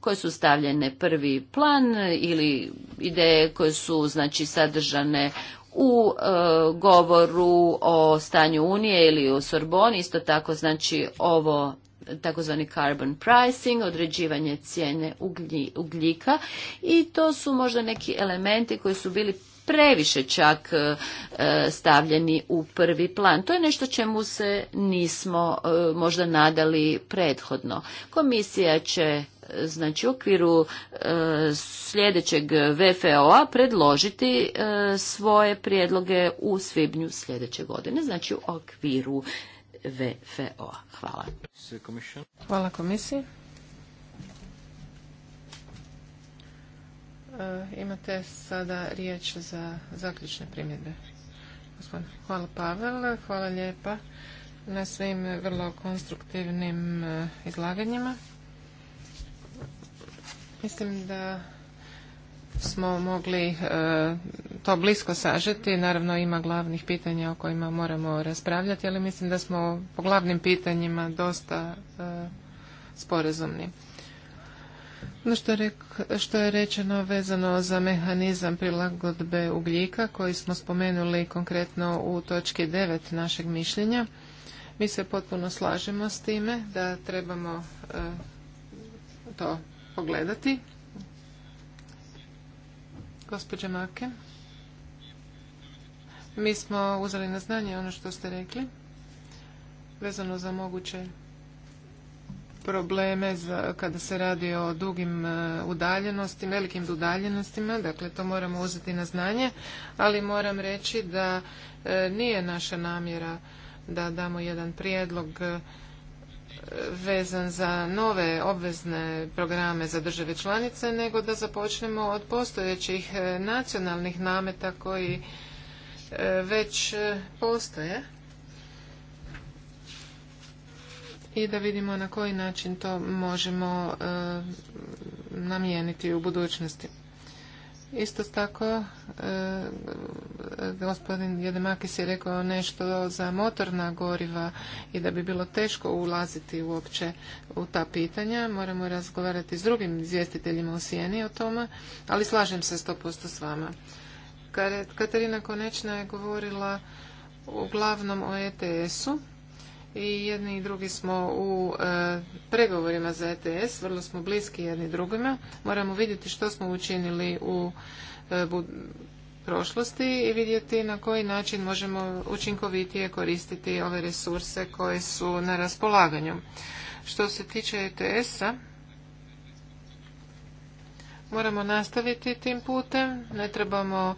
koje su stavljene prvi plan ili ideje koje su znači sadržane u e, govoru o stanju Unije ili u Sorboni, isto tako znači ovo takozvani carbon pricing, određivanje cijene ugljika i to su možda neki elementi koji su bili previše čak e, e, stavljeni u prvi plan. To je nešto čemu se nismo e, možda nadali prethodno. Komisija će znači u okviru sljedećeg VFO-a predložiti svoje prijedloge u svibnju sljedeće godine, znači u okviru vfo Hvala. Hvala komisiji. E, imate sada riječ za zaključne primjedbe. Hvala Pavel, hvala lijepa na svim vrlo konstruktivnim e, izlaganjima. Mislim da smo mogli e, to blisko sažeti. Naravno ima glavnih pitanja o kojima moramo raspravljati, ali mislim da smo po glavnim pitanjima dosta e, sporazumni. Ono što, je rečeno vezano za mehanizam prilagodbe ugljika koji smo spomenuli konkretno u točki 9 našeg mišljenja, mi se potpuno slažemo s time da trebamo e, to pogledati. Gospođa Make. Mi smo uzeli na znanje ono što ste rekli vezano za moguće probleme za, kada se radi o dugim e, udaljenostima, velikim udaljenostima, dakle to moramo uzeti na znanje, ali moram reći da e, nije naša namjera da damo jedan prijedlog e, vezan za nove obvezne programe za države članice, nego da započnemo od postojećih nacionalnih nameta koji E, već e, postoje i da vidimo na koji način to možemo e, namijeniti u budućnosti. Isto tako, gospodin Jedemakis je rekao nešto za motorna goriva i da bi bilo teško ulaziti uopće u ta pitanja. Moramo razgovarati s drugim izvjestiteljima u Sijeni o tome, ali slažem se 100% s vama. Katarina Konečna je govorila uglavnom o ETS-u i jedni i drugi smo u e, pregovorima za ETS, vrlo smo bliski jedni drugima. Moramo vidjeti što smo učinili u e, prošlosti i vidjeti na koji način možemo učinkovitije koristiti ove resurse koje su na raspolaganju. Što se tiče ETS-a, Moramo nastaviti tim putem, ne trebamo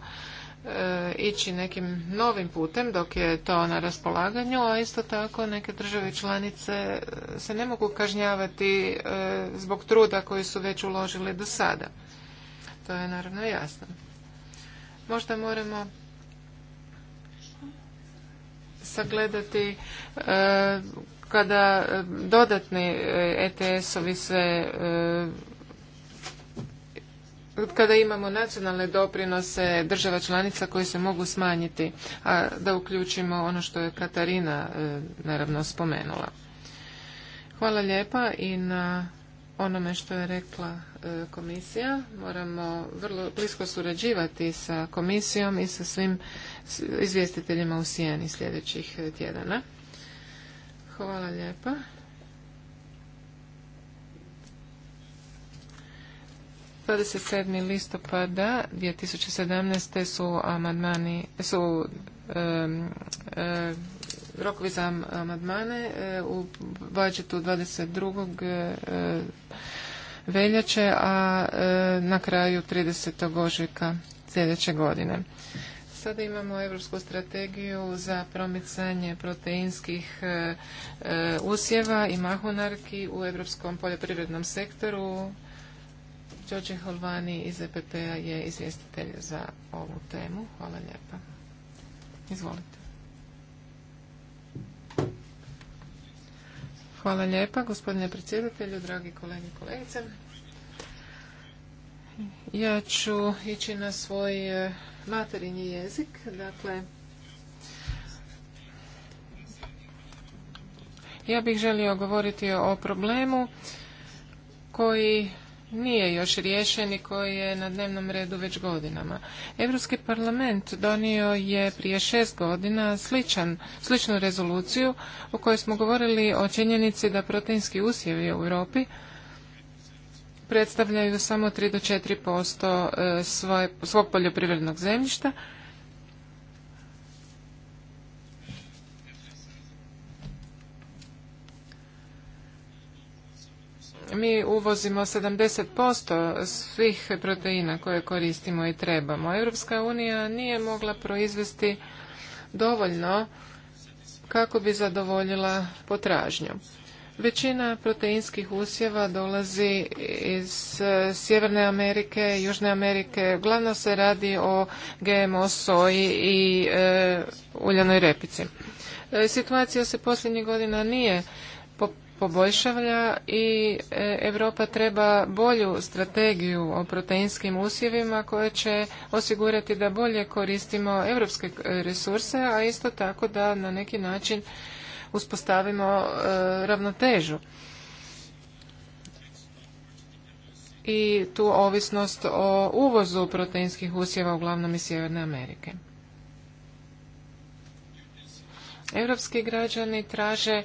e, ići nekim novim putem dok je to na raspolaganju, a isto tako neke države članice e, se ne mogu kažnjavati e, zbog truda koji su već uložili do sada. To je naravno jasno. Možda moramo sagledati kada dodatni ETS-ovi se kada imamo nacionalne doprinose država članica koji se mogu smanjiti, a da uključimo ono što je Katarina e, naravno spomenula. Hvala lijepa i na onome što je rekla e, komisija. Moramo vrlo blisko surađivati sa komisijom i sa svim izvjestiteljima u Sijeni sljedećih e, tjedana. Hvala lijepa. 27. listopada 2017. su amandmani, su rokovi za amandmane eh, u budžetu 22. Eh, veljače, a eh, na kraju 30. ožujka sljedeće godine. Sada imamo Europsku strategiju za promicanje proteinskih usjeva i mahunarki u europskom poljoprivrednom sektoru Đorđe Holvani iz EPP-a je izvjestitelj za ovu temu. Hvala lijepa. Izvolite. Hvala lijepa, gospodine predsjedatelju, dragi kolege i kolegice. Ja ću ići na svoj e, materinji jezik, dakle, ja bih želio govoriti o problemu koji nije još riješen i koji je na dnevnom redu već godinama. Europski parlament donio je prije šest godina sličan, sličnu rezoluciju u kojoj smo govorili o činjenici da proteinski usjevi u Europi predstavljaju samo 3 do 4% e, svog poljoprivrednog zemljišta mi uvozimo 70% svih proteina koje koristimo i trebamo. Europska unija nije mogla proizvesti dovoljno kako bi zadovoljila potražnju. Većina proteinskih usjeva dolazi iz Sjeverne Amerike, Južne Amerike. Glavno se radi o GMO soji i e, uljanoj repici. E, situacija se posljednjih godina nije poboljšavlja i Europa treba bolju strategiju o proteinskim usjevima koja će osigurati da bolje koristimo europske e, resurse, a isto tako da na neki način uspostavimo e, ravnotežu. i tu ovisnost o uvozu proteinskih usjeva uglavnom iz Sjeverne Amerike. Europski građani traže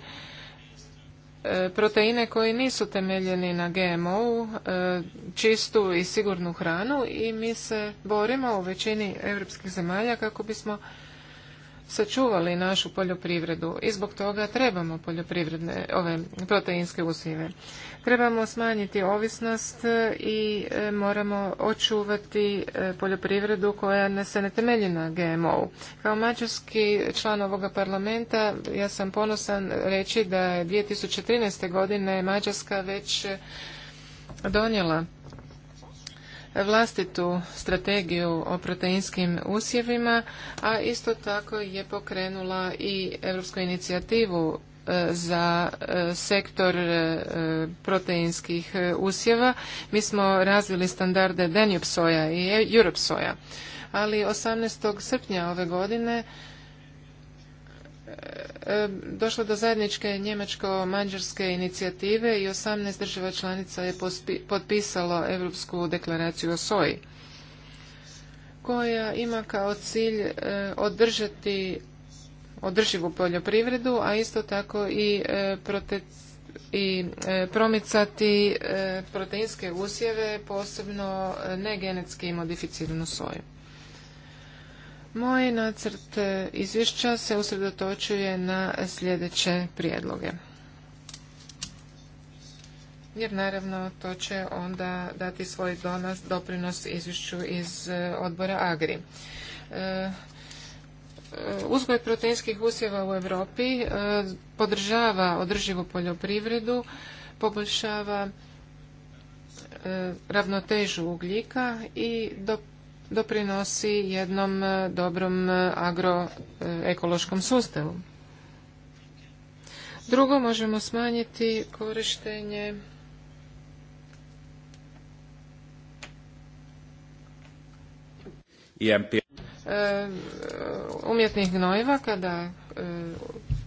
E, proteine koji nisu temeljeni na gmo e, čistu i sigurnu hranu i mi se borimo u većini europskih zemalja kako bismo sačuvali našu poljoprivredu i zbog toga trebamo poljoprivredne, ove proteinske usjeve. Trebamo smanjiti ovisnost i e, moramo očuvati e, poljoprivredu koja ne se ne temelji na GMO-u. Kao mađarski član ovoga parlamenta ja sam ponosan reći da je 2013. godine Mađarska već e, donijela vlastitu strategiju o proteinskim usjevima, a isto tako je pokrenula i europsku inicijativu e, za e, sektor e, proteinskih usjeva. Mi smo razvili standarde Danube soja i Europe soja. Ali 18. srpnja ove godine E, e, došlo do zajedničke njemačko-mađarske inicijative i 18 država članica je potpisalo Europsku deklaraciju o soji koja ima kao cilj e, održati održivu poljoprivredu, a isto tako i, i promicati proteinske usjeve, posebno negenetski modificiranu soju. Moj nacrt e, izvješća se usredotočuje na sljedeće prijedloge. Jer naravno to će onda dati svoj donos, doprinos izvješću iz e, odbora Agri. E, uzgoj proteinskih usjeva u Europi podržava održivu poljoprivredu, poboljšava ravnotežu ugljika i doprinosi doprinosi jednom e, dobrom e, agroekološkom e, sustavu. Drugo, možemo smanjiti korištenje umjetnih gnojiva kada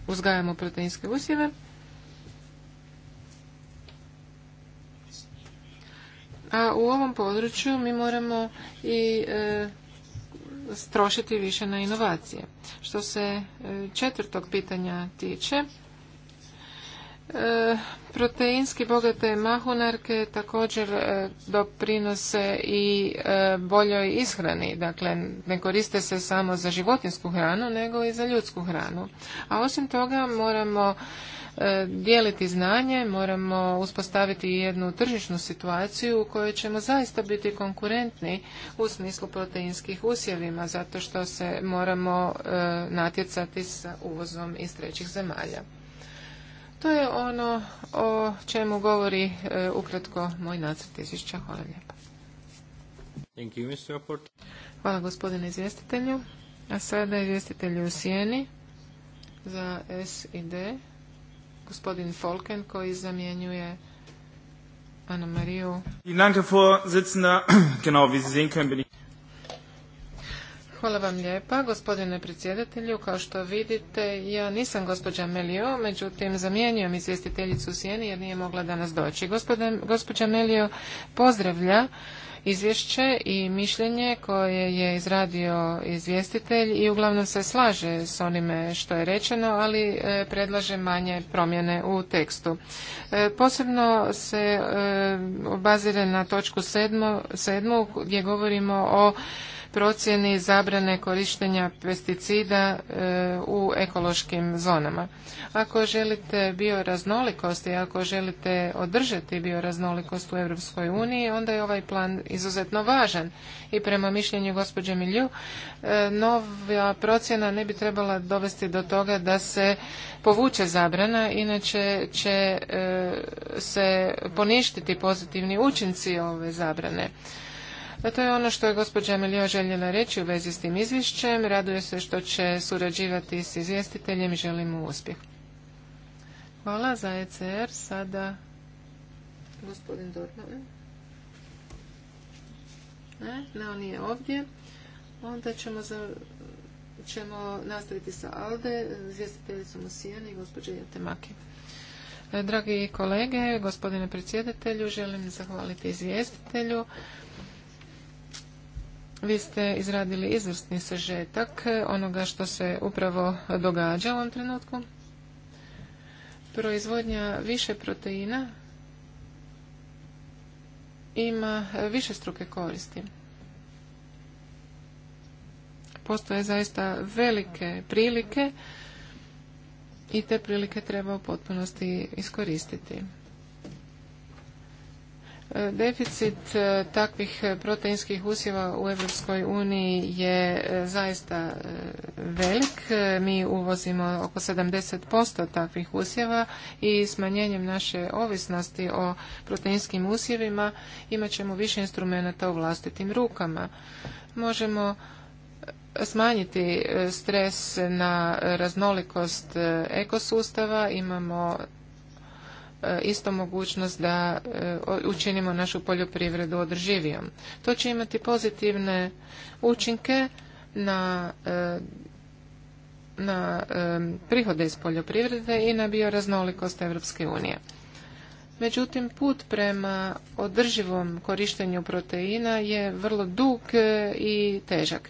uzgajamo proteinske usjeve a u ovom području mi moramo i e, strošiti više na inovacije. Što se e, četvrtog pitanja tiče, e, proteinski bogate mahunarke također e, doprinose i boljoj ishrani. Dakle, ne koriste se samo za životinsku hranu, nego i za ljudsku hranu. A osim toga moramo E, dijeliti znanje, moramo uspostaviti jednu tržišnu situaciju u kojoj ćemo zaista biti konkurentni u smislu proteinskih usjevima, zato što se moramo e, natjecati sa uvozom iz trećih zemalja. To je ono o čemu govori e, ukratko moj nacrt izvješća. Hvala lijepa. Hvala gospodine izvjestitelju. A sada izvjestitelju u Sijeni za S i D gospodin Folken koji zamjenjuje Anu Mariju. Hvala vam lijepa, gospodine predsjedatelju. Kao što vidite, ja nisam gospođa Melio, međutim zamjenjujem izvjestiteljicu Sjeni jer nije mogla danas doći. Gospodin, gospođa Melio pozdravlja izvješće i mišljenje koje je izradio izvjestitelj i uglavnom se slaže s onime što je rečeno, ali e, predlaže manje promjene u tekstu. E, posebno se e, obazire na točku sedmu, gdje govorimo o procjeni zabrane korištenja pesticida e, u ekološkim zonama. Ako želite bioraznolikost i ako želite održati bioraznolikost u Europskoj uniji, onda je ovaj plan izuzetno važan. I prema mišljenju gospođe Milju, e, nova procjena ne bi trebala dovesti do toga da se povuče zabrana, inače će e, se poništiti pozitivni učinci ove zabrane. A pa to je ono što je gospođa emilija željela reći u vezi s tim izvješćem. Raduje se što će surađivati s izvjestiteljem i mu uspjeh. Hvala za ECR. Sada gospodin Ne, ne, on nije ovdje. Onda ćemo, za, ćemo nastaviti sa Alde, izvjestiteljicom Usijana i gospođe Jatemaki. E, dragi kolege, gospodine predsjedatelju, želim zahvaliti izvjestitelju vi ste izradili izvrsni sažetak onoga što se upravo događa u ovom trenutku. Proizvodnja više proteina ima više struke koristi. Postoje zaista velike prilike i te prilike treba u potpunosti iskoristiti. Deficit e, takvih proteinskih usjeva u Europskoj uniji je e, zaista e, velik. Mi uvozimo oko 70% takvih usjeva i smanjenjem naše ovisnosti o proteinskim usjevima imat ćemo više instrumenta u vlastitim rukama. Možemo smanjiti stres na raznolikost ekosustava, imamo E, isto mogućnost da e, učinimo našu poljoprivredu održivijom. To će imati pozitivne učinke na e, na prihode iz poljoprivrede i na bioraznolikost Europske unije. Međutim, put prema održivom korištenju proteina je vrlo dug i težak.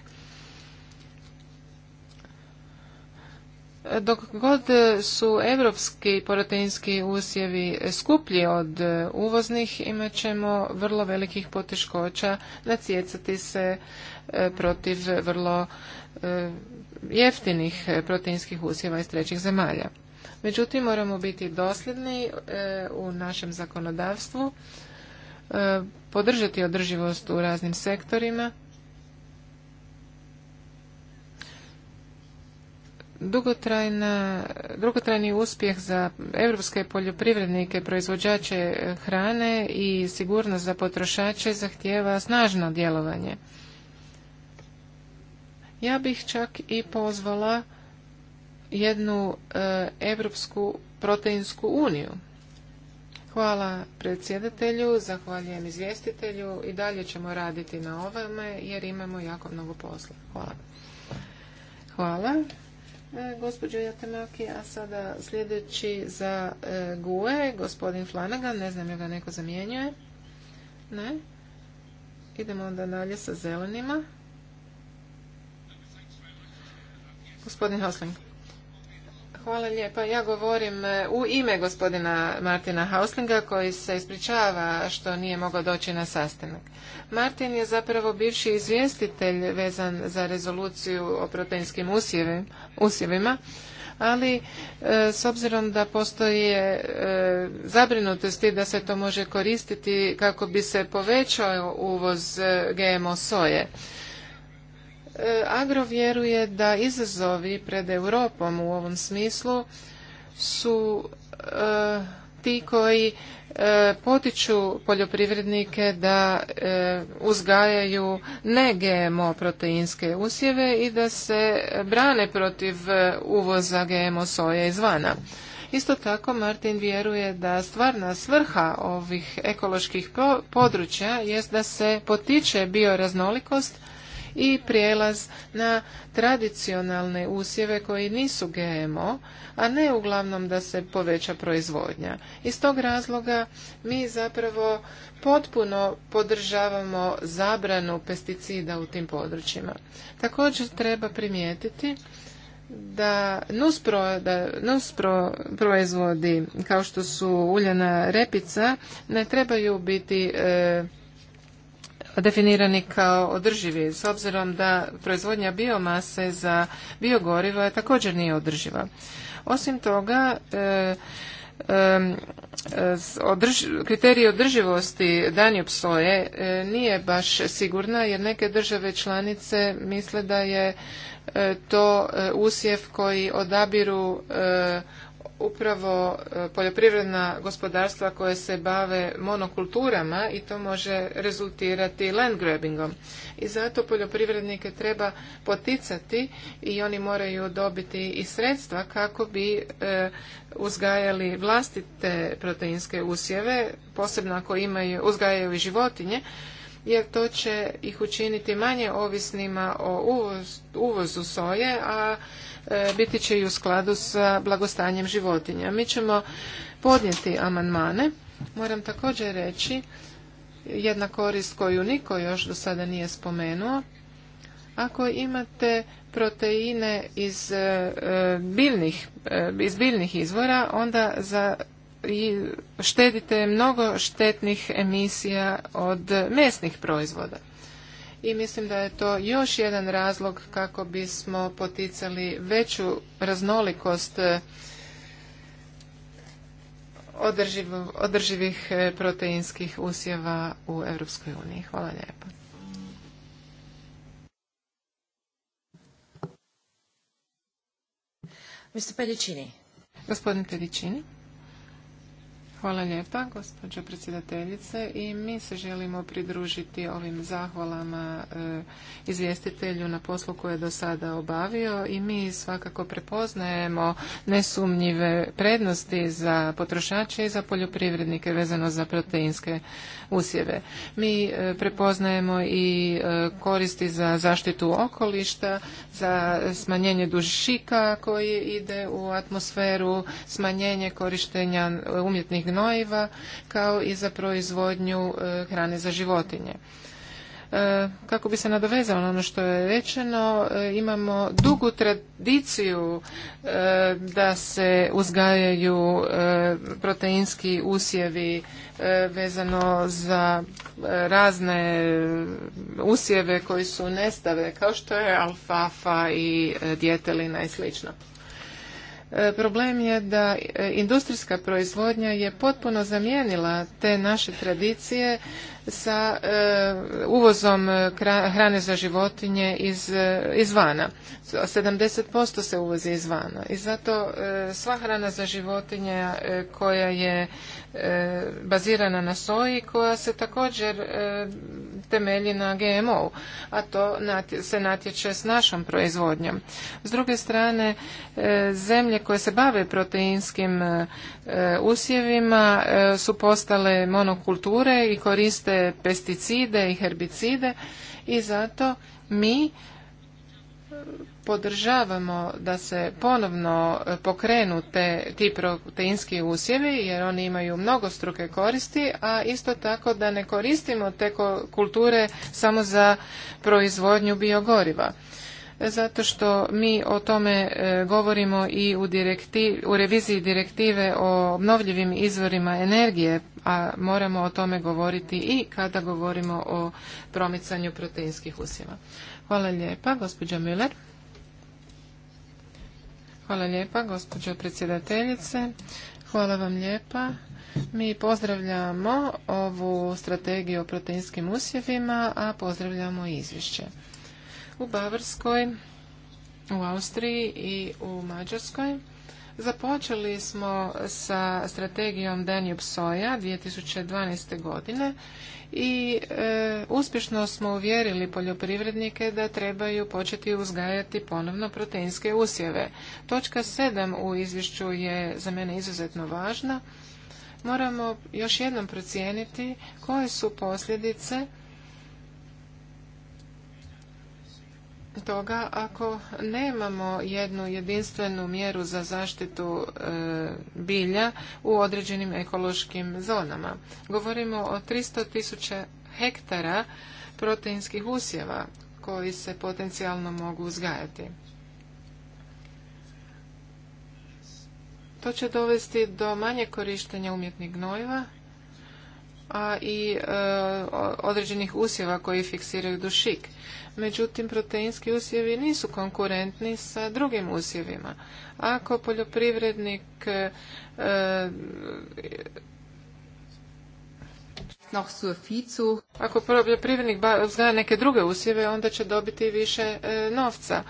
dok god su evropski proteinski usjevi skuplji od e, uvoznih, imat ćemo vrlo velikih poteškoća natjecati se e, protiv vrlo e, jeftinih proteinskih usjeva iz trećih zemalja. Međutim, moramo biti dosljedni u našem zakonodavstvu, podržati održivost u raznim sektorima dugotrajni uspjeh za europske poljoprivrednike, proizvođače e, hrane i sigurnost za potrošače zahtjeva snažno djelovanje. Ja bih čak i pozvala jednu europsku proteinsku uniju. Hvala predsjedatelju, zahvaljujem izvjestitelju i dalje ćemo raditi na ovome jer imamo jako mnogo posla. Hvala. E, gospođo Jatemaki, a sada sljedeći za e, GUE, gospodin Flanagan, ne znam je ga neko zamjenjuje. Ne. Idemo onda dalje sa zelenima. Gospodin Hosling. Hvala lijepa. Ja govorim e, u ime gospodina Martina Hauslinga koji se ispričava što nije mogao doći na sastanak. Martin je zapravo bivši izvjestitelj vezan za rezoluciju o proteinskim usjevima, ali e, s obzirom da postoje e, zabrinutosti da se to može koristiti kako bi se povećao uvoz GMO soje E, Agro vjeruje da izazovi pred Europom u ovom smislu su e, ti koji e, potiču poljoprivrednike da uzgajaju ne GMO proteinske usjeve i da se brane protiv uvoza GMO soje izvana. Isto tako Martin vjeruje da stvarna svrha ovih ekoloških područja jest da se potiče bioraznolikost i prijelaz na tradicionalne usjeve koji nisu GMO, a ne uglavnom da se poveća proizvodnja. Iz tog razloga mi zapravo potpuno podržavamo zabranu pesticida u tim područjima. Također treba primijetiti da nuspro, proizvodi kao što su uljana repica ne trebaju biti e, definirani kao održivi s obzirom da proizvodnja biomase za biogoriva također nije održiva. Osim toga e, e kriterij održivosti Danjub psoje e, nije baš sigurna jer neke države članice misle da je e, to usjev koji odabiru upravo e, poljoprivredna gospodarstva koje se bave monokulturama i to može rezultirati land grabbingom. I zato poljoprivrednike treba poticati i oni moraju dobiti i sredstva kako bi e, uzgajali vlastite proteinske usjeve, posebno ako imaju, uzgajaju i životinje, jer to će ih učiniti manje ovisnima o uvozu soje, a E, biti će i u skladu sa blagostanjem životinja. Mi ćemo podnijeti amandmane. Moram također reći jedna korist koju niko još do sada nije spomenuo. Ako imate proteine iz e, e, biljnih, iz biljnih izvora, onda za i štedite mnogo štetnih emisija od mesnih proizvoda i mislim da je to još jedan razlog kako bismo poticali veću raznolikost e, održivih e, proteinskih usjeva u Europskoj uniji. Hvala lijepo. Mr. Pedicini. Gospodin Pedicini. Hvala lijepa, gospođo predsjedateljice. I mi se želimo pridružiti ovim zahvalama e, izvjestitelju na poslu koje je do sada obavio i mi svakako prepoznajemo nesumnjive prednosti za potrošače i za poljoprivrednike vezano za proteinske usjeve. Mi e, prepoznajemo i e, koristi za zaštitu okolišta, za smanjenje dušika koji ide u atmosferu, smanjenje korištenja umjetnih gnojiva kao i za proizvodnju e, hrane za životinje. E, kako bi se nadovezalo na ono što je rečeno, e, imamo dugu tradiciju da se uzgajaju proteinski usjevi vezano za razne usjeve koji su nestave, kao što je alfafa i djetelina i slično. E, problem je da e, industrijska proizvodnja je potpuno zamijenila te naše tradicije sa e, uvozom hrane za životinje iz, izvana. 70% se uvozi izvana i zato sva hrana za životinje koja je E, bazirana na soji koja se također e, temelji na GMO, a to se natječe s našom proizvodnjom. S druge strane, e, zemlje koje se bave proteinskim usjevima su postale monokulture i koriste pesticide i herbicide i zato mi podržavamo da se ponovno e, pokrenu te, ti proteinski usjevi jer oni imaju mnogo struke koristi, a isto tako da ne koristimo te kulture samo za proizvodnju biogoriva. E, zato što mi o tome e, govorimo i u, u reviziji direktive o obnovljivim izvorima energije, a moramo o tome govoriti i kada govorimo o promicanju proteinskih usjeva. Hvala lijepa, gospođa Müller. Hvala lijepa, gospođo predsjedateljice. Hvala vam lijepa. Mi pozdravljamo ovu strategiju o proteinskim usjevima, a pozdravljamo i izvješće. U Bavarskoj, u Austriji i u Mađarskoj Započeli smo sa strategijom Danjub Soja 2012. godine i e, uspješno smo uvjerili poljoprivrednike da trebaju početi uzgajati ponovno proteinske usjeve. Točka 7 u izvješću je za mene izuzetno važna. Moramo još jednom procijeniti koje su posljedice toga ako nemamo jednu jedinstvenu mjeru za zaštitu e, bilja u određenim ekološkim zonama. Govorimo o 300 tisuća hektara proteinskih usjeva koji se potencijalno mogu uzgajati. To će dovesti do manje korištenja umjetnih gnojiva, a i e, određenih usjeva koji fiksiraju dušik međutim proteinski usjevi nisu konkurentni sa drugim usjevima. Ako poljoprivrednik e, e Ako poljoprivrednik uzgaja neke druge usjeve, onda će dobiti više e, novca.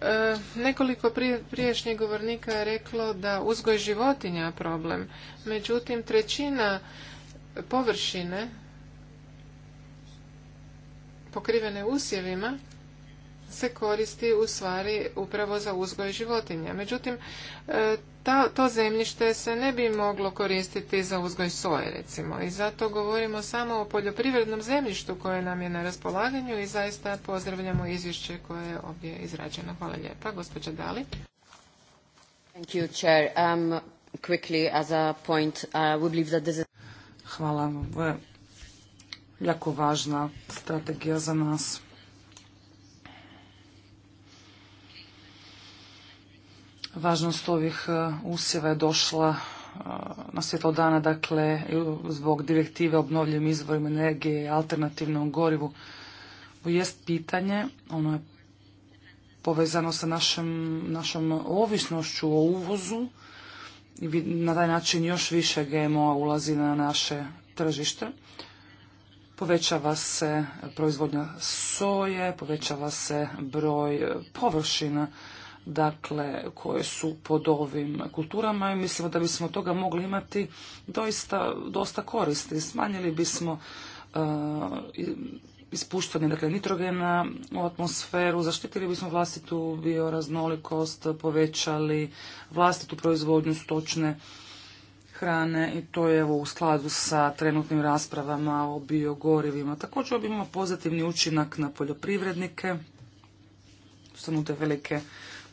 E, nekoliko priješnjih govornika je reklo da uzgoj životinja je problem. Međutim, trećina površine pokrivene usjevima se koristi u stvari upravo za uzgoj životinja. Međutim, e, ta, to zemljište se ne bi moglo koristiti za uzgoj soje, recimo. I zato govorimo samo o poljoprivrednom zemljištu koje nam je na raspolaganju i zaista pozdravljamo izvješće koje je ovdje izrađeno. Hvala lijepa. Gospođa Dali. Thank you, um, a point, we Hvala jako važna strategija za nas. Važnost ovih e, usjeva je došla e, na svjetlo dana, dakle, zbog direktive obnovljivim izvorima energije i alternativnom gorivu. Jest pitanje, ono je povezano sa našem, našom ovisnošću o uvozu i na taj način još više GMO ulazi na naše tržište povećava se proizvodnja soje, povećava se broj e, površina dakle koje su pod ovim kulturama i mislimo da bismo toga mogli imati doista dosta koristi. Smanjili bismo uh, ispuštanje dakle, nitrogena u atmosferu, zaštitili bismo vlastitu bioraznolikost, povećali vlastitu proizvodnju stočne hrane i to je u skladu sa trenutnim raspravama o biogorivima. Također bi imao pozitivni učinak na poljoprivrednike, su te velike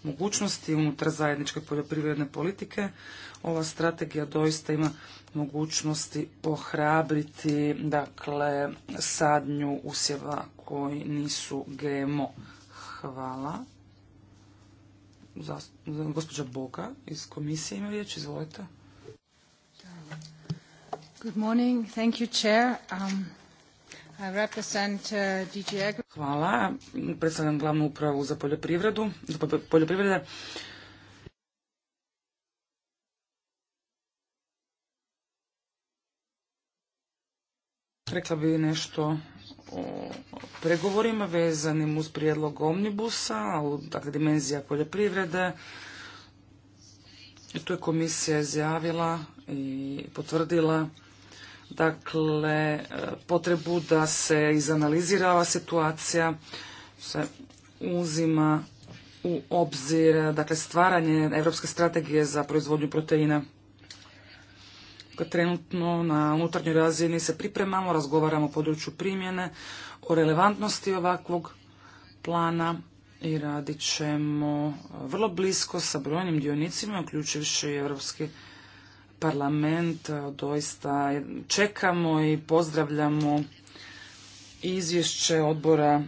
mogućnosti unutar zajedničke poljoprivredne politike. Ova strategija doista ima mogućnosti pohrabriti dakle sadnju usjeva koji nisu GMO. Hvala. gospođa Boga iz komisije ima riječ, izvolite. Um, uh, Hvala. Predstavljam glavnu upravu za poljoprivredu, poljoprivrede. Rekla bi nešto o pregovorima vezanim uz prijedlog omnibusa, dakle dimenzija poljoprivrede. tu je komisija izjavila i potvrdila dakle e, potrebu da se izanalizira ova situacija, se uzima u obzir dakle stvaranje europske strategije za proizvodnju proteina. Dakle, trenutno na unutarnjoj razini se pripremamo, razgovaramo o području primjene, o relevantnosti ovakvog plana i radit ćemo vrlo blisko sa brojnim dionicima, uključivši Europski parlament doista čekamo i pozdravljamo izvješće odbora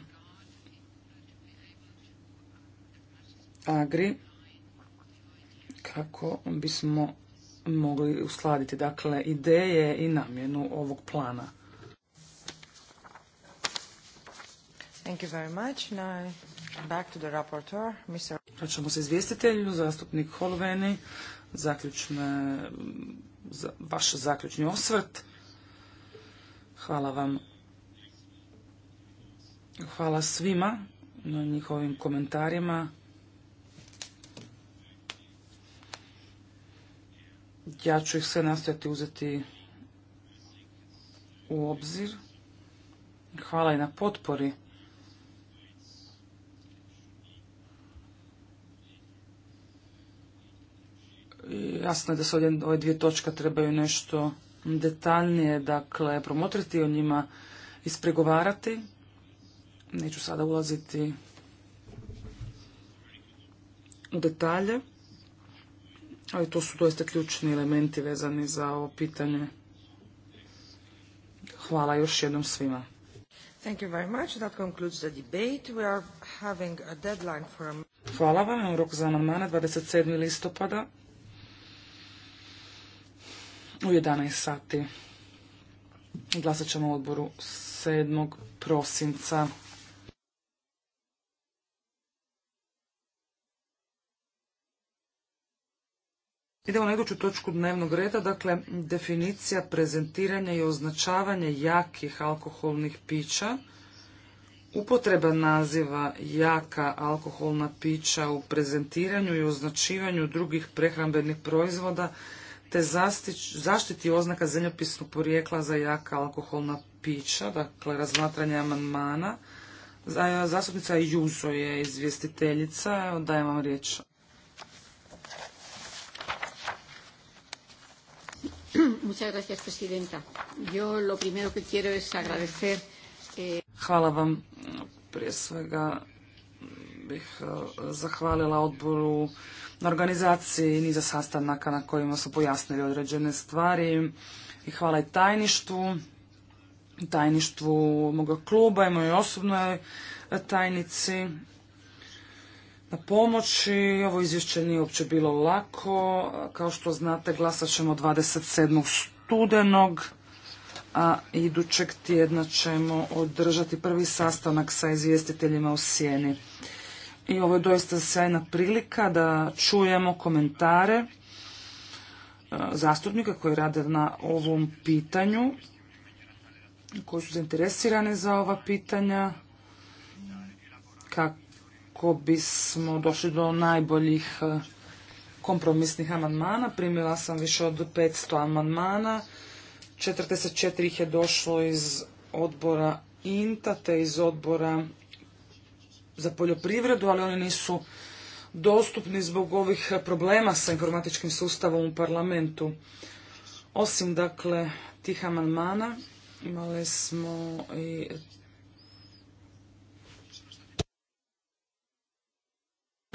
Agri kako bismo mogli uskladiti dakle ideje i namjenu ovog plana. Thank you very much. Now back to the rapporteur, Mr. se izvjestitelju, zastupnik Holveni zaključne, vaš zaključni osvrt. Hvala vam. Hvala svima na njihovim komentarima. Ja ću ih sve nastojati uzeti u obzir. Hvala i na potpori jasno je da se ovdje ove dvije točke trebaju nešto detaljnije, dakle, promotriti o njima, ispregovarati. Neću sada ulaziti u detalje, ali to su doista ključni elementi vezani za ovo pitanje. Hvala još jednom svima. Thank you very much. That concludes the debate. We are having a deadline for Hvala vam. Rok za amandmane 27. listopada u 11 sati. Glasat ćemo u odboru 7. prosinca. Idemo na iduću točku dnevnog reda, dakle definicija prezentiranja i označavanja jakih alkoholnih pića. Upotreba naziva jaka alkoholna pića u prezentiranju i označivanju drugih prehrambenih proizvoda te zaštiti oznaka zemljopisnog porijekla za jaka alkoholna pića, dakle razmatranje amandmana. Zastupnica Juso je izvjestiteljica, dajem vam riječ. Eh, Hvala vam. Prije svega bih eh, zahvalila odboru na organizaciji niza sastanaka na kojima su pojasnili određene stvari. I hvala i tajništvu, tajništvu moga kluba i mojoj osobnoj tajnici na pomoći. Ovo izvješće nije uopće bilo lako. Kao što znate, glasat ćemo 27. studenog, a idućeg tjedna ćemo održati prvi sastanak sa izvjestiteljima u Sjeni i ovo je doista sjajna prilika da čujemo komentare e, zastupnika koji rade na ovom pitanju, koji su zainteresirani za ova pitanja, kako bismo došli do najboljih e, kompromisnih amandmana. Primila sam više od 500 amandmana. 44 ih je došlo iz odbora INTA te iz odbora za poljoprivredu, ali oni nisu dostupni zbog ovih problema sa informatičkim sustavom u parlamentu. Osim, dakle, tih amandmana imali smo i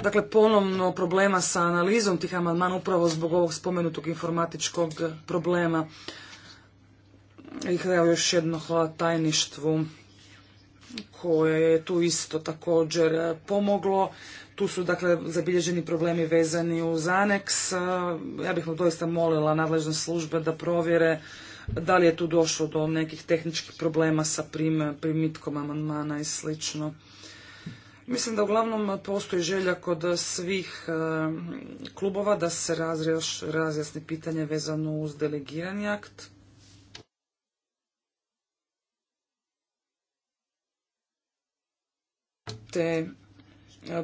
Dakle, ponovno problema sa analizom tih amandmana upravo zbog ovog spomenutog informatičkog problema. I evo još jedno hvala tajništvu koje je tu isto također e, pomoglo. Tu su dakle zabilježeni problemi vezani uz aneks. E, ja bih doista molila nadležne službe da provjere da li je tu došlo do nekih tehničkih problema sa prim, primitkom amandmana i slično. Mislim da uglavnom postoji želja kod svih e, klubova da se razjasni pitanje vezano uz delegirani akt. te e,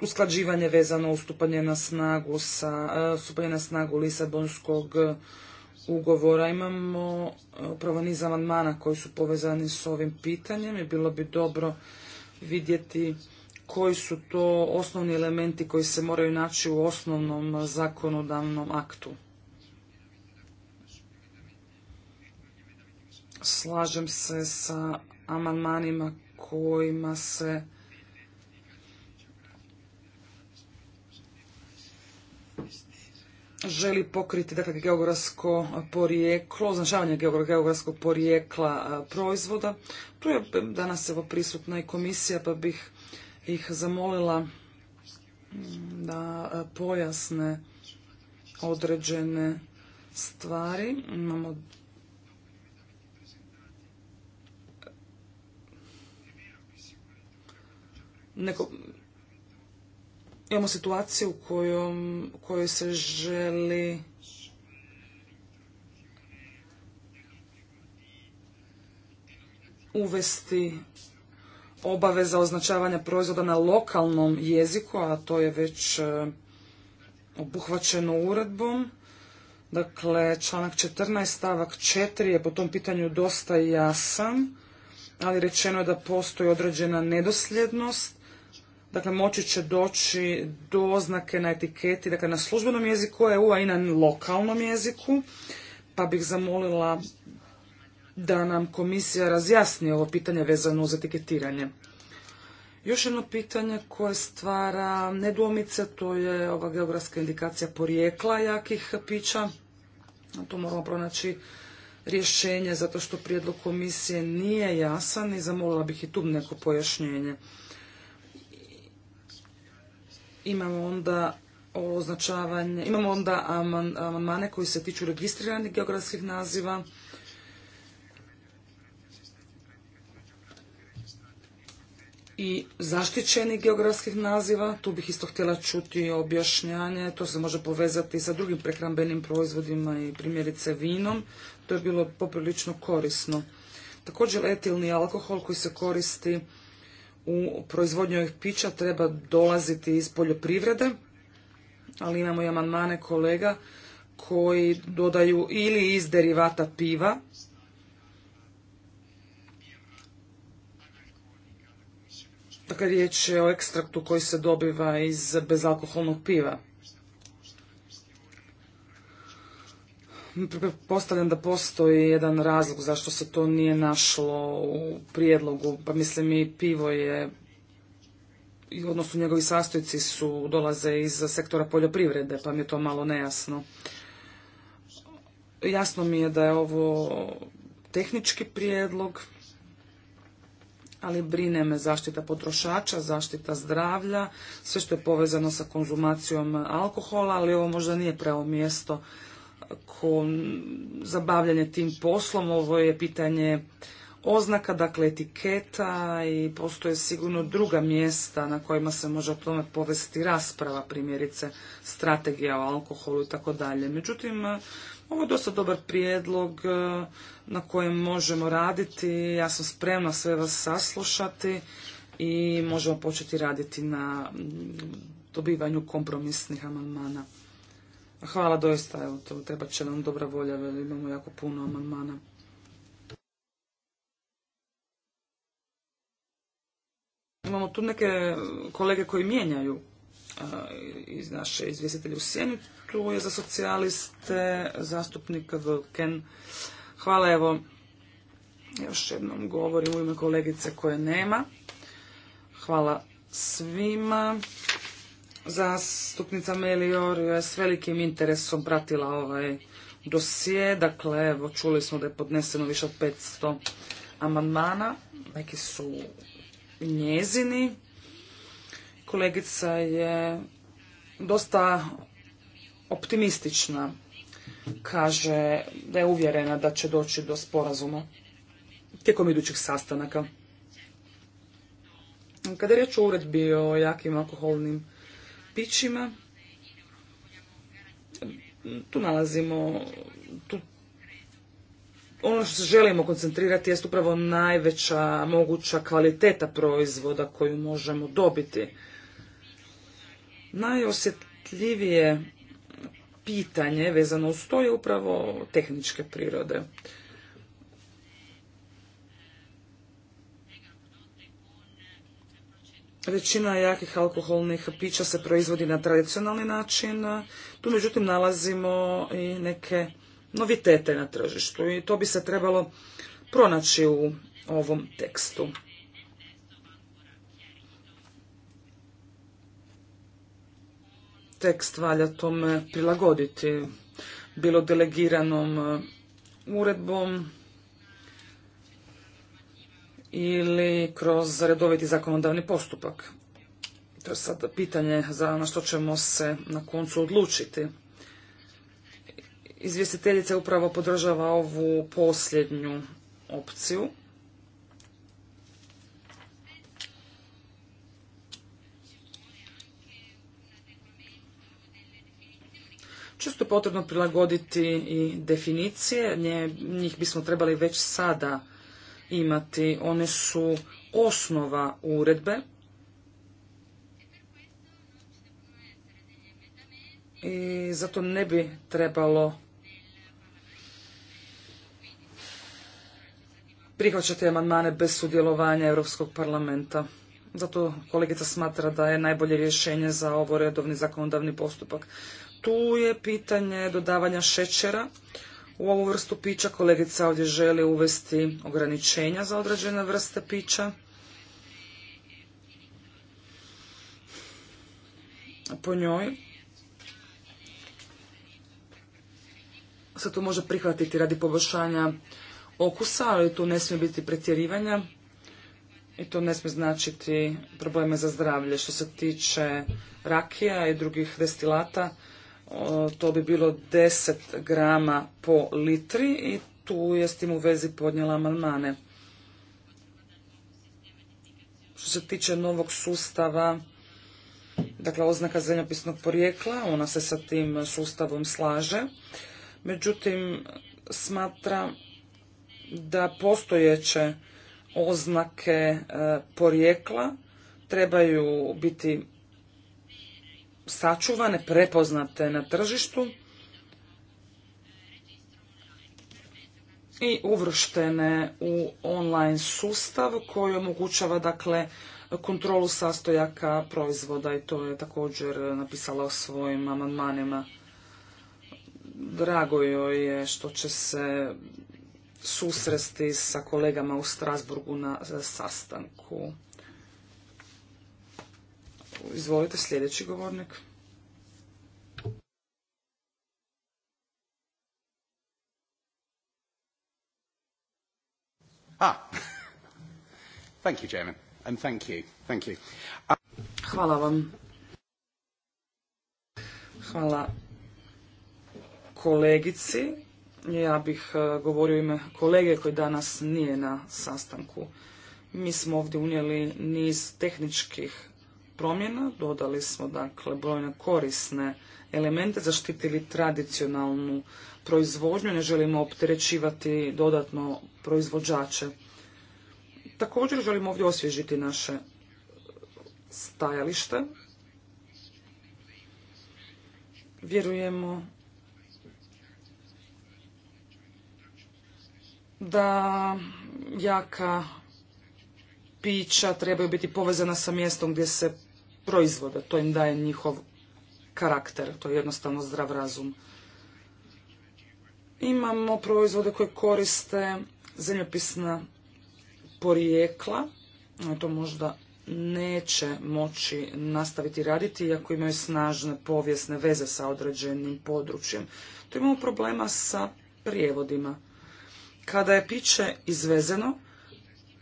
usklađivanje vezano ustupanje na snagu sa, e, stupanje na snagu Lisabonskog e, ugovora. Imamo upravo niz amandmana koji su povezani s ovim pitanjem i bilo bi dobro vidjeti koji su to osnovni elementi koji se moraju naći u osnovnom zakonodavnom aktu. Slažem se sa amandmanima kojima se želi pokriti dakle, geografsko porijeklo, označavanje geografskog porijekla proizvoda. Tu je danas evo prisutna i komisija, pa bih ih zamolila mm, da pojasne određene stvari. Imamo neko, imamo situaciju u kojom, kojoj se želi uvesti obaveza označavanja proizvoda na lokalnom jeziku, a to je već e, obuhvaćeno uredbom. Dakle, članak 14. stavak 4 je po tom pitanju dosta jasan, ali rečeno je da postoji određena nedosljednost Dakle, moći će doći do oznake na etiketi, dakle na službenom jeziku EU, a i na lokalnom jeziku, pa bih zamolila da nam komisija razjasni ovo pitanje vezano uz etiketiranje. Još jedno pitanje koje stvara nedoumice, to je ova geografska indikacija porijekla jakih pića. To moramo pronaći rješenje zato što prijedlog komisije nije jasan i zamolila bih i tu neko pojašnjenje. Imamo onda označavanje, imamo onda amandmane koji se tiču registriranih geografskih naziva. i zaštićenih geografskih naziva. Tu bih isto htjela čuti objašnjanje. To se može povezati sa drugim prekrambenim proizvodima i primjerice vinom. To je bilo poprilično korisno. Također etilni alkohol koji se koristi u proizvodnju ovih pića treba dolaziti iz poljoprivrede, ali imamo i amandmane kolega koji dodaju ili iz derivata piva, Dakle, riječ je o ekstraktu koji se dobiva iz bezalkoholnog piva. Postavljam da postoji jedan razlog zašto se to nije našlo u prijedlogu. Pa mislim i pivo je, i odnosno njegovi sastojci su, dolaze iz sektora poljoprivrede, pa mi je to malo nejasno. Jasno mi je da je ovo tehnički prijedlog, ali brine me zaštita potrošača, zaštita zdravlja, sve što je povezano sa konzumacijom alkohola, ali ovo možda nije pravo mjesto za zabavljanje tim poslom. Ovo je pitanje oznaka, dakle etiketa i postoje sigurno druga mjesta na kojima se može o tome povesti rasprava, primjerice strategija o alkoholu i tako dalje. Međutim, ovo je dosta dobar prijedlog eh, na kojem možemo raditi. Ja sam spremna sve vas saslušati i možemo početi raditi na mm, dobivanju kompromisnih amandmana. Hvala doista, evo to treba će nam dobra volja, jer imamo jako puno amandmana. Imamo tu neke kolege koji mijenjaju iz naše izvjestitelje u sjeni. Tu je za socijaliste zastupnik Vlken. Hvala evo. Još jednom govorim u ime kolegice koje nema. Hvala svima. Zastupnica Melior je s velikim interesom pratila ovaj dosije. Dakle, evo, čuli smo da je podneseno više od 500 amandmana. Neki su njezini. Kolegica je dosta optimistična. Kaže da je uvjerena da će doći do sporazuma tijekom idućih sastanaka. Kada je riječ o uredbi o jakim alkoholnim pićima. Tu nalazimo, tu ono što se želimo koncentrirati jest upravo najveća moguća kvaliteta proizvoda koju možemo dobiti. Najosjetljivije pitanje vezano uz to je upravo tehničke prirode. Većina jakih alkoholnih pića se proizvodi na tradicionalni način, tu međutim nalazimo i neke novitete na tržištu i to bi se trebalo pronaći u ovom tekstu. Tekst valja tome prilagoditi bilo delegiranom uh, uredbom, ili kroz redoviti zakonodavni postupak. To je sad pitanje za na ono što ćemo se na koncu odlučiti. Izvjestiteljica upravo podržava ovu posljednju opciju. Često je potrebno prilagoditi i definicije, njih bismo trebali već sada imati. One su osnova uredbe i zato ne bi trebalo prihvaćati amandmane bez sudjelovanja Europskog parlamenta. Zato kolegica smatra da je najbolje rješenje za ovo redovni zakonodavni postupak. Tu je pitanje dodavanja šećera u ovu vrstu pića. Kolegica ovdje želi uvesti ograničenja za određene vrste pića. Po njoj se to može prihvatiti radi poboljšanja okusa, ali tu ne smije biti pretjerivanja i to ne smije značiti probleme za zdravlje. Što se tiče rakija i drugih destilata, E, to bi bilo 10 grama po litri i tu je s tim u vezi podnijela amandmane. Što se tiče novog sustava, dakle oznaka zemljopisnog porijekla, ona se sa tim sustavom slaže. Međutim, smatra da postojeće oznake e, porijekla trebaju biti sačuvane, prepoznate na tržištu i uvrštene u online sustav koji omogućava dakle kontrolu sastojaka proizvoda i to je također napisala o svojim amandmanima. Drago joj je što će se susresti sa kolegama u Strasburgu na sastanku. Izvolite sljedeći govornik. Ah. Hvala vam. Hvala kolegici. Ja bih e, govorio ime kolege koji danas nije na sastanku. Mi smo ovdje unijeli niz tehničkih promjena, dodali smo dakle brojne korisne elemente, zaštitili tradicionalnu proizvodnju, ne želimo opterećivati dodatno proizvođače. Također želimo ovdje osvježiti naše stajalište. Vjerujemo da jaka pića trebaju biti povezana sa mjestom gdje se proizvoda. To im daje njihov karakter, to je jednostavno zdrav razum. Imamo proizvode koje koriste zemljopisna porijekla, to možda neće moći nastaviti raditi iako imaju snažne povijesne veze sa određenim područjem. To imamo problema sa prijevodima. Kada je piće izvezeno,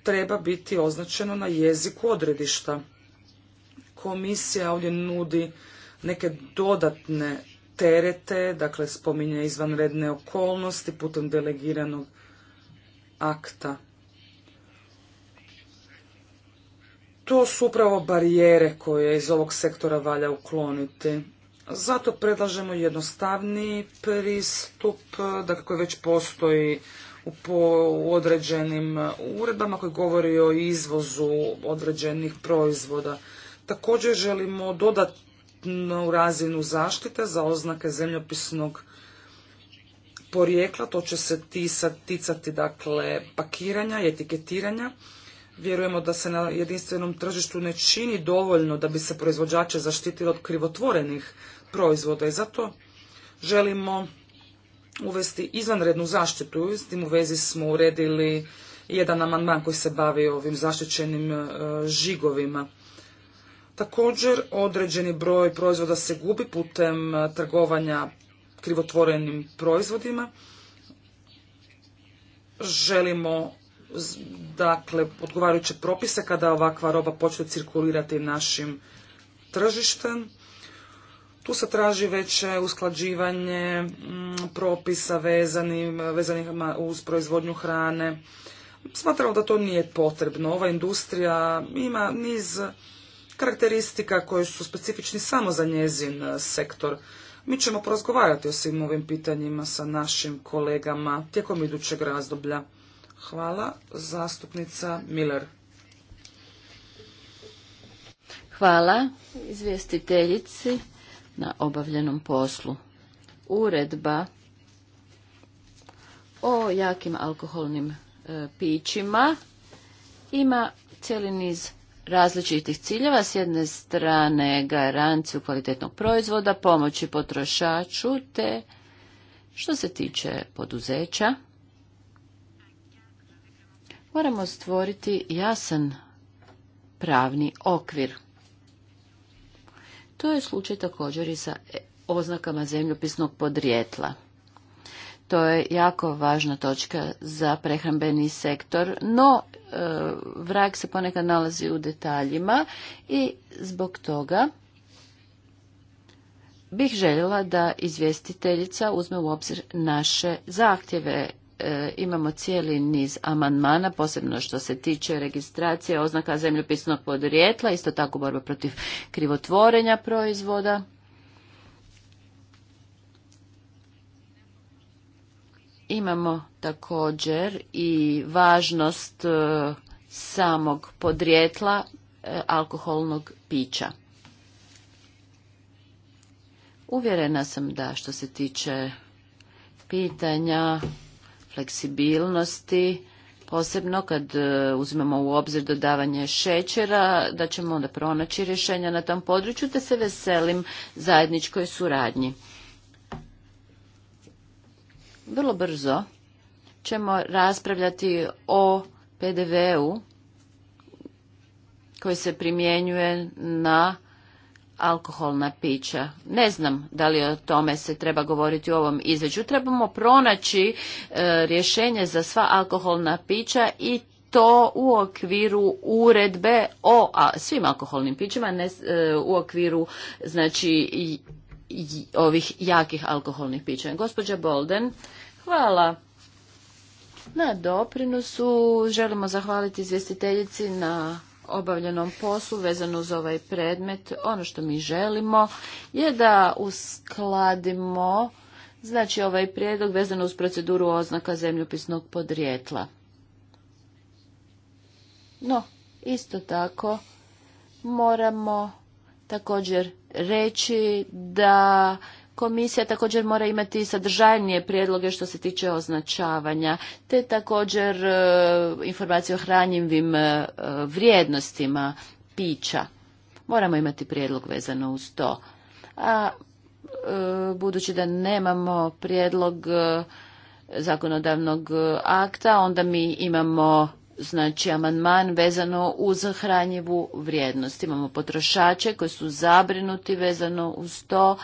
treba biti označeno na jeziku odredišta komisija ovdje nudi neke dodatne terete, dakle spominje izvanredne okolnosti putem delegiranog akta. To su upravo barijere koje iz ovog sektora valja ukloniti. Zato predlažemo jednostavni pristup, dakle koji već postoji po, u određenim uredbama koji govori o izvozu određenih proizvoda. Također želimo dodatnu razinu zaštite za oznake zemljopisnog porijekla, to će se ticati dakle pakiranja i etiketiranja. Vjerujemo da se na jedinstvenom tržištu ne čini dovoljno da bi se proizvođače zaštitili od krivotvorenih proizvoda i zato želimo uvesti izvanrednu zaštitu. S tim u vezi smo uredili jedan amandman koji se bavi ovim zaštićenim e, žigovima. Također, određeni broj proizvoda se gubi putem e, trgovanja krivotvorenim proizvodima. Želimo dakle odgovarajuće propise kada ovakva roba počne cirkulirati našim tržištem. Tu se traži veće usklađivanje propisa vezanim, vezanih uz proizvodnju hrane. Smatramo da to nije potrebno. Ova industrija ima niz karakteristika koje su specifični samo za njezin e, sektor. Mi ćemo porazgovarati o svim ovim pitanjima sa našim kolegama tijekom idućeg razdoblja. Hvala, zastupnica Miller. Hvala izvjestiteljici na obavljenom poslu. Uredba o jakim alkoholnim e, pićima ima cijeli niz različitih ciljeva, s jedne strane garanciju kvalitetnog proizvoda, pomoći potrošaču, te što se tiče poduzeća, moramo stvoriti jasan pravni okvir. To je slučaj također i sa oznakama zemljopisnog podrijetla. To je jako važna točka za prehrambeni sektor, no e, vrak se ponekad nalazi u detaljima i zbog toga bih željela da izvjestiteljica uzme u obzir naše zahtjeve e, imamo cijeli niz amandmana, posebno što se tiče registracije oznaka zemljopisnog podrijetla, isto tako borba protiv krivotvorenja proizvoda. Imamo također i važnost e, samog podrijetla e, alkoholnog pića. Uvjerena sam da što se tiče pitanja fleksibilnosti, posebno kad e, uzmemo u obzir dodavanje šećera, da ćemo onda pronaći rješenja na tom području, te se veselim zajedničkoj suradnji. Vrlo brzo ćemo raspravljati o PDV-u koji se primjenjuje na alkoholna pića. Ne znam da li o tome se treba govoriti u ovom izveđu. Trebamo pronaći e, rješenje za sva alkoholna pića i to u okviru uredbe o a, svim alkoholnim pićima, ne e, u okviru znači ovih jakih alkoholnih pića. Gospođa Bolden, hvala na doprinosu. Želimo zahvaliti izvjestiteljici na obavljenom poslu vezano uz ovaj predmet. Ono što mi želimo je da uskladimo znači ovaj prijedlog vezano uz proceduru oznaka zemljopisnog podrijetla. No, isto tako moramo također reći da komisija također mora imati sadržajnije prijedloge što se tiče označavanja, te također e, informacije o hranjivim e, vrijednostima pića. Moramo imati prijedlog vezano uz to. A e, budući da nemamo prijedlog zakonodavnog akta, onda mi imamo znači amandman vezano uz hranjivu vrijednost. Imamo potrošače koji su zabrinuti vezano uz to,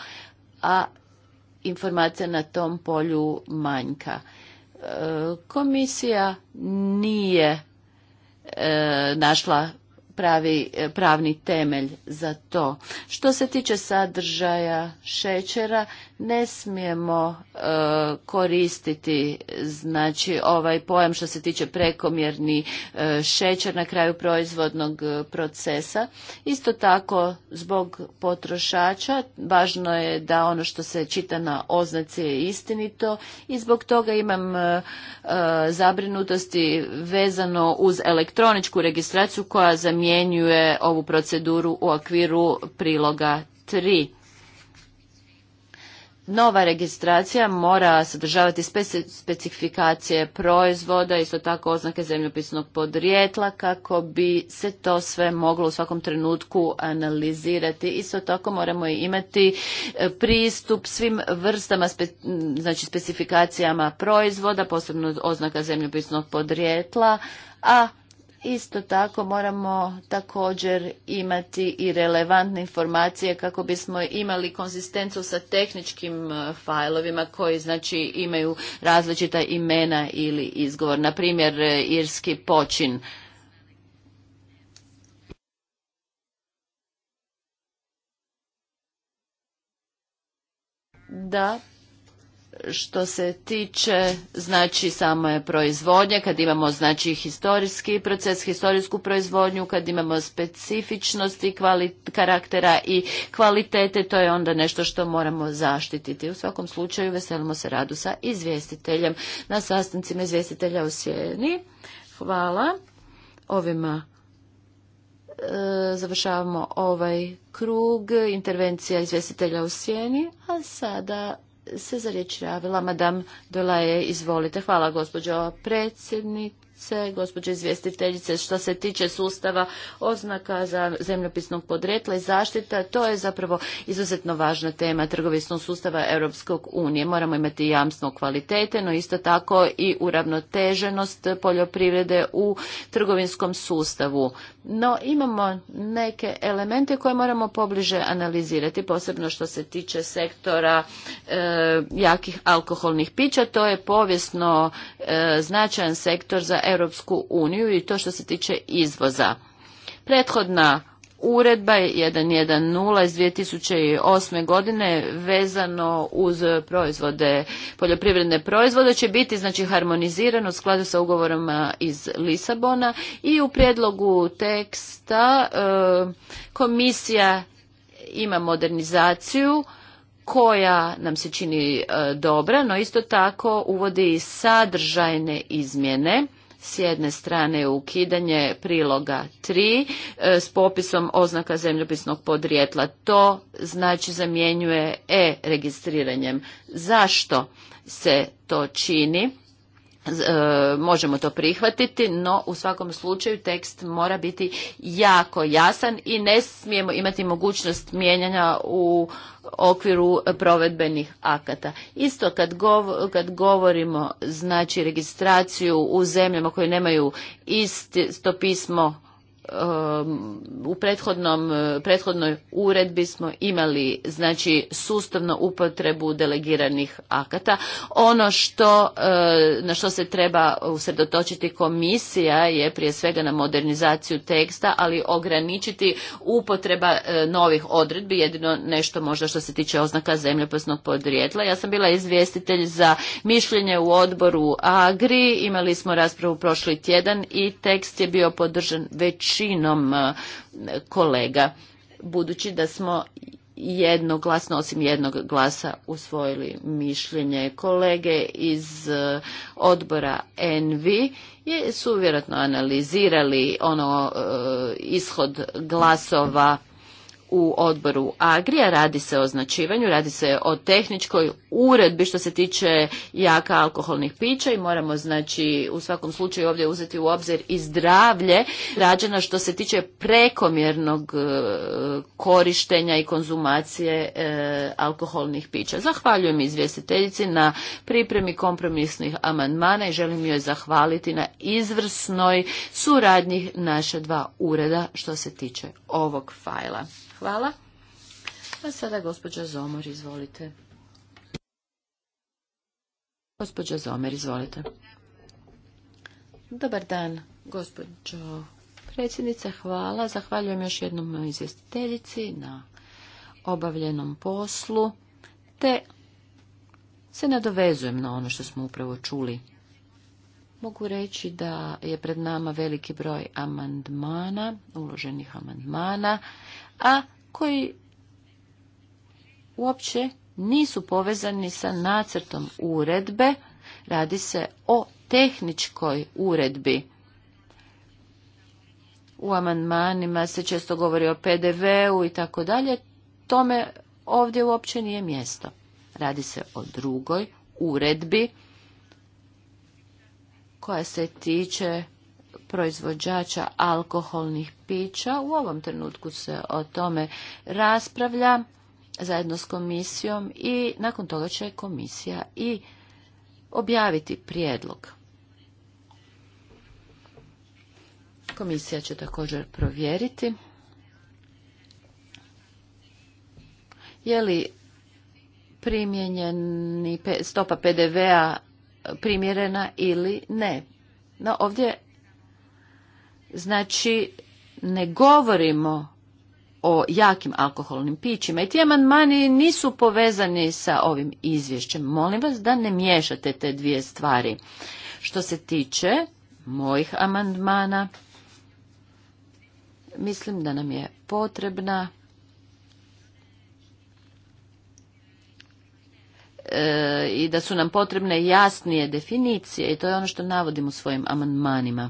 a informacija na tom polju manjka. E, komisija nije e, našla pravi e, pravni temelj za to. Što se tiče sadržaja šećera, ne smijemo e, koristiti znači ovaj pojam što se tiče prekomjerni e, šećer na kraju proizvodnog procesa. Isto tako zbog potrošača važno je da ono što se čita na oznaci je istinito i zbog toga imam zabrinutosti vezano uz elektroničku registraciju koja zamijenja primjenjuje ovu proceduru u okviru priloga 3. Nova registracija mora sadržavati specifikacije proizvoda, isto tako oznake zemljopisnog podrijetla kako bi se to sve moglo u svakom trenutku analizirati. Isto tako moramo imati e, pristup svim vrstama, znači specifikacijama proizvoda, posebno oznaka zemljopisnog podrijetla, a Isto tako moramo također imati i relevantne informacije kako bismo imali konzistencu sa tehničkim e, fajlovima koji znači imaju različita imena ili izgovor. Na primjer, e, irski počin. Da, što se tiče znači same proizvodnje, kad imamo znači historijski proces, historijsku proizvodnju, kad imamo specifičnosti karaktera i kvalitete, to je onda nešto što moramo zaštititi. U svakom slučaju veselimo se radu sa izvjestiteljem na sastancima izvjestitelja u Sjeni. Hvala. Ovima e, završavamo ovaj krug intervencija izvjestitelja u sjeni, a sada se za riječ javila Madame Dolaje. Izvolite. Hvala gospođo predsjednik se gospođe izvjestiteljice, što se tiče sustava oznaka za zemljopisnog podrijetla i zaštita, to je zapravo izuzetno važna tema trgovinskog sustava Europskog unije. Moramo imati jamstvo kvalitete, no isto tako i uravnoteženost poljoprivrede u trgovinskom sustavu. No imamo neke elemente koje moramo pobliže analizirati, posebno što se tiče sektora e, jakih alkoholnih pića. To je povijesno e, značajan sektor za Europsku uniju i to što se tiče izvoza. Prethodna uredba 110 iz 2008. godine vezano uz proizvode, poljoprivredne proizvode će biti znači harmonizirano u skladu sa ugovorima iz Lisabona i u prijedlogu teksta e, komisija ima modernizaciju koja nam se čini e, dobra, no isto tako uvodi sadržajne izmjene s jedne strane ukidanje priloga 3 e, s popisom oznaka zemljopisnog podrijetla. To znači zamjenjuje e-registriranjem. Zašto se to čini? E, možemo to prihvatiti, no u svakom slučaju tekst mora biti jako jasan i ne smijemo imati mogućnost mijenjanja u okviru provedbenih akata. Isto kad, kad govorimo znači registraciju u zemljama koje nemaju isto pismo Um, u uh, prethodnoj uredbi smo imali znači sustavno upotrebu delegiranih akata. Ono što, uh, na što se treba usredotočiti komisija je prije svega na modernizaciju teksta, ali ograničiti upotreba uh, novih odredbi, jedino nešto možda što se tiče oznaka zemljopisnog podrijetla. Ja sam bila izvjestitelj za mišljenje u odboru Agri, imali smo raspravu prošli tjedan i tekst je bio podržan već većinom e, kolega, budući da smo jednoglasno, osim jednog glasa, usvojili mišljenje kolege iz e, odbora Envi su vjerojatno analizirali ono e, ishod glasova u odboru Agrija, radi se o označivanju, radi se o tehničkoj uredbi što se tiče jaka alkoholnih pića i moramo znači u svakom slučaju ovdje uzeti u obzir i zdravlje rađena što se tiče prekomjernog e, korištenja i konzumacije e, alkoholnih pića. Zahvaljujem izvjestiteljici na pripremi kompromisnih amandmana i želim joj zahvaliti na izvrsnoj suradnji naša dva ureda što se tiče ovog fajla. Hvala. A sada gospođa Zomor, izvolite. Gospođa Zomer, izvolite. Dobar dan, gospođo predsjednice. Hvala. Zahvaljujem još jednom izvjestiteljici na obavljenom poslu, te se nadovezujem na ono što smo upravo čuli. Mogu reći da je pred nama veliki broj amandmana, uloženih amandmana a koji uopće nisu povezani sa nacrtom uredbe, radi se o tehničkoj uredbi. U amandmanima se često govori o PDV-u i tako dalje, tome ovdje uopće nije mjesto. Radi se o drugoj uredbi koja se tiče proizvođača alkoholnih pića. U ovom trenutku se o tome raspravlja zajedno s komisijom i nakon toga će komisija i objaviti prijedlog. Komisija će također provjeriti je li primjenjeni stopa PDV-a primjerena ili ne. No ovdje Znači, ne govorimo o jakim alkoholnim pićima i ti amandmani nisu povezani sa ovim izvješćem. Molim vas da ne miješate te dvije stvari. Što se tiče mojih amandmana, mislim da nam je potrebna e, i da su nam potrebne jasnije definicije i to je ono što navodim u svojim amandmanima.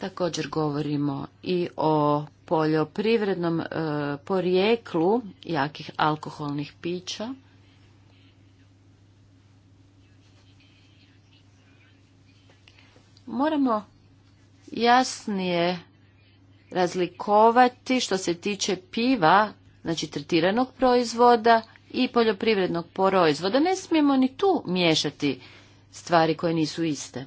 Također govorimo i o poljoprivrednom e, porijeklu jakih alkoholnih pića. Moramo jasnije razlikovati što se tiče piva, znači tretiranog proizvoda i poljoprivrednog proizvoda. Ne smijemo ni tu miješati stvari koje nisu iste.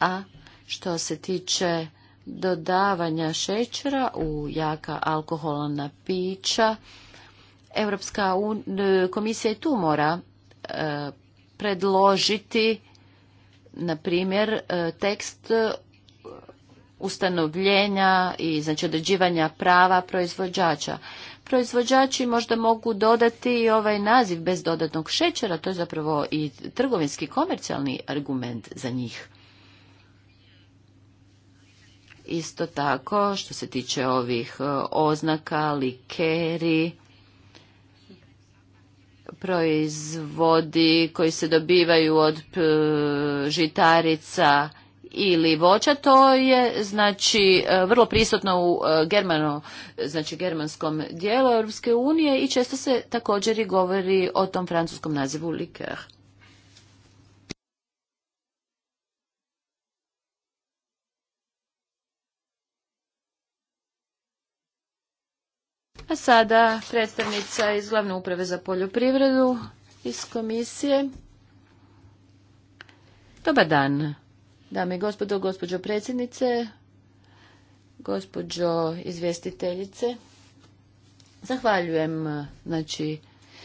A što se tiče dodavanja šećera u jaka alkoholna pića, Europska komisija i tu mora e, predložiti, na primjer, e, tekst ustanovljenja i znači određivanja prava proizvođača. Proizvođači možda mogu dodati i ovaj naziv bez dodatnog šećera, to je zapravo i trgovinski komercijalni argument za njih. Isto tako, što se tiče ovih e, oznaka, likeri, proizvodi koji se dobivaju od žitarica ili voća, to je znači e, vrlo prisutno u e, germano, znači germanskom dijelu Europske unije i često se također i govori o tom francuskom nazivu liker. A sada predstavnica iz Glavne uprave za poljoprivredu iz komisije. Dobar dan, dame i gospodo, gospođo predsjednice, gospođo izvjestiteljice. Zahvaljujem znači,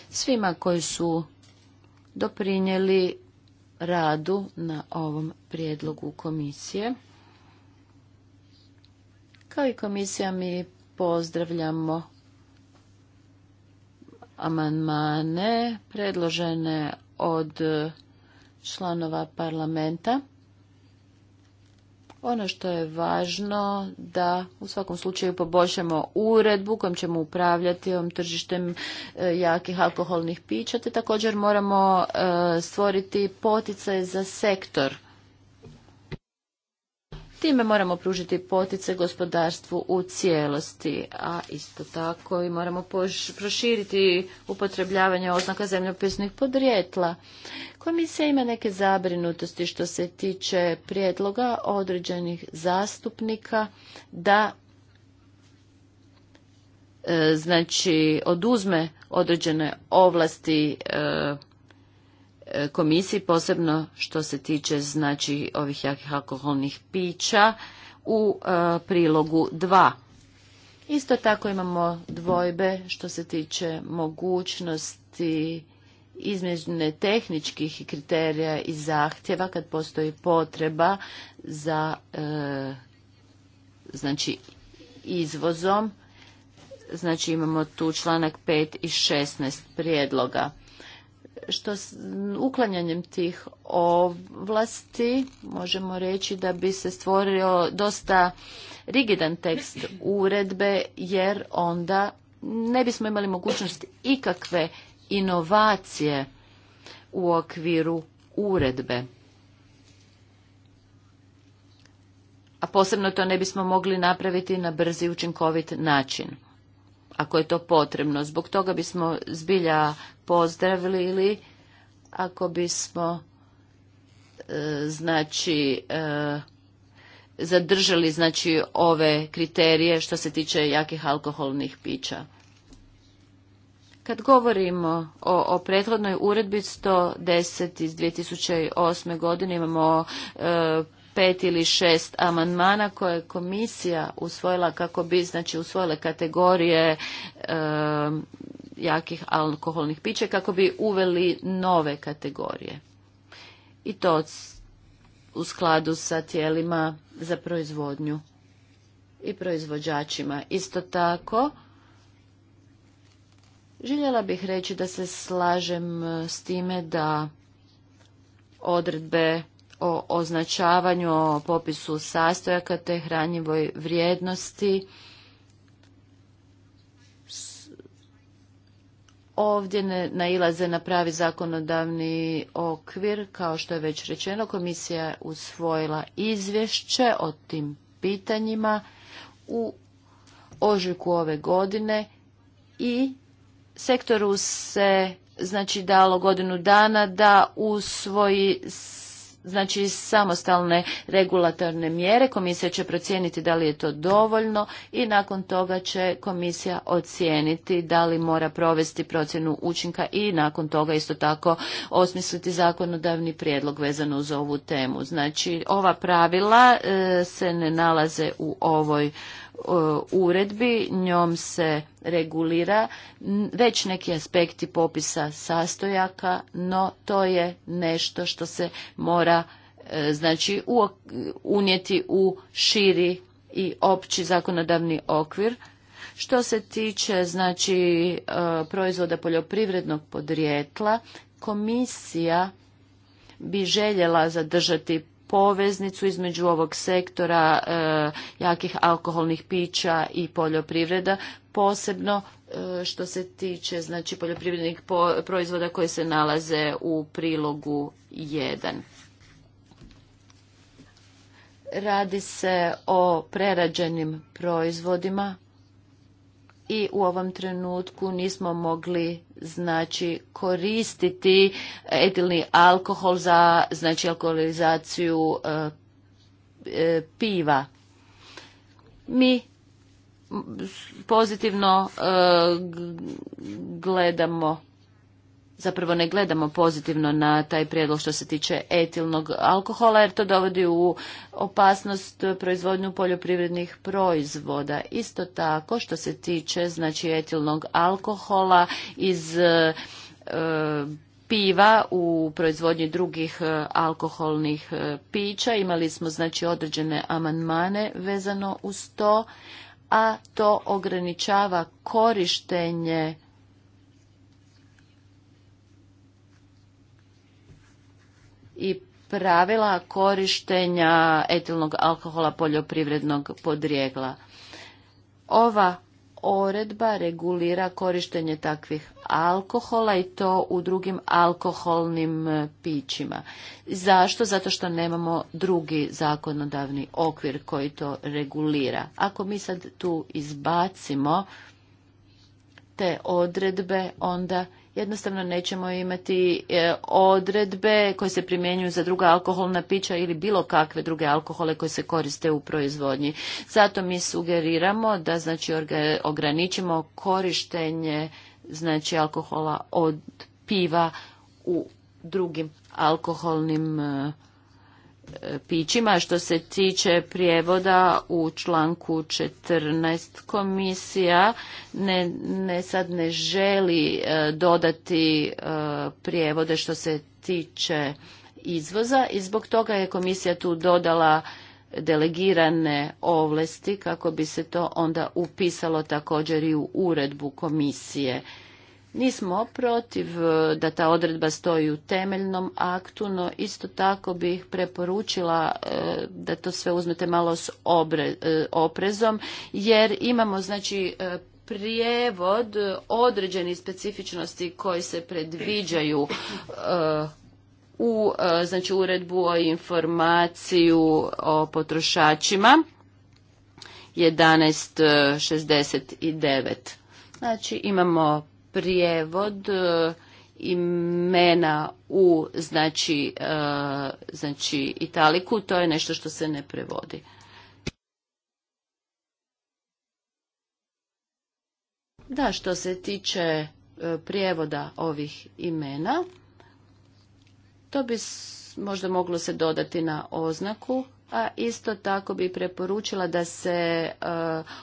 svima koji su doprinijeli radu na ovom prijedlogu komisije. Kao i komisija mi pozdravljamo amandmane predložene od članova parlamenta. Ono što je važno da u svakom slučaju poboljšamo uredbu kojom ćemo upravljati ovim tržištem e, jakih alkoholnih pića, te također moramo e, stvoriti poticaj za sektor Time moramo pružiti potice gospodarstvu u cijelosti, a isto tako i moramo proširiti upotrebljavanje oznaka zemljopisnih podrijetla. Komisija ima neke zabrinutosti što se tiče prijedloga određenih zastupnika da e, znači oduzme određene ovlasti e, komisiji, posebno što se tiče znači ovih jakih alkoholnih pića u e, prilogu 2. Isto tako imamo dvojbe što se tiče mogućnosti izmjene tehničkih kriterija i zahtjeva kad postoji potreba za e, znači izvozom. Znači imamo tu članak 5 i 16 prijedloga što s uklanjanjem tih ovlasti možemo reći da bi se stvorio dosta rigidan tekst uredbe jer onda ne bismo imali mogućnost ikakve inovacije u okviru uredbe. A posebno to ne bismo mogli napraviti na brzi učinkovit način, ako je to potrebno. Zbog toga bismo zbilja pozdravili ili ako bismo e, znači e, zadržali znači ove kriterije što se tiče jakih alkoholnih pića. Kad govorimo o, o prethodnoj uredbi 110 iz 2008. godine imamo e, pet ili šest amandmana koje je komisija usvojila kako bi znači usvojile kategorije e, jakih alkoholnih pića kako bi uveli nove kategorije. I to u skladu sa tijelima za proizvodnju i proizvođačima. Isto tako, željela bih reći da se slažem e, s time da odredbe o označavanju, o popisu sastojaka te hranjivoj vrijednosti ovdje ne nailaze na pravi zakonodavni okvir. Kao što je već rečeno, komisija je usvojila izvješće o tim pitanjima u ožujku ove godine i sektoru se znači dalo godinu dana da usvoji znači samostalne regulatorne mjere. Komisija će procijeniti da li je to dovoljno i nakon toga će komisija ocijeniti da li mora provesti procjenu učinka i nakon toga isto tako osmisliti zakonodavni prijedlog vezano uz ovu temu. Znači ova pravila e, se ne nalaze u ovoj E, uredbi, njom se regulira već neki aspekti popisa sastojaka, no to je nešto što se mora e, znači unijeti u širi i opći zakonodavni okvir. Što se tiče znači e, proizvoda poljoprivrednog podrijetla, komisija bi željela zadržati poveznicu između ovog sektora e, jakih alkoholnih pića i poljoprivreda, posebno e, što se tiče znači poljoprivrednih proizvoda koji se nalaze u prilogu 1. Radi se o prerađenim proizvodima i u ovom trenutku nismo mogli znači koristiti etilni alkohol za znači alkoholizaciju e, e, piva. Mi pozitivno e, gledamo zapravo ne gledamo pozitivno na taj prijedlog što se tiče etilnog alkohola jer to dovodi u opasnost proizvodnju poljoprivrednih proizvoda. Isto tako što se tiče znači etilnog alkohola iz e, e, piva u proizvodnji drugih e, alkoholnih pića. Imali smo znači određene amandmane vezano uz to, a to ograničava korištenje i pravila korištenja etilnog alkohola poljoprivrednog podrijegla. Ova Oredba regulira korištenje takvih alkohola i to u drugim alkoholnim e, pićima. Zašto? Zato što nemamo drugi zakonodavni okvir koji to regulira. Ako mi sad tu izbacimo te odredbe, onda jednostavno nećemo imati e, odredbe koje se primjenjuju za druga alkoholna pića ili bilo kakve druge alkohole koje se koriste u proizvodnji. Zato mi sugeriramo da znači ograničimo korištenje znači alkohola od piva u drugim alkoholnim e, pićima. Što se tiče prijevoda u članku 14 komisija ne, sad ne želi e, dodati e, prijevode što se tiče izvoza i zbog toga je komisija tu dodala delegirane ovlasti kako bi se to onda upisalo također i u uredbu komisije Nismo protiv e, da ta odredba stoji u temeljnom aktu, no isto tako bih preporučila e, da to sve uzmete malo s e, oprezom, jer imamo znači prijevod određenih specifičnosti koji se predviđaju u znači uredbu o informaciju o potrošačima 1169. Znači imamo prijevod e, imena u znači, e, znači italiku, to je nešto što se ne prevodi. Da, što se tiče e, prijevoda ovih imena, to bi možda moglo se dodati na oznaku a isto tako bi preporučila da se e,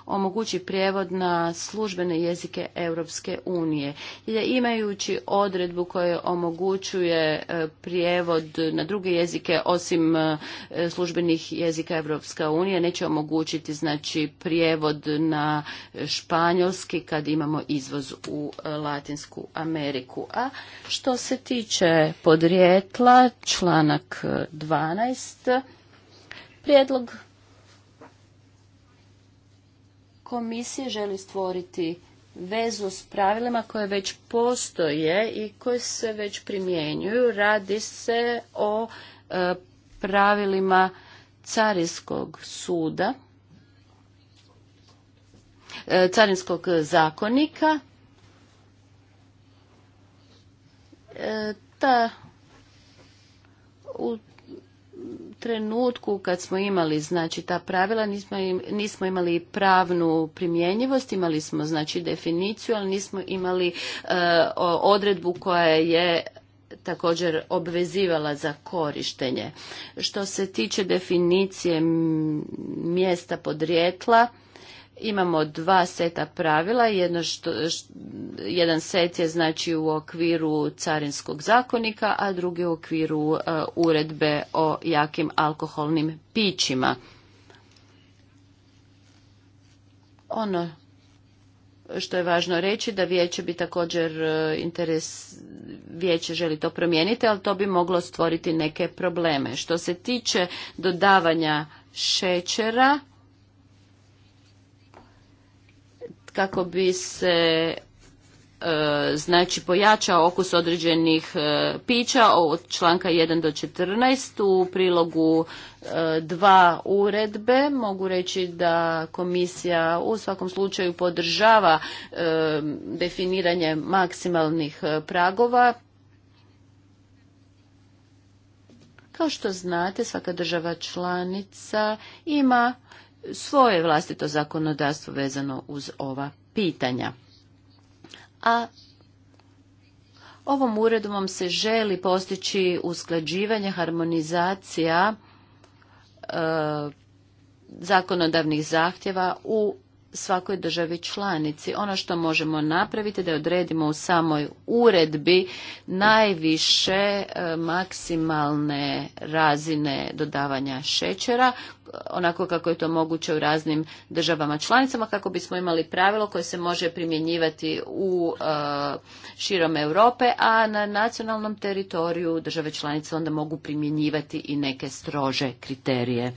omogući prijevod na službene jezike Europske unije. Imajući odredbu koja omogućuje e, prijevod na druge jezike osim e, službenih jezika Europska unija neće omogućiti znači prijevod na španjolski kad imamo izvoz u Latinsku Ameriku. A što se tiče podrijetla članak 12 Prijedlog komisije želi stvoriti vezu s pravilima koje već postoje i koje se već primjenjuju. Radi se o e, pravilima carinskog suda, e, carinskog zakonika. E, ta u trenutku kad smo imali znači ta pravila nismo, nismo imali pravnu primjenjivost, imali smo znači definiciju, ali nismo imali e, odredbu koja je također obvezivala za korištenje. Što se tiče definicije mjesta podrijetla, imamo dva seta pravila, jedno što, jedan set je znači u okviru carinskog zakonika, a drugi u okviru e, uredbe o jakim alkoholnim pićima. Ono što je važno reći da vijeće bi također e, interes vijeće želi to promijeniti, ali to bi moglo stvoriti neke probleme. Što se tiče dodavanja šećera, kako bi se e, znači pojača okus određenih e, pića od članka 1 do 14 u prilogu e, dva uredbe mogu reći da komisija u svakom slučaju podržava definiranje maksimalnih pragova kao što znate svaka država članica ima svoje vlastito zakonodavstvo vezano uz ova pitanja. A ovom uredbom se želi postići usklađivanje, harmonizacija e, zakonodavnih zahtjeva u svakoj državi članici. Ono što možemo napraviti da odredimo u samoj uredbi najviše e, maksimalne razine dodavanja šećera onako kako je to moguće u raznim državama članicama kako bismo imali pravilo koje se može primjenjivati u e, širom Europe, a na nacionalnom teritoriju države članice onda mogu primjenjivati i neke strože kriterije.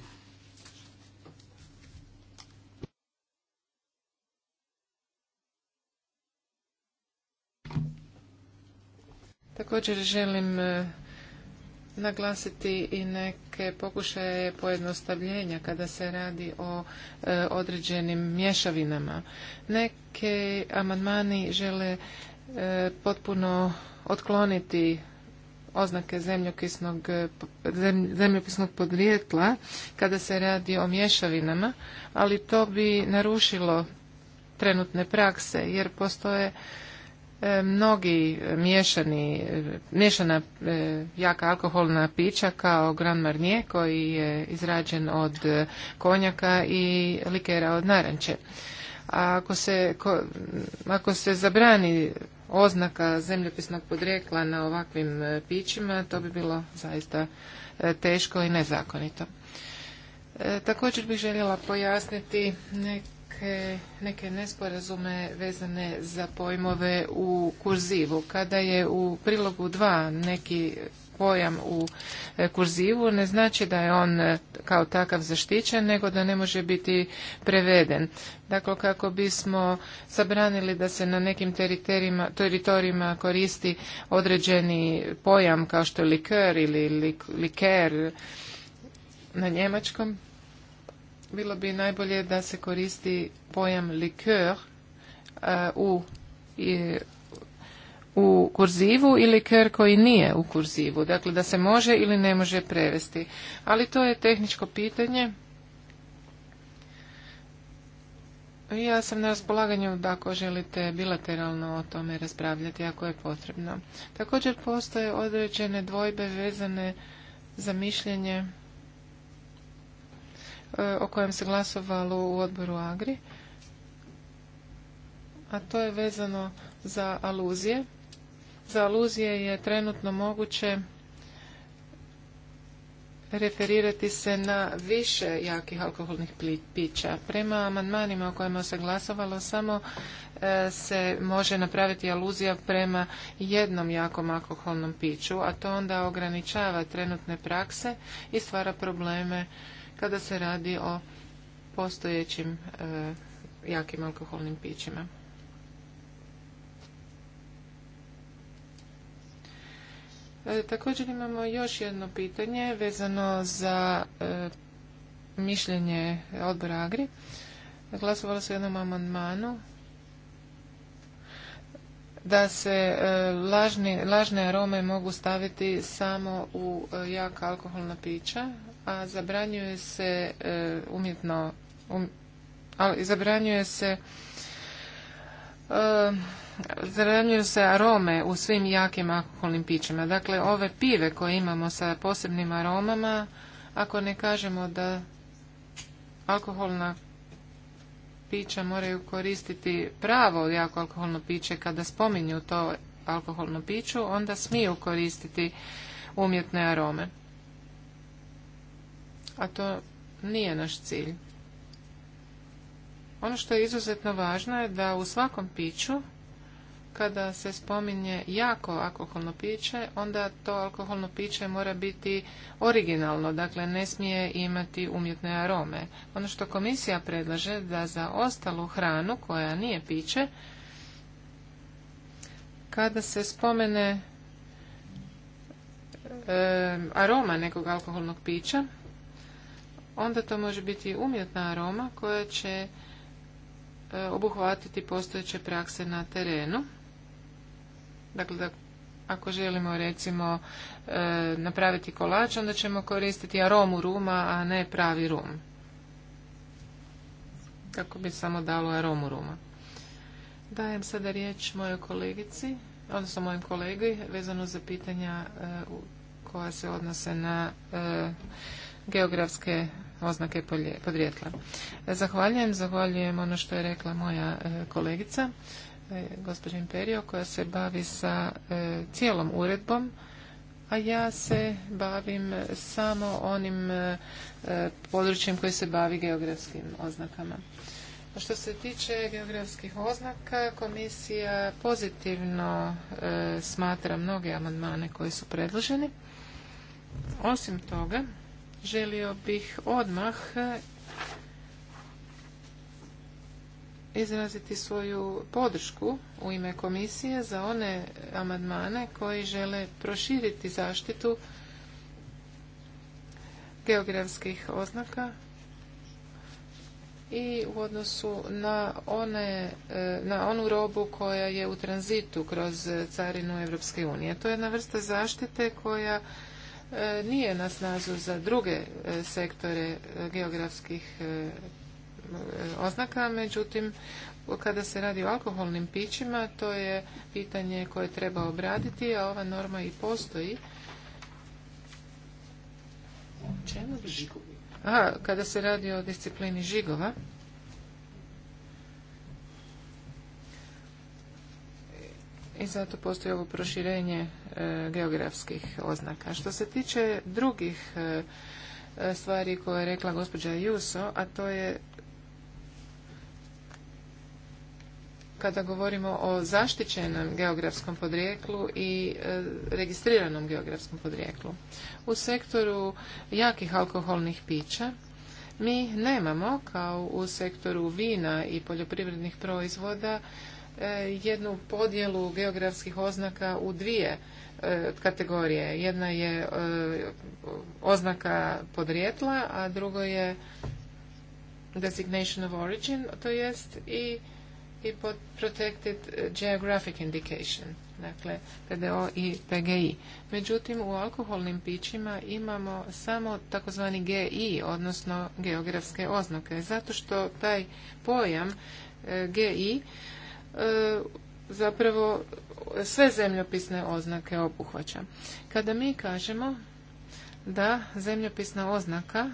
Također želim e, naglasiti i neke pokušaje pojednostavljenja kada se radi o e, određenim mješavinama. Neke amandmani žele e, potpuno otkloniti oznake zemljopisnog, zemljopisnog podrijetla kada se radi o mješavinama, ali to bi narušilo trenutne prakse jer postoje E, mnogi miješani, e, miješana e, jaka alkoholna pića kao Grand Marnier koji je izrađen od konjaka i likera od naranče. ako se, ako se zabrani oznaka zemljopisnog podrijekla na ovakvim pićima, to bi bilo zaista teško i nezakonito. Također bih željela pojasniti neke neke, nesporazume vezane za pojmove u kurzivu. Kada je u prilogu 2 neki pojam u e, kurzivu ne znači da je on e, kao takav zaštićen, nego da ne može biti preveden. Dakle, kako bismo zabranili da se na nekim teritorijima, koristi određeni pojam kao što je liker ili liker na njemačkom, bilo bi najbolje da se koristi pojam liqueur eh, u, u kurzivu ili liqueur koji nije u kurzivu. Dakle, da se može ili ne može prevesti. Ali to je tehničko pitanje. Ja sam na raspolaganju da ako želite bilateralno o tome raspravljati ako je potrebno. Također postoje određene dvojbe vezane za mišljenje E, o kojem se glasovalo u odboru Agri, a to je vezano za aluzije. Za aluzije je trenutno moguće referirati se na više jakih alkoholnih pića. Prema amandmanima o kojima se glasovalo samo e, se može napraviti aluzija prema jednom jakom alkoholnom piću, a to onda ograničava trenutne prakse i stvara probleme kada se radi o postojećim e, jakim alkoholnim pićima. E, također imamo još jedno pitanje vezano za e, mišljenje odbora Agri. Glasovalo se o jednom amandmanu da se lažne arome mogu staviti samo u jaka alkoholna pića, a zabranjuje se e, umjetno um, ali zabranjuje se e, zabranjuje se arome u svim jakim alkoholnim pićima. Dakle, ove pive koje imamo sa posebnim aromama, ako ne kažemo da alkoholna pića moraju koristiti pravo jako alkoholno piće kada spominju to alkoholno piću, onda smiju koristiti umjetne arome a to nije naš cilj. Ono što je izuzetno važno je da u svakom piću, kada se spominje jako alkoholno piće, onda to alkoholno piće mora biti originalno, dakle ne smije imati umjetne arome. Ono što komisija predlaže da za ostalu hranu koja nije piće, kada se spomene e, aroma nekog alkoholnog pića, onda to može biti umjetna aroma koja će e, obuhvatiti postojeće prakse na terenu. Dakle, da ako želimo recimo e, napraviti kolač, onda ćemo koristiti aromu ruma, a ne pravi rum. Kako bi samo dalo aromu ruma. Dajem sada riječ mojoj kolegici, odnosno mojim kolegi, vezano za pitanja e, koja se odnose na geografske oznake podrijetla. Zahvaljujem, zahvaljujem ono što je rekla moja e, kolegica, e, gospođa Imperio, koja se bavi sa e, cijelom uredbom, a ja se bavim samo onim područjem koji se bavi geografskim oznakama. Što se tiče geografskih oznaka, komisija pozitivno smatra mnoge amandmane koji su predloženi. Osim toga, želio bih odmah izraziti svoju podršku u ime komisije za one amandmane koji žele proširiti zaštitu geografskih oznaka i u odnosu na, one, eh, na onu robu koja je u tranzitu kroz carinu Europske unije. To je jedna vrsta zaštite koja E, nije na snazu za druge e, sektore e, geografskih oznaka, međutim kada se radi o alkoholnim pićima to je pitanje koje treba obraditi, a ova norma i postoji. Aha, kada se radi o disciplini žigova, i zato postoji ovo proširenje e, geografskih oznaka. Što se tiče drugih e, e, stvari koje je rekla gospođa Juso, a to je kada govorimo o zaštićenom geografskom podrijeklu i registriranom geografskom podrijeklu. U sektoru jakih alkoholnih pića mi nemamo, kao u sektoru vina i poljoprivrednih proizvoda, E, jednu podjelu geografskih oznaka u dvije e, kategorije. Jedna je e, oznaka podrijetla, a drugo je designation of origin, to jest i, protected geographic indication, dakle PDO i PGI. Međutim, u alkoholnim pićima imamo samo takozvani GI, odnosno geografske oznake, zato što taj pojam GI E, zapravo sve zemljopisne oznake obuhvaća. Kada mi kažemo da zemljopisna oznaka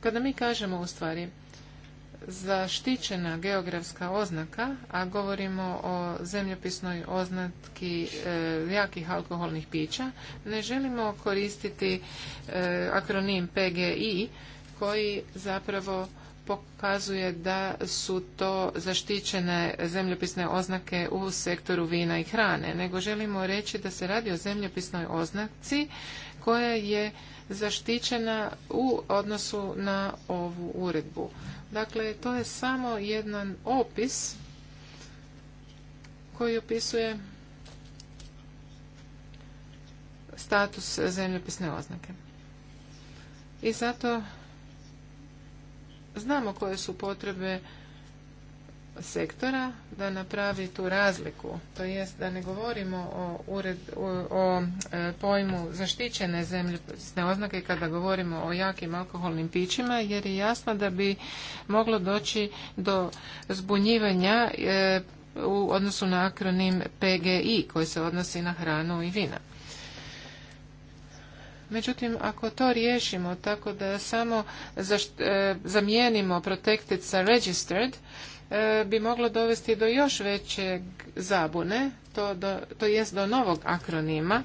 kada mi kažemo u stvari zaštićena geografska oznaka, a govorimo o zemljopisnoj oznatki e, jakih alkoholnih pića, ne želimo koristiti e, akronim PGI koji zapravo pokazuje da su to zaštićene zemljopisne oznake u sektoru vina i hrane, nego želimo reći da se radi o zemljopisnoj oznaci koja je zaštićena u odnosu na ovu uredbu. Dakle, to je samo jedan opis koji opisuje status zemljopisne oznake. I zato Znamo koje su potrebe sektora da napravi tu razliku. To jest da ne govorimo o, ured, o, e, pojmu zaštićene zemljopisne oznake kada govorimo o jakim alkoholnim pićima jer je jasno da bi moglo doći do zbunjivanja e, u odnosu na akronim PGI koji se odnosi na hranu i vina. Međutim, ako to riješimo tako da samo e, zamijenimo protected sa registered, e, bi moglo dovesti do još većeg zabune, to, do, to jest do novog akronima,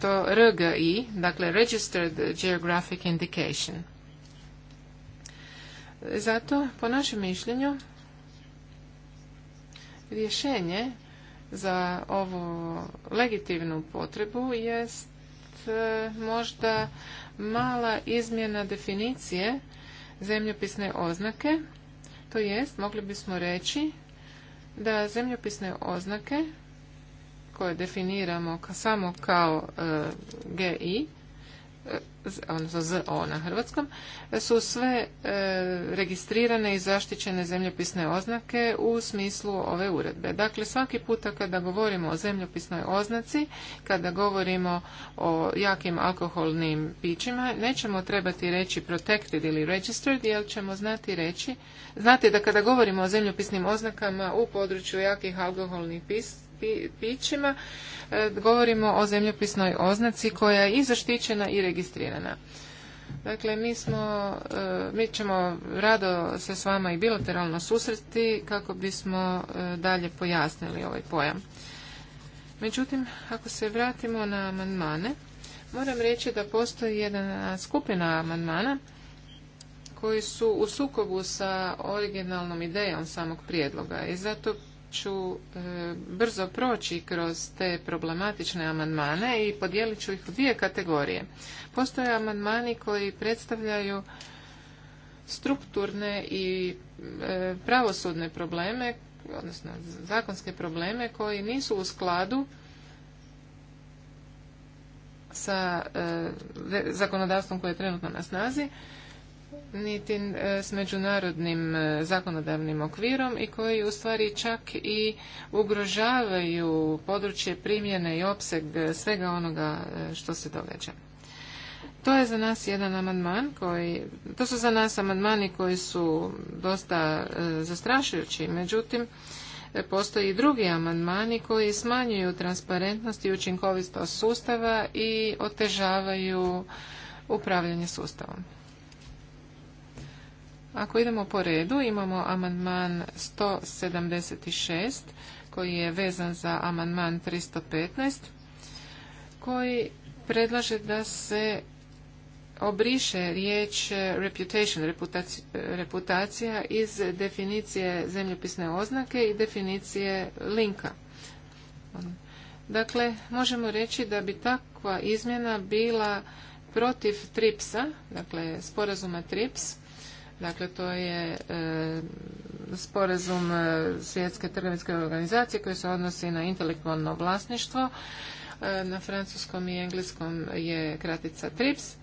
to RGI, dakle Registered Geographic Indication. Zato, po našem mišljenju, rješenje za ovu legitimnu potrebu jest E, možda mala izmjena definicije zemljopisne oznake. To jest, mogli bismo reći da zemljopisne oznake koje definiramo samo kao e, GI odnosno na hrvatskom, su sve e, registrirane i zaštićene zemljopisne oznake u smislu ove uredbe. Dakle, svaki puta kada govorimo o zemljopisnoj oznaci, kada govorimo o jakim alkoholnim pićima, nećemo trebati reći protected ili registered, jer ćemo znati reći, znati da kada govorimo o zemljopisnim oznakama u području jakih alkoholnih pića, pićima, e, govorimo o zemljopisnoj oznaci koja je i zaštićena i registrirana. Dakle, mi smo, e, mi ćemo rado se s vama i bilateralno susreti kako bismo e, dalje pojasnili ovaj pojam. Međutim, ako se vratimo na amandmane, moram reći da postoji jedna skupina amandmana koji su u sukobu sa originalnom idejom samog prijedloga i zato ću e, brzo proći kroz te problematične amandmane i podijelit ću ih u dvije kategorije. Postoje amandmani koji predstavljaju strukturne i e, pravosudne probleme, odnosno zakonske probleme koji nisu u skladu sa e, zakonodavstvom koje je trenutno na snazi niti e, s međunarodnim e, zakonodavnim okvirom i koji u stvari čak i ugrožavaju područje primjene i opseg e, svega onoga što se događa. To je za nas jedan amandman koji, to su za nas amandmani koji su dosta zastrašujući, međutim postoji i drugi amandmani koji smanjuju transparentnost i učinkovitost sustava i otežavaju upravljanje sustavom. Ako idemo po redu, imamo amandman 176 koji je vezan za amandman 315 koji predlaže da se obriše riječ eh, reputation, reputacija iz definicije zemljopisne oznake i definicije linka. Dakle, možemo reći da bi takva izmjena bila protiv TRIPS-a, dakle sporazuma TRIPS, Dakle, to je e, sporazum e, Svjetske trgovinske organizacije koji se odnosi na intelektualno vlasništvo. E, na francuskom i engleskom je kratica TRIPS.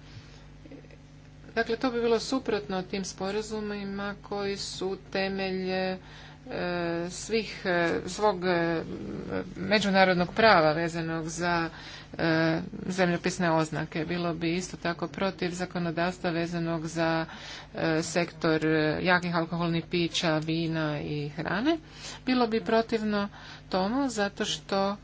Dakle, to bi bilo suprotno tim sporazumima koji su temelj svih, svog međunarodnog prava vezanog za E, zemljopisne oznake. Bilo bi isto tako protiv zakonodavstva vezanog za e, sektor e, jakih alkoholnih pića, vina i hrane. Bilo bi protivno tomu zato što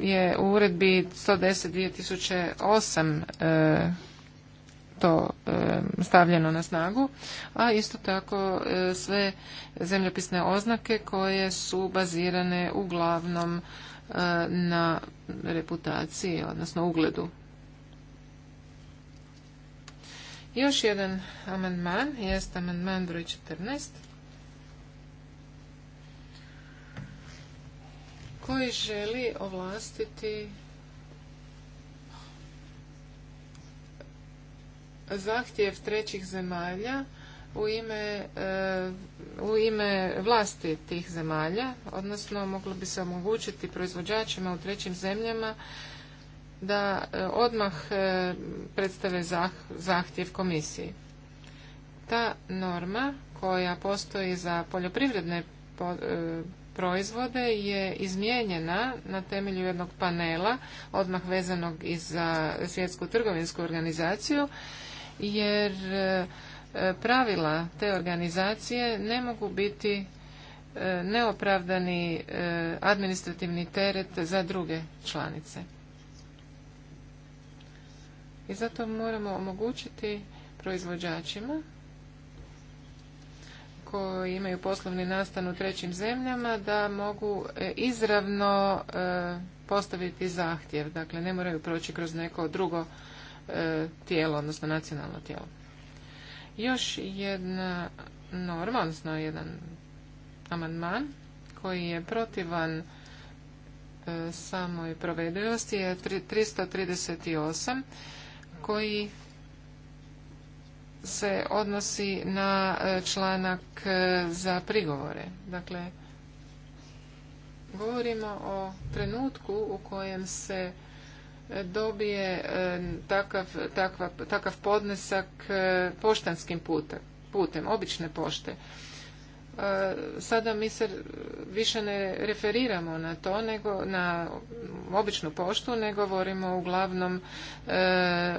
je u uredbi 110 2008 to e, stavljeno na snagu, a isto tako e, sve zemljopisne oznake koje su bazirane uglavnom e, na reputaciji, odnosno ugledu. Još jedan amandman, jest amandman broj 14. koji želi ovlastiti zahtjev trećih zemalja u ime, e, u ime vlasti tih zemalja, odnosno moglo bi se omogućiti proizvođačima u trećim zemljama da e, odmah e, predstave zahtjev komisiji. Ta norma koja postoji za poljoprivredne proizvode je izmijenjena na temelju jednog panela odmah vezanog i za svjetsku trgovinsku organizaciju jer e, pravila te organizacije ne mogu biti e, neopravdani e, administrativni teret za druge članice. I zato moramo omogućiti proizvođačima koji imaju poslovni nastan u trećim zemljama da mogu izravno postaviti zahtjev. Dakle, ne moraju proći kroz neko drugo E, tijelo, odnosno nacionalno tijelo. Još jedna norma, odnosno jedan amandman koji je protivan e, samoj provedivosti je 338 koji se odnosi na e, članak za prigovore. Dakle, govorimo o trenutku u kojem se dobije e, takav, takav podnesak e, poštanskim putem, putem obične pošte. E, sada mi se više ne referiramo na to, nego na običnu poštu, ne govorimo uglavnom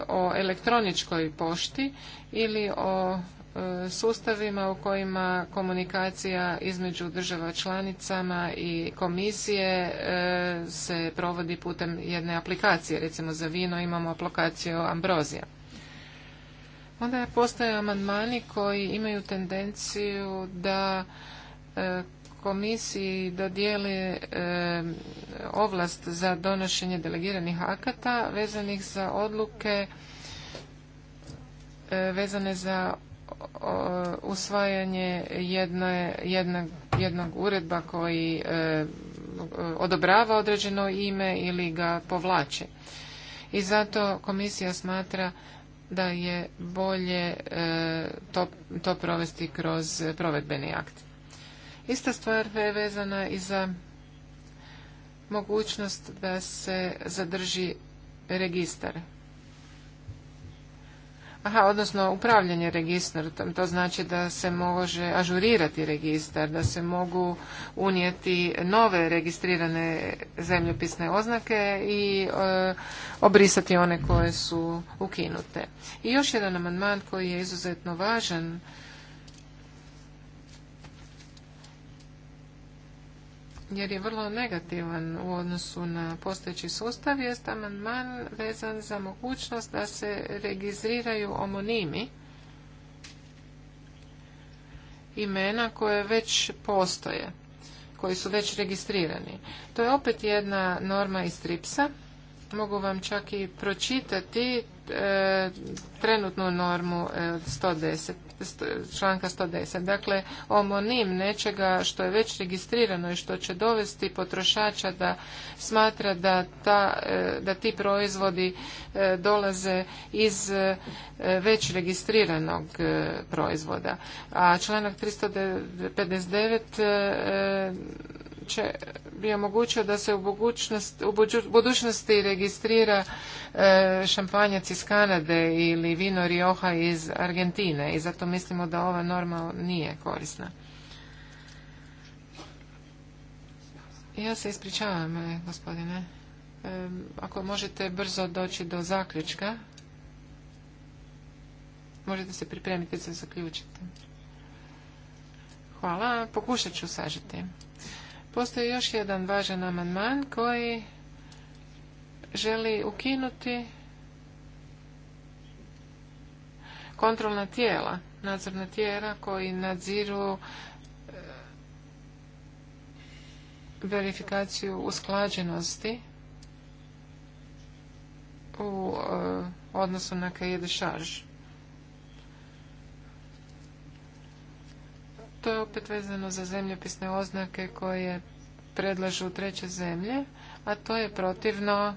o elektroničkoj pošti ili o E, sustavima u kojima komunikacija između država članicama i komisije e, se provodi putem jedne aplikacije. Recimo za vino imamo aplikaciju Ambrozija. Onda postoje amandmani koji imaju tendenciju da e, komisiji dodijeli ovlast za donošenje delegiranih akata vezanih za odluke vezane za usvajanje jednog, uredba koji e, odobrava određeno ime ili ga povlači. I zato komisija smatra da je bolje e, to, to provesti kroz provedbeni akt. Ista stvar je vezana i za mogućnost da se zadrži registar Aha, odnosno upravljanje registrom, to znači da se može ažurirati registar, da se mogu unijeti nove registrirane zemljopisne oznake i e, obrisati one koje su ukinute. I još jedan amandman koji je izuzetno važan jer je vrlo negativan u odnosu na postojeći sustav, jest amandman vezan za mogućnost da se registriraju omonimi imena koje već postoje, koji su već registrirani. To je opet jedna norma iz tripsa. Mogu vam čak i pročitati e, trenutnu normu 110. E, članka 110. Dakle, omonim nečega što je već registrirano i što će dovesti potrošača da smatra da, ta, e, da ti proizvodi e, dolaze iz e, već registriranog proizvoda. A članak 359 će bi omogućio da se u, u budućnosti registrira e, šampanjac iz Kanade ili vino Rioja iz Argentine i zato mislimo da ova norma nije korisna. Ja se ispričavam, e, gospodine. E, ako možete brzo doći do zaključka, možete se pripremiti za zaključiti. Hvala, pokušat ću sažeti. Postoji još jedan važan amandman koji želi ukinuti kontrolna tijela, nadzorna tijela koji nadziru e, verifikaciju usklađenosti u e, odnosu na kaje šaržu. To je opet vezano za zemljopisne oznake koje predlažu treće zemlje, a to je protivno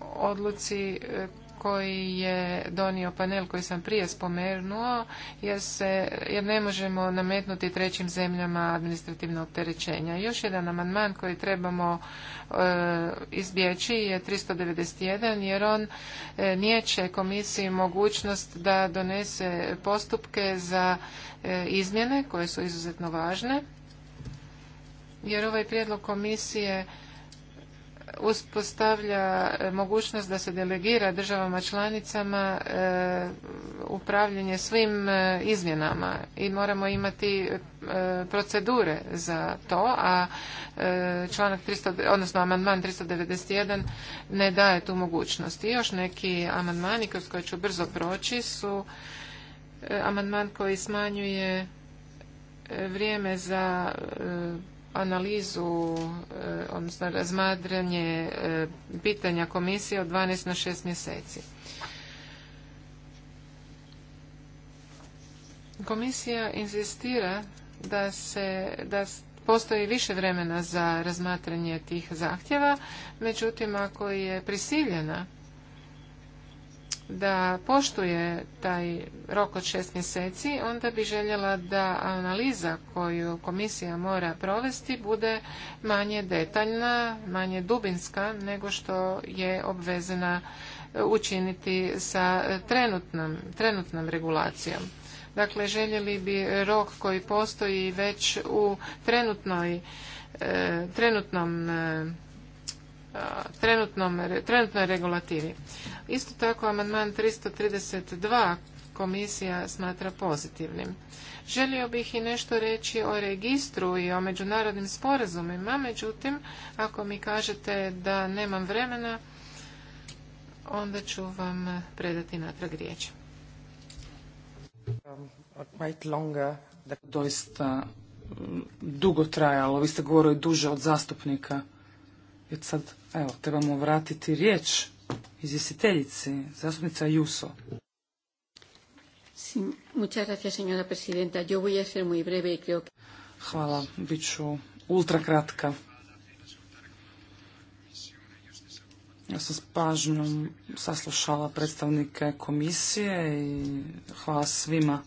odluci e, koji je donio panel koji sam prije spomenuo jer, se, jer ne možemo nametnuti trećim zemljama administrativno opterećenja. Još jedan amandman koji trebamo e, izbjeći je 391 jer on e, nijeće komisiji mogućnost da donese postupke za e, izmjene koje su izuzetno važne jer ovaj prijedlog komisije uspostavlja e, mogućnost da se delegira državama članicama e, upravljanje svim e, izmjenama i moramo imati procedure za to, a članak 300, odnosno amandman 391 ne daje tu mogućnost. I još neki amandmani kroz koje ću brzo proći su amandman koji smanjuje vrijeme za analizu, eh, odnosno razmadranje eh, pitanja komisije od 12 na 6 mjeseci. Komisija inzistira da se, da postoji više vremena za razmatranje tih zahtjeva, međutim ako je prisiljena da poštuje taj rok od šest mjeseci, onda bi željela da analiza koju komisija mora provesti bude manje detaljna, manje dubinska nego što je obvezena učiniti sa trenutnom, trenutnom regulacijom. Dakle, željeli bi rok koji postoji već u trenutnoj, e, trenutnom trenutnoj regulativi. Isto tako, amandman 332 komisija smatra pozitivnim. Želio bih i nešto reći o registru i o međunarodnim sporazumima, međutim, ako mi kažete da nemam vremena, onda ću vam predati natrag riječ. Um, Doista dugo trajalo, vi ste govorili duže od zastupnika. Jer sad, evo, trebamo vratiti riječ izvjestiteljici, zastupnica Juso. Sí, muchas gracias, señora presidenta. Yo Hvala, bit ću ultra kratka. Ja sam s pažnjom saslušala predstavnike komisije i hvala svima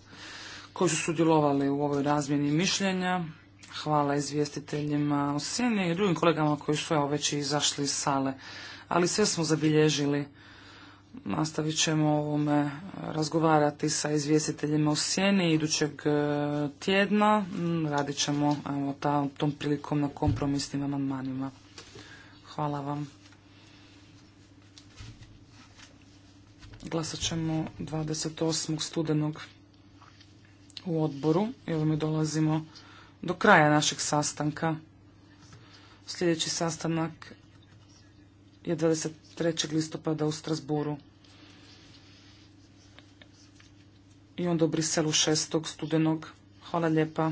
koji su sudjelovali u ovoj razmjeni mišljenja. Hvala izvjestiteljima u sjeni i drugim kolegama koji su evo već izašli iz sale. Ali sve smo zabilježili. Nastavit ćemo ovome razgovarati sa izvjestiteljima u sjeni idućeg e, tjedna. Mm, radit ćemo tom prilikom na kompromisnim amandmanima. Hvala vam. Glasat ćemo 28. studenog u odboru jer mi dolazimo do kraja našeg sastanka. Sljedeći sastanak je 23. listopada u Strasburu. I onda u Briselu 6. studenog. Hvala lijepa.